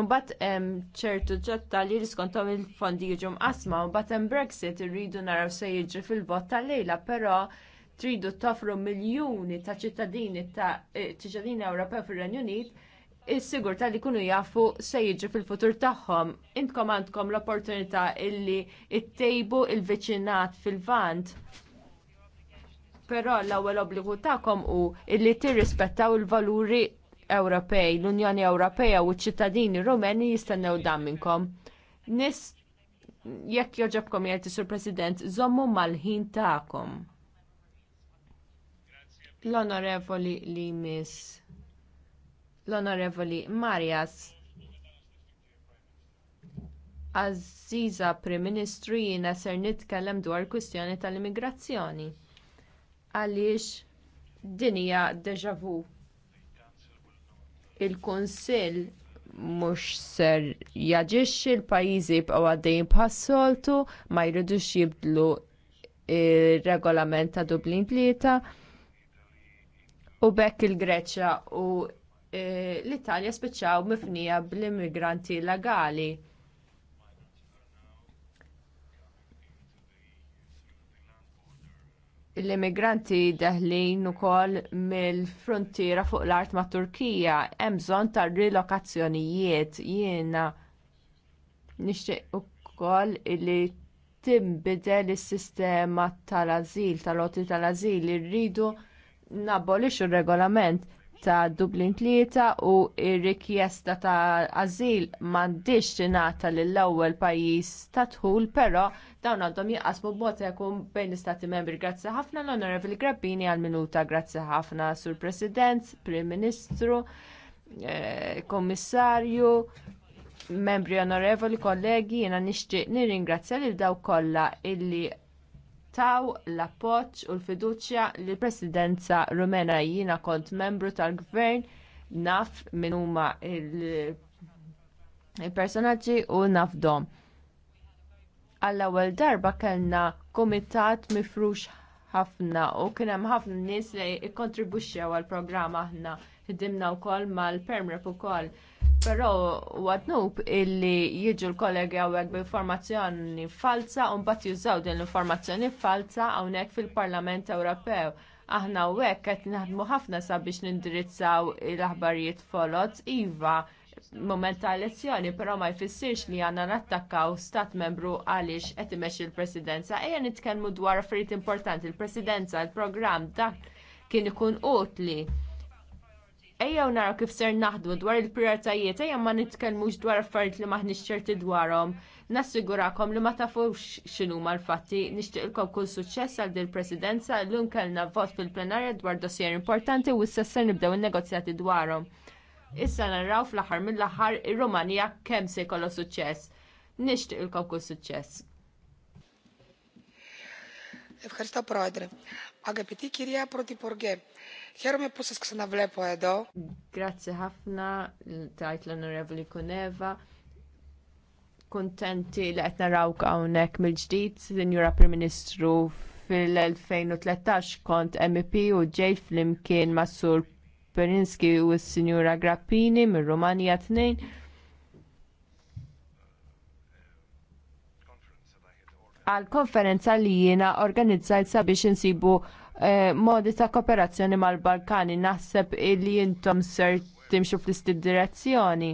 Mbagħad hemm ċertu ġotta li riskontom il-fondi jiġu mqasma, mbagħad hemm Brexit irridu naraw se jiġri fil-vot tal-lejla, però tridu tafru miljuni ta' ċittadini ta' eh, ċittadini Ewropew fir-Renju Unit is-sigur tal-li kunu jafu se jiġri fil-futur tagħhom. Intkom għandkom l-opportunità illi ttejbu il-viċinat fil-vant. Però l-ewwel obbligu tagħkom hu illi tirrispettaw il-valuri Ewropej, l-Unjoni Ewropea u ċ-ċittadini Rumeni jistennew dan minnkom. Nis jekk joġobkom jgħid Sur President, żommu mal-ħin tagħkom. L-Onorevoli li miss l-Onorevoli Marias. Aziza Prim Ministru jiena ser nitkellem dwar kwistjoni tal-immigrazzjoni. Għaliex din hija deja vu. Il-Kunsill mhux ser jaġixxi l-pajjiżi jibqgħu għaddejjin bħas-soltu ma jridux jibdlu r regolament ta' Dublin tlieta u bekk il-Greċja u e, l-Italja spiċċaw mifnija bl-immigranti illegali. l-immigranti daħlin ukoll mill-frontiera fuq l-art mat Turkija hemm bżonn ta' rilokazzjonijiet jiena nixtieq ukoll li tinbidel is-sistema tal-ażil tal-oti tal-ażil irridu nabolix il-regolament ta' Dublin tlieta u r rikjesta ta' azil m'għandix tingħata lill-ewwel pajjiż ta' dħul, però dawn għandhom jinqasmu b'mod jkun bejn l-Istati Membri. Grazzi ħafna l-Onorevoli Grabbini għall minuta grazzi ħafna sur President, Prim Ministru, eh, Kommissarju, membri onorevoli kollegi, jiena nixtieq nirringrazzja lil dawk kollha illi taw l-appoġġ u l-fiduċja li l-Presidenza Rumena jina kont membru tal-Gvern naf minn huma il-personaġġi il u dom. Għall-ewwel darba kellna komitat mifrux ħafna u kien hemm ħafna nies li jikkontribwixxew għall-programm aħna ħdimna wkoll mal-Permrep ukoll. Però għadnub illi jiġu l-kollegi għawek b'informazzjoni falsa u mbagħad jużaw din l-informazzjoni falsa hawnhekk fil-Parlament Ewropew. Aħna għawek qed naħdmu ħafna sabiex nindirizzaw l-aħbarijiet folot iva moment ta' elezzjoni, però ma jfissirx li għandna nattakkaw stat membru għaliex qed imexxi l-presidenza. Ejja nitkellmu dwar affarijiet importanti, il-presidenza, il-programm, dak kien ikun utli ejja u naraw kif ser naħdu dwar il-prioritajiet, ejja ma nitkellmux dwar affarijiet li maħniex ċerti dwarhom. Nassigurakom li ma tafux ma l-fatti, nixtieqilkom kull suċċess għal din presidenza l kellna vot fil-plenarja dwar dossier importanti u s-sessa nibdew il negozjati dwarhom. Issa naraw fl-aħħar mill-aħħar ir-Rumanija kemm se kollu suċċess. Nixtieqilkom kull suċċess. Ευχαριστώ Πρόεδρε. Αγαπητή κυρία Πρωθυπουργέ, Ħjarmi pussas ksana vlepo edo. Grazzi ħafna, tajt l-onorevoli Kuneva. Kontenti li qed narawk hawnhekk mill-ġdid, Sinjura Prim Ministru fil-2013 kont MEP u ġej flimkien mas Sur Perinski u s-Sinjura Grappini mir-Rumanija tnejn. għal konferenza li jiena organizzajt sabiex insibu Eh, modi ta' kooperazzjoni mal-Balkani naħseb illi intom ser timxu fl-istid direzzjoni.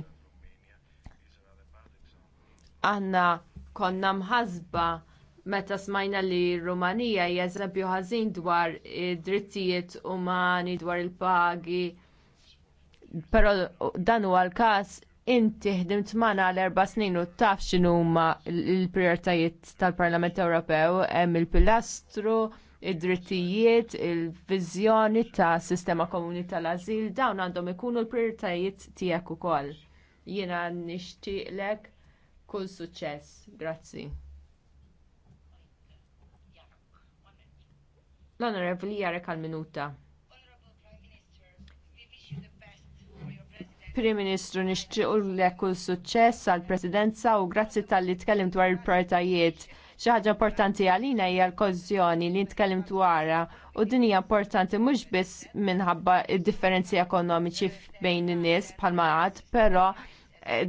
Aħna konna mħazba meta smajna li Rumanija hija ħażin dwar id-drittijiet umani, dwar il-pagi. Però dan huwa l-każ inti ħdimt mana għal erba' snin u taf x'inhuma l-prijoritajiet tal-Parlament Ewropew hemm il-pilastru, id-drittijiet, il-viżjoni ta' sistema komuni tal-azil, dawn għandhom ikunu l-prioritajiet tiegħek ukoll. Jiena nixtieqlek kull suċċess. Grazzi. L-Onorevoli jarek għal-minuta. Prim Ministru nishtiqlek kull suċċess għall presidenza u grazzi tal-li tkellim dwar il-prioritajiet Xi ħaġa importanti għalina hija l-kozzjoni li nitkellem dwarha u din hija importanti mhux biss minħabba d-differenzi ekonomiċi bejn in-nies bħalma għad, però eh,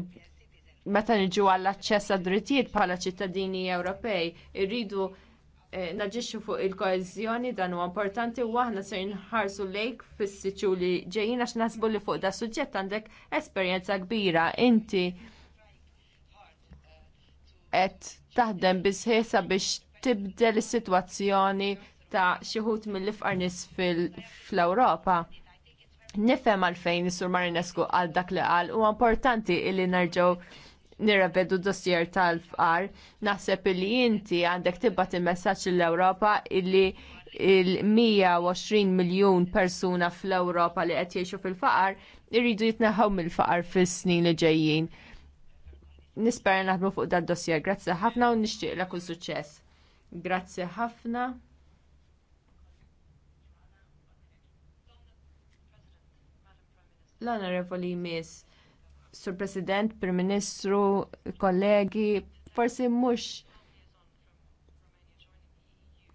meta niġu għall-aċċess għad drittijiet bħala ċittadini Ewropej irridu eh, naġiċu fuq il-koezjoni dan huwa importanti u aħna se nħarsu lejk fis-siċu li ġejjin għax nasbu li fuq da suġġett għandek esperjenza kbira inti qed taħdem bisħiesa biex tibdel is-sitwazzjoni ta' xi wħud mill-ifqar nies fl-Ewropa. Nifhem għalfejn is-Sur Marinescu għal dak li qal huwa importanti li nerġgħu nirrevedu dossier tal-fqar, naħseb li inti għandek tibbat il-messagġ l-Europa illi il-120 miljon persuna fl-Europa li qed jgħixu fil-faqar irridu jitneħħu mill-faqar fis-snin li ġejjin nispera naħdmu fuq dal dossier Grazzi ħafna u nixtieq la kull suċċess. Grazzi ħafna. L-Onorevoli Miss, Sur President, Prim Ministru, kollegi, forsi mhux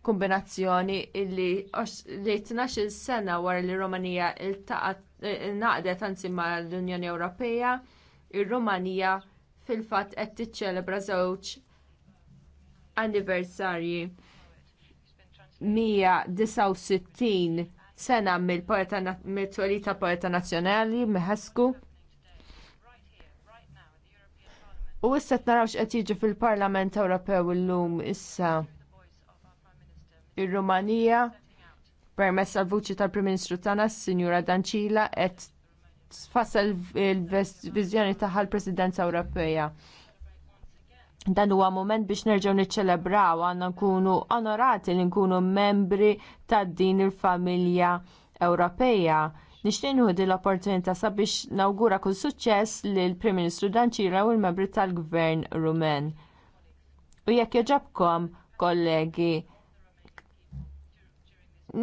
kombinazzjoni illi li 12 sena wara li Romania il-taqat naqdet anzi mal unjoni Ewropea, ir-Rumanija il fil-fatt qed tiċċelebra żewġ anniversarji 169 sena mill ta' poeta nazzjonali meħesku. U issa narawx qed jiġi fil-Parlament Ewropew illum issa ir-Rumanija permezz tal-vuċi tal-Prim Ministru tagħna, Sinjura Dancila, qed tfassal il-viżjoni taħal presidenza Ewropeja. dan huwa moment biex nerġgħu niċċelebraw għandna nkunu onorati li nkunu membri ta' din il-familja Ewropeja. Nixtieq nħuddi l-opportunità sabiex nawgura kull suċċess lil Prim Ministru Danċira u l-membri tal-Gvern Rumen. U jekk jaġabkom, kollegi,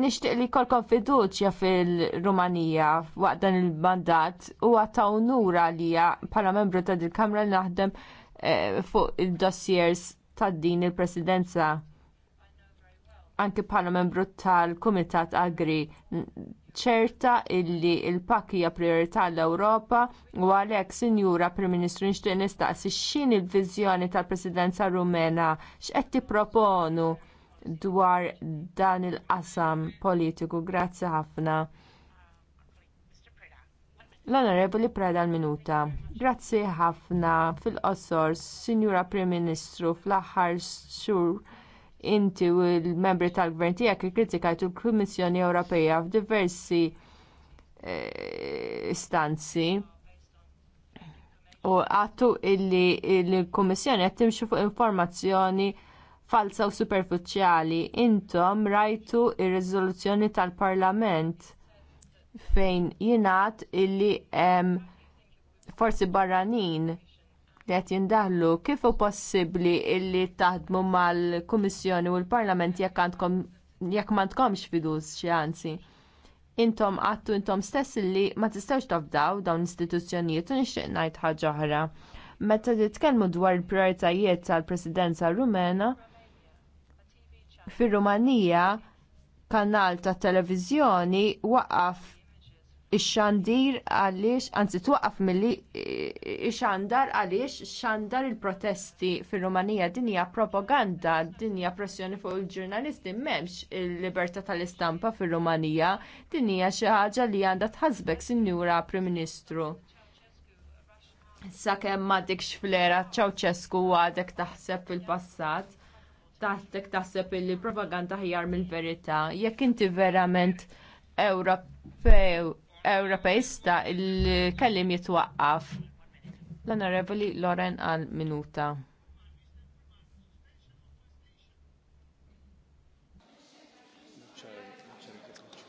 nixtieq li kolkom fiduċja fil-Rumanija waqt dan il-mandat u għata unura li bħala membru ta' dil-Kamra li naħdem eh, fuq il-dossiers ta' din il-presidenza anke bħala membru tal-Kumitat Agri ċerta illi il pakki hija priorità l-Ewropa u għalhekk Sinjura Prim Ministru nixtieq nistaqsi x'in il-viżjoni tal-Presidenza Rumena x'qed tipproponu proponu dwar dan il-qasam politiku. Grazzi ħafna. L-Onorevoli Preda l-Minuta. Grazzi ħafna fil-qosor, Sinjura Prim Ministru, fl-aħħar xhur inti u l-membri tal-gvern tiegħek ikkritikajt l-Kummissjoni Ewropea f'diversi eh, istanzi u għattu illi l-Kummissjoni qed timxi fuq informazzjoni falsa u superfiċjali. Intom rajtu ir-riżoluzzjoni tal-Parlament fejn jingħad illi hemm forsi barranin li qed jindaħlu kif hu possibbli illi taħdmu mal-Kummissjoni u l-Parlament jekk m'għandkomx fiduċja anzi. Intom għattu intom stess li ma tistgħux tafdaw dawn l-istituzzjonijiet u nixtieq ngħid ħaġa oħra. Meta titkellmu dwar il-prijoritajiet tal-Presidenza Rumena, Fir-Rumanija kanal ta' televiżjoni waqaf ix-xandir għaliex, anzi twaqqaf milli ix-xandar għaliex xandar il-protesti fir-Rumanija din hija propaganda, din hija pressjoni fuq il-ġurnalisti m'hemmx il-libertà tal-istampa fir-Rumanija, din hija xi ħaġa li għandha tħasbek sinjura Prim Ministru. Sakemm dikx flera ċawċesku għadek taħseb fil-passat taħtek taħseb illi propaganda ħjar mill-verità. Jekk inti verament Ewropeista il-kellim jitwaqqaf. L-Onorevoli Loren għal minuta.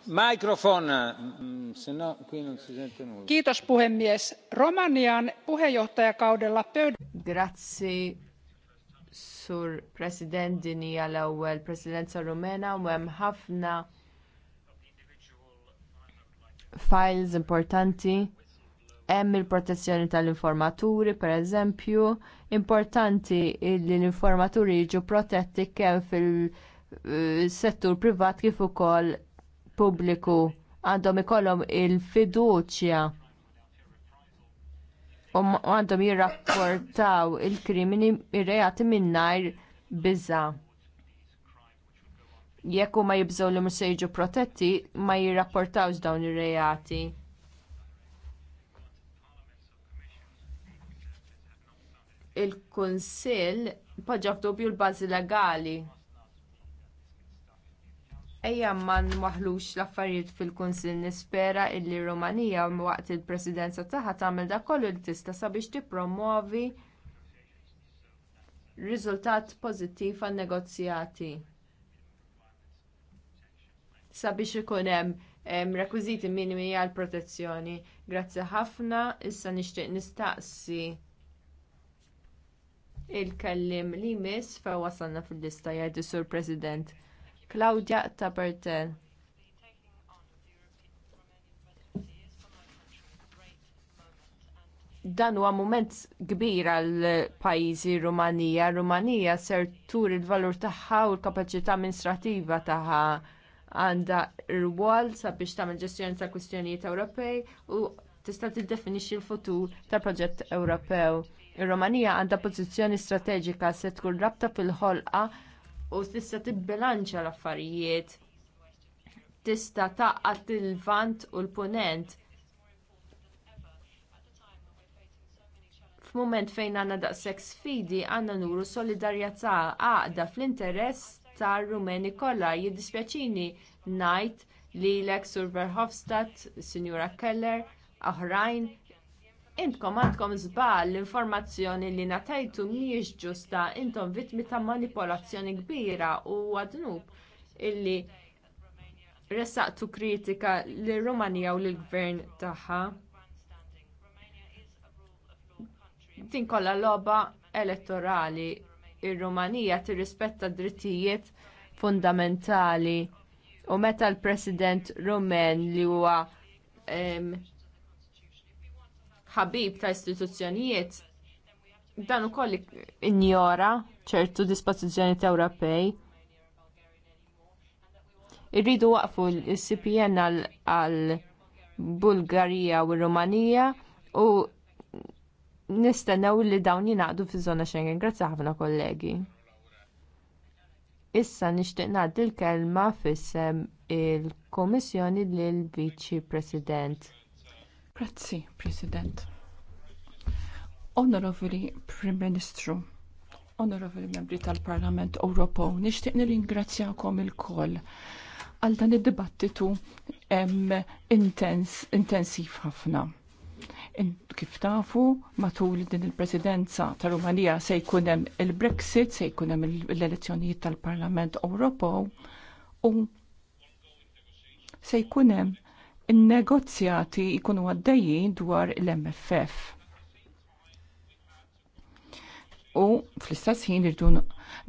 Mikrofon, sennò qui non si sente nulla. Kiitos puhemies. Romanian puheenjohtajakaudella pöydä... Grazie Sur President dini għal l-ewwel Presidenza Rumena u hemm ħafna files importanti hemm il-protezzjoni tal-informaturi, pereżempju, importanti li l-informaturi jiġu protetti kemm fil-settur privat kif ukoll pubbliku għandhom ikollhom il-fiduċja għandhom jirrapportaw il-krimini ir-reati minnajr biża. Jekk ma jibżgħu li mhux se jiġu protetti, ma jirrapportawx dawn ir-reati. Il-Kunsill poġġa f'dubju l-bażi legali Ejja ma nwaħlux l-affarijiet fil-Kunsill nispera illi Rumanija waqt il-Presidenza tagħha tagħmel dak kollu li tista' sabiex tippromuovi riżultat pożittiv għan-negozjati. Sabiex ikun hemm rekwiżiti minimi għall protezzjoni. Grazzi ħafna, issa nixtieq nistaqsi il-kellim li jmiss fe wasalna fil-lista jgħid sur President. Claudia Tabertel. dan huwa mument kbir għal pajjiżi Rumanija. Rumanija ser tur il-valur tagħha u l-kapaċità amministrattiva tagħha għandha rwol sabiex tagħmel ġestjoni ta' kwistjonijiet Ewropej u tista' tiddefinixxi l-futur tal-proġett Ewropew. Ir-Rumanija għandha pożizzjoni strateġika se tkun rabta fil-ħolqa u tista' tibbilanċa l-affarijiet tista' taqqat il-vant u l-punent f'mument fejn għandna daqshekk sfidi għandna nuru solidarjetà għaqda fl-interess tar-Rumeni kollha jiddispjaċini ngħid lilek Sur Verhofstadt, Sinjura Keller, oħrajn Intkom għandkom żball l-informazzjoni li ngħatajtu mhijiex ġusta, intom vittmi ta' manipolazzjoni kbira u għadnub illi ressaqtu kritika lir Rumanija u lill gvern tagħha. Din kollha logħba elettorali. Ir-Rumanija tirrispetta d drittijiet fundamentali u meta l-President Rumen li huwa ħabib ta' istituzzjonijiet dan ukoll injora ċertu dispozizjoni ta' Ewropej. Irridu waqfu l-CPN għal Bulgarija u Rumanija u nistennew li dawn jingħaqdu fiż-żona Schengen. Grazzi ħafna kollegi. Issa nixtieq ngħaddi l-kelma fissem il-Komissjoni lill-Viċi President. Grazzi, President. Onorevoli Prim Ministru, onorevoli membri tal-Parlament Ewropew, nixtieq nirringrazzjakom il-koll għal dan id-dibattitu intens, intensiv ħafna. Kif tafu, matul din il-presidenza ta' Rumanija se jkun hemm il-Brexit, se jkun hemm l-elezzjonijiet tal-Parlament Ewropew u se jkun hemm il-negozjati jkunu għaddejjin dwar l-MFF. U fl-istess ħin irdu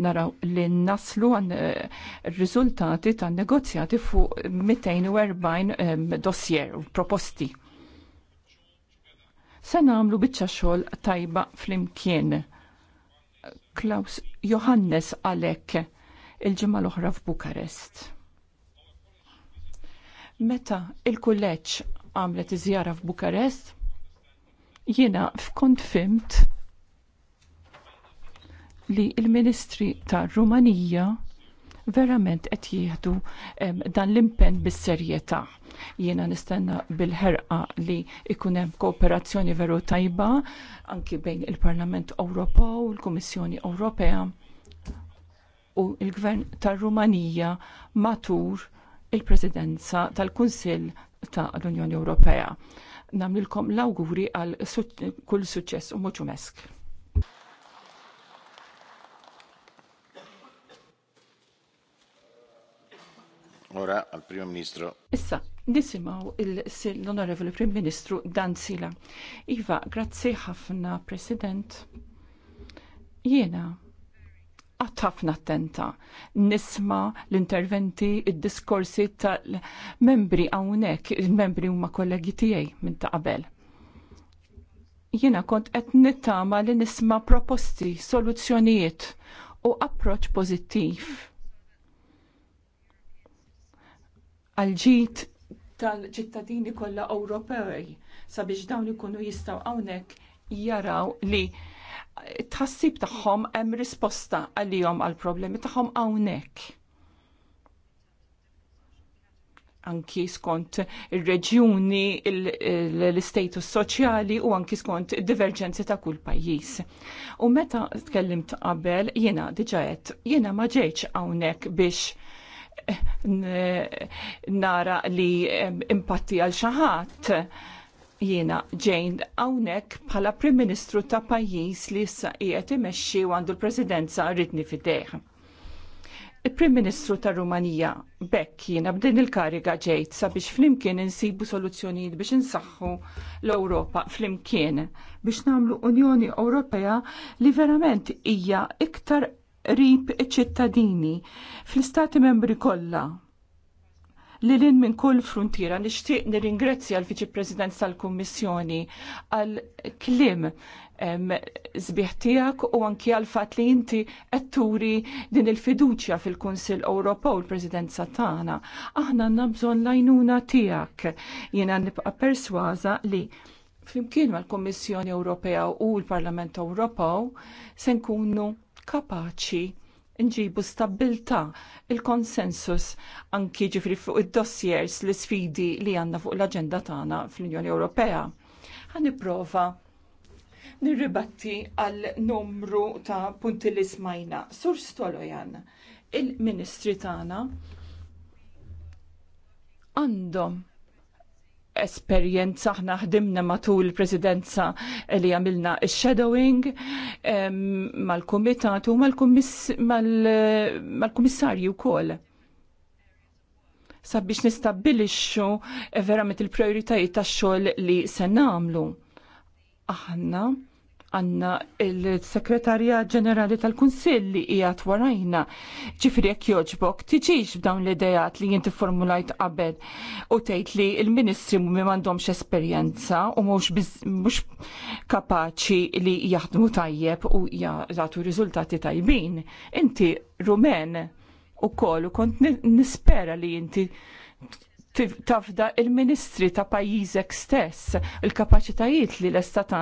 naraw li naslu għan eh, riżultati tan negozjati fuq 240 ehm, dossier u proposti. Se nagħmlu biċċa xogħol tajba flimkien. Klaus Johannes għalek il-ġimgħa l-oħra f'Bukarest. Meta il-kulleġġ għamlet iżjara f'Bukarest, jiena f'kont fimt li il-Ministri tar-Rumanija verament qed jieħdu dan l-impenn bis-serjetà. Jiena nistenna bil-ħerqa li ikun hemm kooperazzjoni veru tajba anki bejn il-Parlament Ewropew, il-Kummissjoni Ewropea u l-Gvern tar-Rumanija matur il-Presidenza tal-Kunsill ta' l-Unjoni Ewropea. Namlilkom l-awguri għal kull suċċess u moċu mesk. Ora al Primo Ministro. Issa, nisimaw l onorevoli Prim Ministru Dan Sila. Iva, grazzi ħafna, President. Jena, ħafna attenta. Nisma' l-interventi, id-diskorsi tal-membri hawnhekk, il-membri huma kollegi tiegħi minn ta' qabel. Jiena kont qed nittama li nisma' proposti, soluzzjonijiet u approċċ pożittiv. Għal-ġid tal-ċittadini kollha Ewropej sabiex dawn ikunu jistgħu hawnhekk jaraw li tħassib tagħhom hemm risposta għalihom għall problemi tagħhom hawnhekk. Anki skont ir-reġjuni, l-istatus soċjali u anki skont diverġenzi ta' kull pajjiż. U meta tkellimt qabel jiena diġa jena jiena ma ġejtx hawnhekk biex eh, nara li impatti għal xi ħadd jiena ġejn hawnhekk bħala Prim Ministru ta' pajjiż li issa qiegħed imexxi u għandu l-Presidenza ridni fideh. Il-Prim Ministru ta' Rumanija bekk jiena b'din il-kariga ġejt sabiex flimkien insibu soluzzjonijiet biex insaħħu l-Ewropa flimkien biex nagħmlu Unjoni Ewropea li verament hija iktar rib iċ-ċittadini fl-istati membri kollha li lin minn kull frontiera nixtieq nirringrazzja l-Viċi President tal-Kummissjoni għal klim zbieħ tiegħek u anki għal fatt li inti qed turi din il-fiduċja fil-Kunsill Ewropew l presidenza tagħna. Aħna għandna bżonn lajnuna tiegħek. Jiena nibqa' persważa li flimkien mal-Kommissjoni Ewropea u l-Parlament Ewropew se nkunu kapaċi nġibu stabilta il-konsensus anki ġifri fuq id-dossiers l sfidi li għanna fuq l-agenda tagħna fl-Unjoni Ewropea. Ħaniprofa nirribatti għal numru ta' punti li smajna. Sur Stolojan, il-ministri tagħna għandhom esperjenza aħna ħdimna matul il-presidenza li għamilna il-shadowing mal-komitatu mal-komissarju kol. Sabiex nistabilixxu eh, verament il-prioritajiet tax-xogħol li se nagħmlu. Aħna għanna il-Sekretarja Ġenerali tal-Kunsill li qiegħed warajna. Ġifieri jekk joġbok tiġix b'dawn l-idejat li jinti formulajt qabel u tgħid li l-Ministri mhumi m'għandhomx esperjenza u mhux mhux kapaċi li jaħdmu tajjeb u jagħtu riżultati tajbin. Inti Rumen u kol u kont nispera li inti tafda il-ministri ta' pajjiżek stess il-kapaċitajiet li l-estat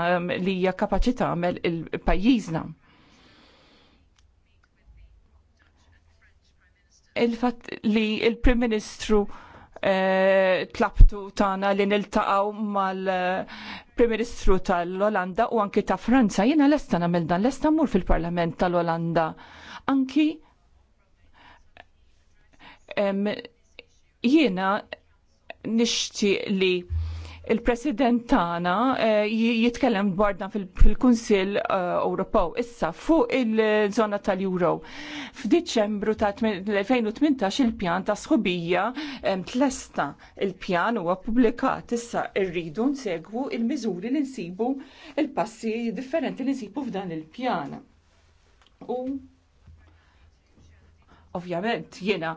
li hija kapaċi tagħmel il-pajjiżna. Il-fatt li il-Prim Ministru eh, tlabtu tana li niltaqaw mal-Prim Ministru tal-Olanda u anki ta' Franza. Jena lesta namel dan, lesta mur fil-Parlament tal-Olanda. Anki em, jena nixtieq li il-President tagħna eh, jitkellem dwar fil-Kunsill eh, Ewropew issa fuq il-żona tal-Euro. F'Diċembru ta' 2018 il-pjan ta' sħubija tlesta il-pjan huwa ppubblikat issa rridu nsegwu il-miżuri li nsibu il-passi differenti li nsibu f'dan il-pjan. U Ovvjament, jena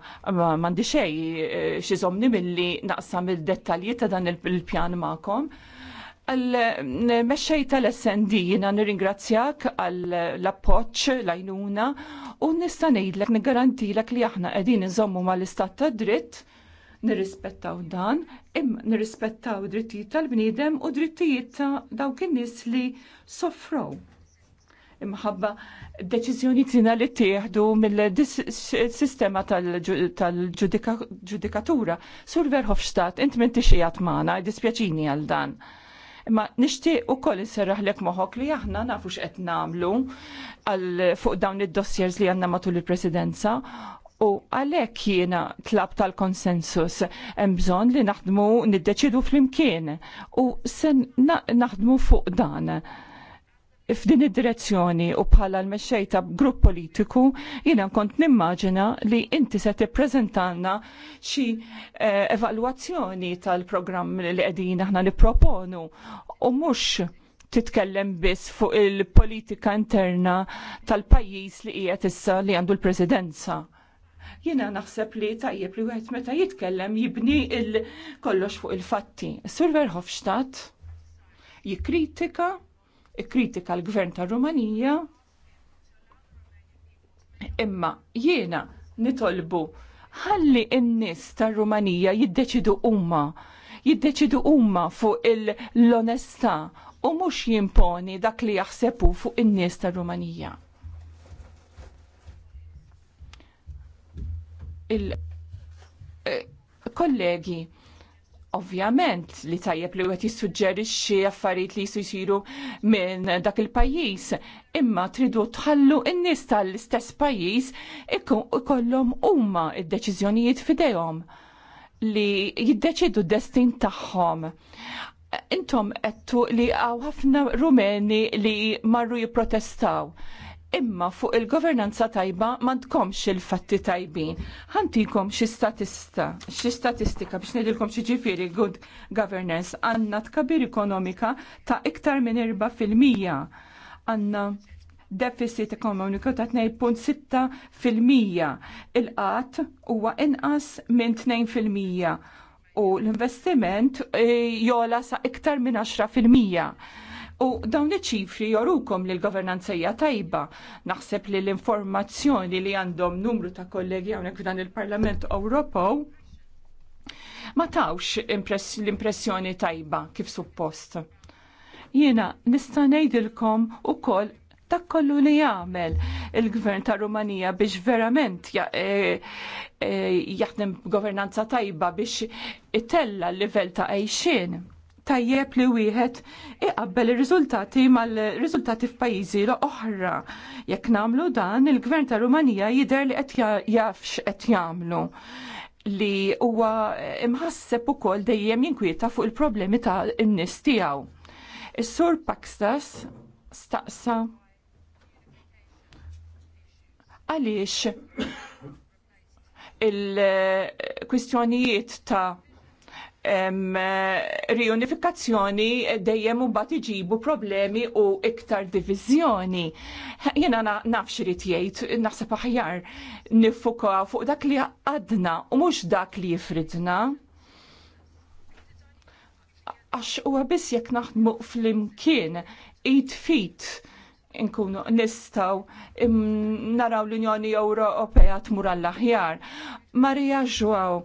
mandi xej eh, xizomni mill-li naqsam il-dettalji ta' dan il-pjan ma'kom. Meċċej tal-SND jiena nir-ingrazzjak għall-appoċ lajnuna u nistanejdlek nigarantilek li aħna għedin nżommu mal-istat ta' dritt nirrispettaw dan, imma nirrispettaw drittijiet tal-bniedem u drittijiet ta' dawk in-nies li soffrow imħabba deċizjoni tina li tieħdu mill-sistema tal-ġudikatura. Sur Verhofstadt, int minn xijat maħna, dispjaċini għal dan. Ma nishtiq u koll nserraħ lek moħok li aħna nafu x'qed namlu għal fuq dawn id-dossiers li għanna matul il-presidenza u għalek jiena tlab tal-konsensus bżonn li naħdmu niddeċidu flimkien. imkien u sen naħdmu fuq dan f'din id-direzzjoni u bħala l-mexxej ta' grupp politiku jiena kont nimmaġina li inti se tippreżentanna xi eh, evalwazzjoni tal-programm li qegħdin aħna nipproponu u mhux titkellem biss fuq il-politika interna tal-pajjiż li qiegħed issa li għandu l-presidenza. Jiena naħseb li tajjeb li wieħed meta jitkellem jibni il kollox fuq il-fatti. Sur Verhofstadt jikkritika kritika l-gvern ta' Rumanija imma jiena nitolbu ħalli n-nis ta' Rumanija jiddeċidu umma jiddeċidu umma fuq l onesta u mhux jimponi dak li jaħsebu fuq in-nies ta' Rumanija. Il eh, kollegi Ovvjament li tajjeb li għet jissuġġerixxi affarijiet li jisu jisiru minn dak il-pajjiż, imma tridu tħallu n-nies tal-istess pajjiż ikollhom huma d deċiżjonijiet f'idejhom li jiddeċidu d-destin tagħhom. Intom qed li għaw ħafna Rumeni li marru jipprotestaw imma fuq il-governanza tajba ma tkomx il-fatti tajbin. Ħantikom xi statista, xi statistika biex ngħidilkom xi ġifieri good governance għandna tkabir ekonomika ta' iktar minn 4%. Għandna deficit ekonomiku ta' 2.6 fil-mija. Il-qat huwa inqas minn 2 fil-mija u l-investiment eh, jola sa' iktar minn 10 fil-mija U dawn iċ-ċifri jorukom li l-governanzija tajba. Naħseb li l-informazzjoni li għandhom numru ta' kollegi hawnhekk f'dan il-Parlament Ewropew ma tawx l-impressjoni tajba kif suppost. Jiena nista' ngħidilkom ukoll dak kollu li jagħmel il-gvern ta' Rumanija biex verament e- e- jaħdem governanza tajba biex itella l-livell ta' għajxin tajjeb li wieħed iqabbel ir-riżultati mal-riżultati f'pajjiżi oħra. Jekk nagħmlu dan, il-Gvern ta' Rumanija jidher li qed jafx qed jagħmlu li huwa imħasseb ukoll dejjem jinkwieta fuq il-problemi ta' n-nies tiegħu. Is-sur Pakstas staqsa għaliex il-kwistjonijiet ta' riunifikazzjoni dejjem u bat iġibu problemi u iktar divizjoni. Jena nafx rrit jgħid, naħseb aħjar nifuka fuq dak li għadna u mux dak li jifridna. Għax u għabis jek naħdmu fl-imkien, id fit nkunu nistaw naraw l-Unjoni Ewropea tmur għall-aħjar. Marija Joao,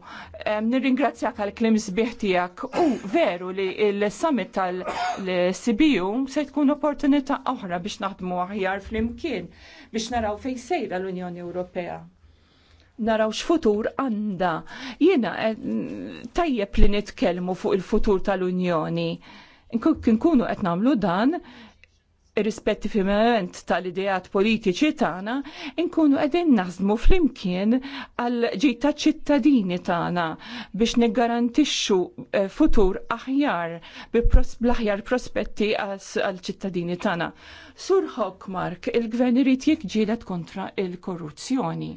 nirringrazzjak għal klim sbieħ tijak u veru li il summit tal-Sibiju se tkun opportunità oħra biex naħdmu aħjar fl-imkien biex naraw fej sejra l-Unjoni Ewropea naraw x'futur għanda. Jiena tajjeb li nitkellmu fuq il-futur tal-Unjoni. Nkunu qed nagħmlu dan irrispettivament tal-ideat politiċi tagħna, inkunu qegħdin naħdmu flimkien għal ġita ċittadini tagħna biex niggarantixxu eh, futur aħjar bl-aħjar prospetti għal ċittadini tagħna. Sur Hokmark, il-gvern irid jikġielet kontra il-korruzzjoni.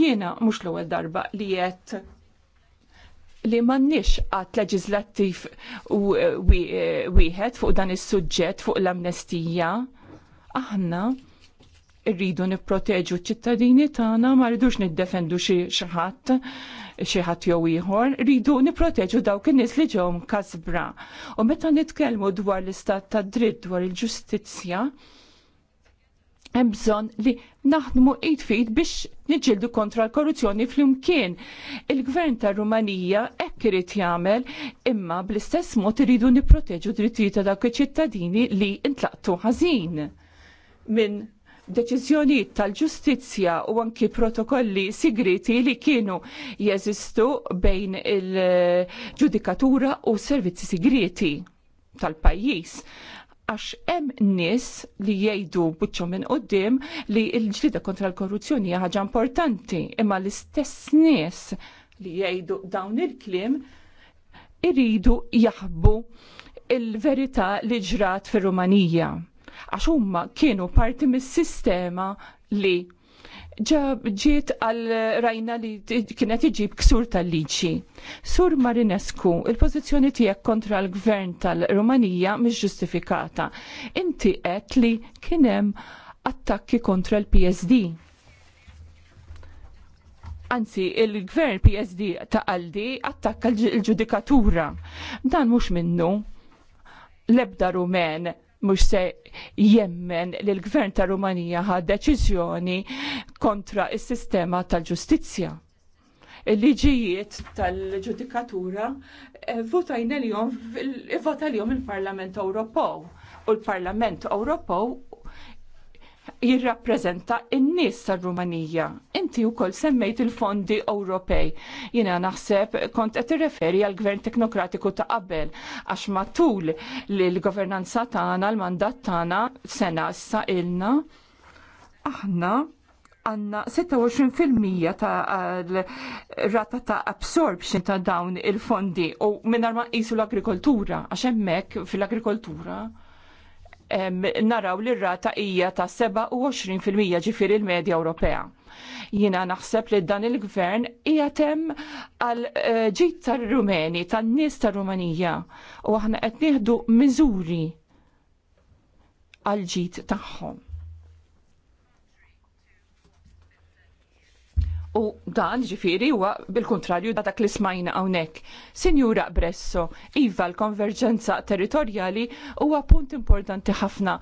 Jiena mhux l-ewwel darba li qed li mannix għat leġizlattif e, e, wieħed fuq dan is-suġġett fuq l-amnestija. Aħna rridu nipproteġu ċ-ċittadini tagħna ma rridux niddefendu xi ħadd xi ħadd jew ieħor, rridu nipproteġu dawk in-nies li ġew kasbra. U meta nitkellmu dwar l-istat tad dritt dwar il-ġustizzja, hemm bżonn li naħdmu id fit biex niġildu kontra l-korruzzjoni flimkien. Il-gvern tar Rumanija hekk irid jagħmel imma bl-istess mod iridu nipproteġu drittijiet ta' dawk iċ-ċittadini li ntlaqtu ħażin minn deċiżjonijiet tal-ġustizzja u anki protokolli sigriti li kienu jeżistu bejn il-ġudikatura u servizzi sigriti tal-pajjiż għax hemm nies li jgħidu buċċhom minn qudiem li l-ġlida kontra l-korruzzjoni hija ħaġa importanti, imma l-istess nies li jgħidu dawn il-kliem iridu jaħbu il-verità li ġrat fir-Rumanija għax huma kienu parti mis-sistema li ġiet għal rajna li kienet iġib ksur tal-liċi. Sur Marinescu, il-pozizjoni tiegħek kontra l-gvern tal-Rumanija mhix ġustifikata. Inti għet li kien hemm attakki kontra l-PSD. Anzi, il-gvern PSD ta' għaldi attakka l-ġudikatura. Dan mhux minnu l-ebda rumen mux se jemmen li l-gvern ta' Rumanija ħad deċiżjoni kontra is sistema tal-ġustizja. Il-liġijiet tal-ġudikatura eh, votajna li jom, jom il-Parlament Ewropew u l-Parlament Ewropew jirrappreżenta n-nies tar-Rumanija. Inti wkoll semmejt il-fondi Ewropej. Jiena naħseb kont qed irreferi għal gvern teknokratiku ta' qabel għax matul li l-governanza tagħna l-mandat tagħna sena issa ilna aħna għanna 26% ta' rata ta' absorption ta' dawn il-fondi u minnar ma' jisu l-agrikoltura, għax hemmhekk fil-agrikoltura naraw li r-rata hija ta' 27% ġifir il-medja Ewropea. Jina naħseb li dan il-gvern hija tem għal eh, ġit tar-Rumeni, tan-nies tar-Rumanija u aħna qed nieħdu miżuri għal ġit tagħhom. U dan ġifiri huwa bil-kontrarju da dak li smajna hawnhekk. Sinjura Bresso, iva l-konverġenza territorjali huwa punt importanti ħafna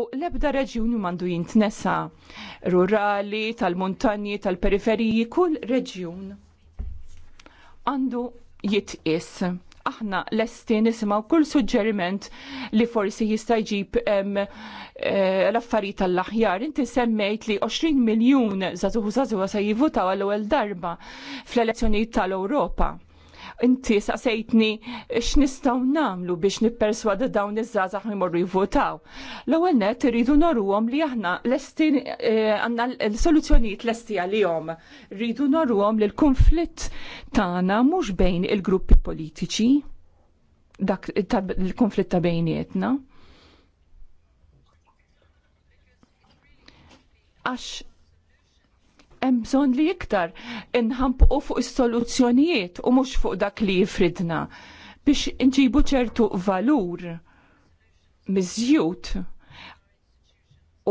u l-ebda reġjuni mandu jintnesa. Rurali, tal muntanji tal-periferiji, kull reġjun għandu jitqis aħna lesti nisimaw kull suġġeriment li forsi jista' jġib eh, l-affarijiet tal-aħjar. Inti semmejt li 20 miljun żagħżugħu żagħżugħa se jivutaw għall-ewwel darba fl-elezzjonijiet tal-Ewropa Inti saqsejtni x'nistgħu nagħmlu biex nipperswada dawn iż-żgħażagħ imorru jivvotaw. L-ewwel nett iridu norruhom li aħna lesti eh, għandna l-soluzzjonijiet lesti għalihom. Rridu norruhom li l-konflitt tagħna mhux bejn il-gruppi politiċi dak il-konflitt ta' bejnietna. Għax hemm bżonn li iktar inħampuqu fuq is-soluzzjonijiet u mhux fuq dak li jifridna biex nġibu ċertu valur miżjut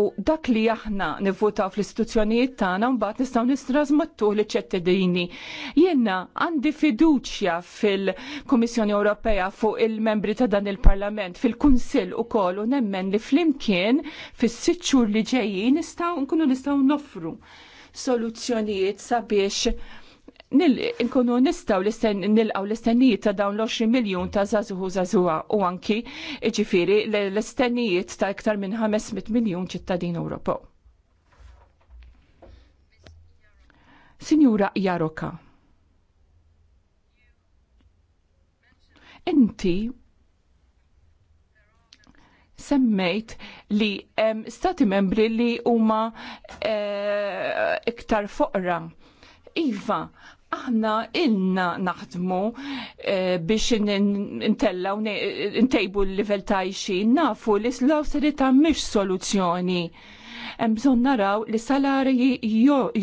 u dak li aħna nivvotaw fl-istituzzjonijiet tagħna mbagħad nistgħu nistrażmattu li ċettedini. Jiena għandi fiduċja fil-Kummissjoni Ewropea fuq il-membri ta' dan il-Parlament fil-Kunsill ukoll u nemmen li flimkien fis-sitt xhur li ġejjin nistgħu nkunu nistgħu noffru soluzzjonijiet sabiex nkunu nistaw nilqaw l-istennijiet ta' dawn l-20 miljon ta' zazuhu zazuha u anki ġifiri l-istennijiet ta' iktar minn 500 miljon ċittadin Ewropew. Sinjura Jaroka. Inti semmejt li em, stati membri li huma e, iktar foqra. Iva, aħna ilna naħdmu e, biex intellaw intejbu l-level ta' jxin, nafu li s-sirita mish soluzzjoni Hemm bżonn naraw li salarji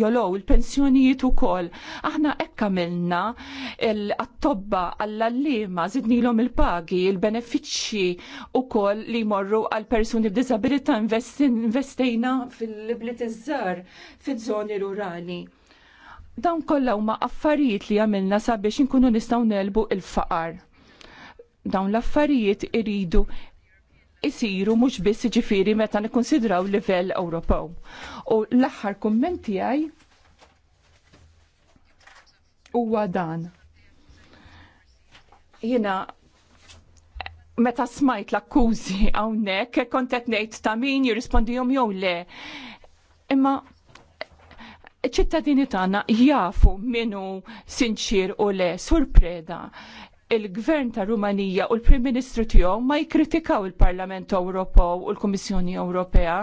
jolow il-pensjonijiet ukoll. Aħna hekk għamilna l-attobba għall-allima żidnilhom il-pagi, il-benefiċċji ukoll li jmorru għal persuni b'diżabilità investejna fil-bliet iż-żar fiż-żoni rurali dawn kollha huma affarijiet li għamilna sabiex inkunu nistgħu nelbu il-faqar. Dawn l-affarijiet iridu isiru mhux biss jiġifieri meta nikkonsidraw livell Ewropew. U l-aħħar kumment tiegħi huwa dan. Jiena meta smajt l-akkużi hawnhekk kont qed ngħid ta' min jirrispondihom jew le. Imma ċittadini tagħna jafu minu sinċir u le surpreda il-Gvern ta' Rumanija u l-Prim Ministru tiegħu ma jikkritikaw il-Parlament Ewropew u l-Kummissjoni Ewropea.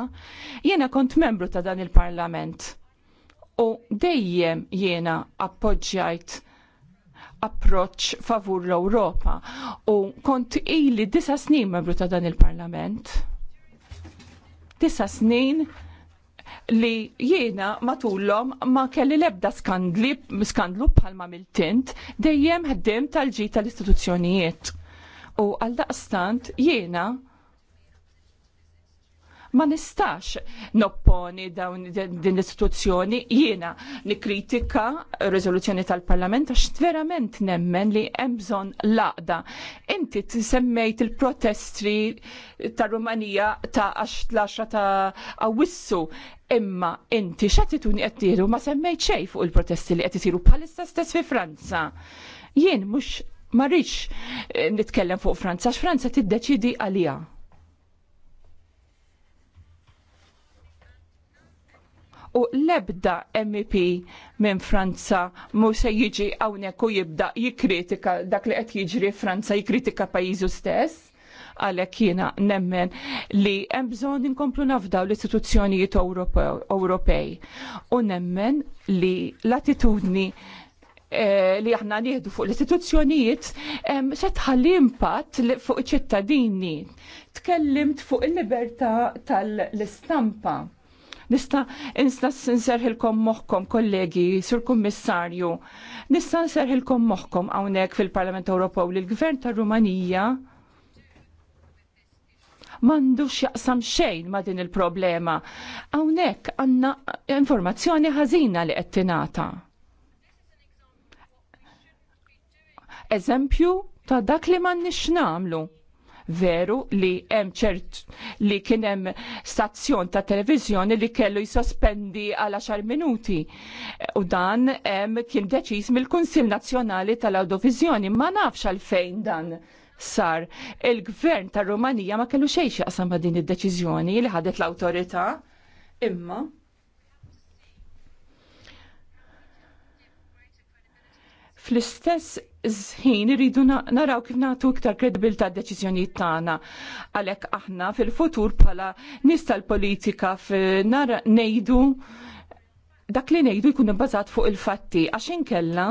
Jiena kont membru ta' dan il-Parlament. U dejjem jiena appoġġjajt approċċ favur l-Ewropa u kont ili disa snin membru ta' dan il-Parlament. Disa snin li jiena matullom ma kelli lebda skandli skandlu bħalma ma' tint dejjem ħdem tal-ġi tal-istituzzjonijiet. U għal daqstant jiena ma nistax nopponi dawn din l-istituzzjoni jiena nikritika riżoluzzjoni tal-Parlament għax verament nemmen li hemm bżonn laqda. Inti semmejt il-protestri ta' Rumanija ta' 10 ta' Awissu imma inti x'attituni qed tieħdu ma semmejt xejn fuq il-protesti li qed isiru bħalissa stess fi Franza. Jien mhux ma eh, nitkellem fuq Franza, x'Franza deċidi għalija u l-ebda MEP minn Franza mu se jiġi hawnhekk u jibda jikkritika dak li qed jiġri Franza jikkritika pajizu stess għalek jiena nemmen li hemm bżonn inkomplu nafdaw l-istituzzjonijiet Ewropej u nemmen li l-attitudni eh, li aħna nieħdu fuq l-istituzzjonijiet se tħalli impatt fuq iċ-ċittadini. Tkellimt fuq il-libertà tal-istampa. Nista' insta nserħilkom moħħkom kollegi, sur kummissarju. Nista' nserħilkom moħħkom hawnhekk fil-Parlament Ewropew li l-Gvern tar-Rumanija mandux jaqsam xejn ma din il-problema. Hawnhekk għandna informazzjoni ħażina li qed tingħata. Eżempju ta' dak li ma nix namlu. Veru li hemm ċert li kien hemm stazzjon ta' televiżjoni li kellu jsospendi għal 10 minuti. U dan hemm kien deċiż mill-Kunsill Nazzjonali tal awdovizjoni ma nafx għalfejn dan sar il-gvern tar-Rumanija ma kellu xejn xaqsam ma' din id-deċiżjoni li ħadet l-awtorità imma Fl-istess żħin iridu naraw kif nagħtu iktar kredibilità d-deċiżjonijiet tagħna. Għalhekk aħna fil-futur bħala nies tal-politika ngħidu dak li ngħidu jkun ibbażat fuq il-fatti għax inkella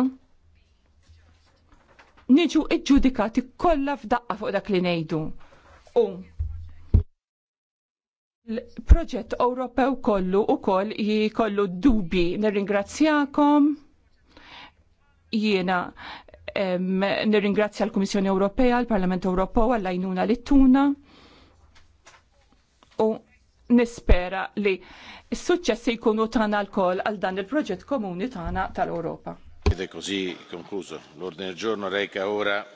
niġu iġġudikati kollha f'daqqa fuq dak li ngħidu. U l-proġett Ewropew kollu u koll jikollu dubi. Nirringrazzjakom jiena nirringrazzja l-Kummissjoni Ewropea, l-Parlament Ewropew għall-għajnuna li tuna u nispera li s-suċċessi jkunu tagħna lkoll għal dan il-proġett komuni tagħna tal europa Ed è così concluso. L'ordine del giorno reca ora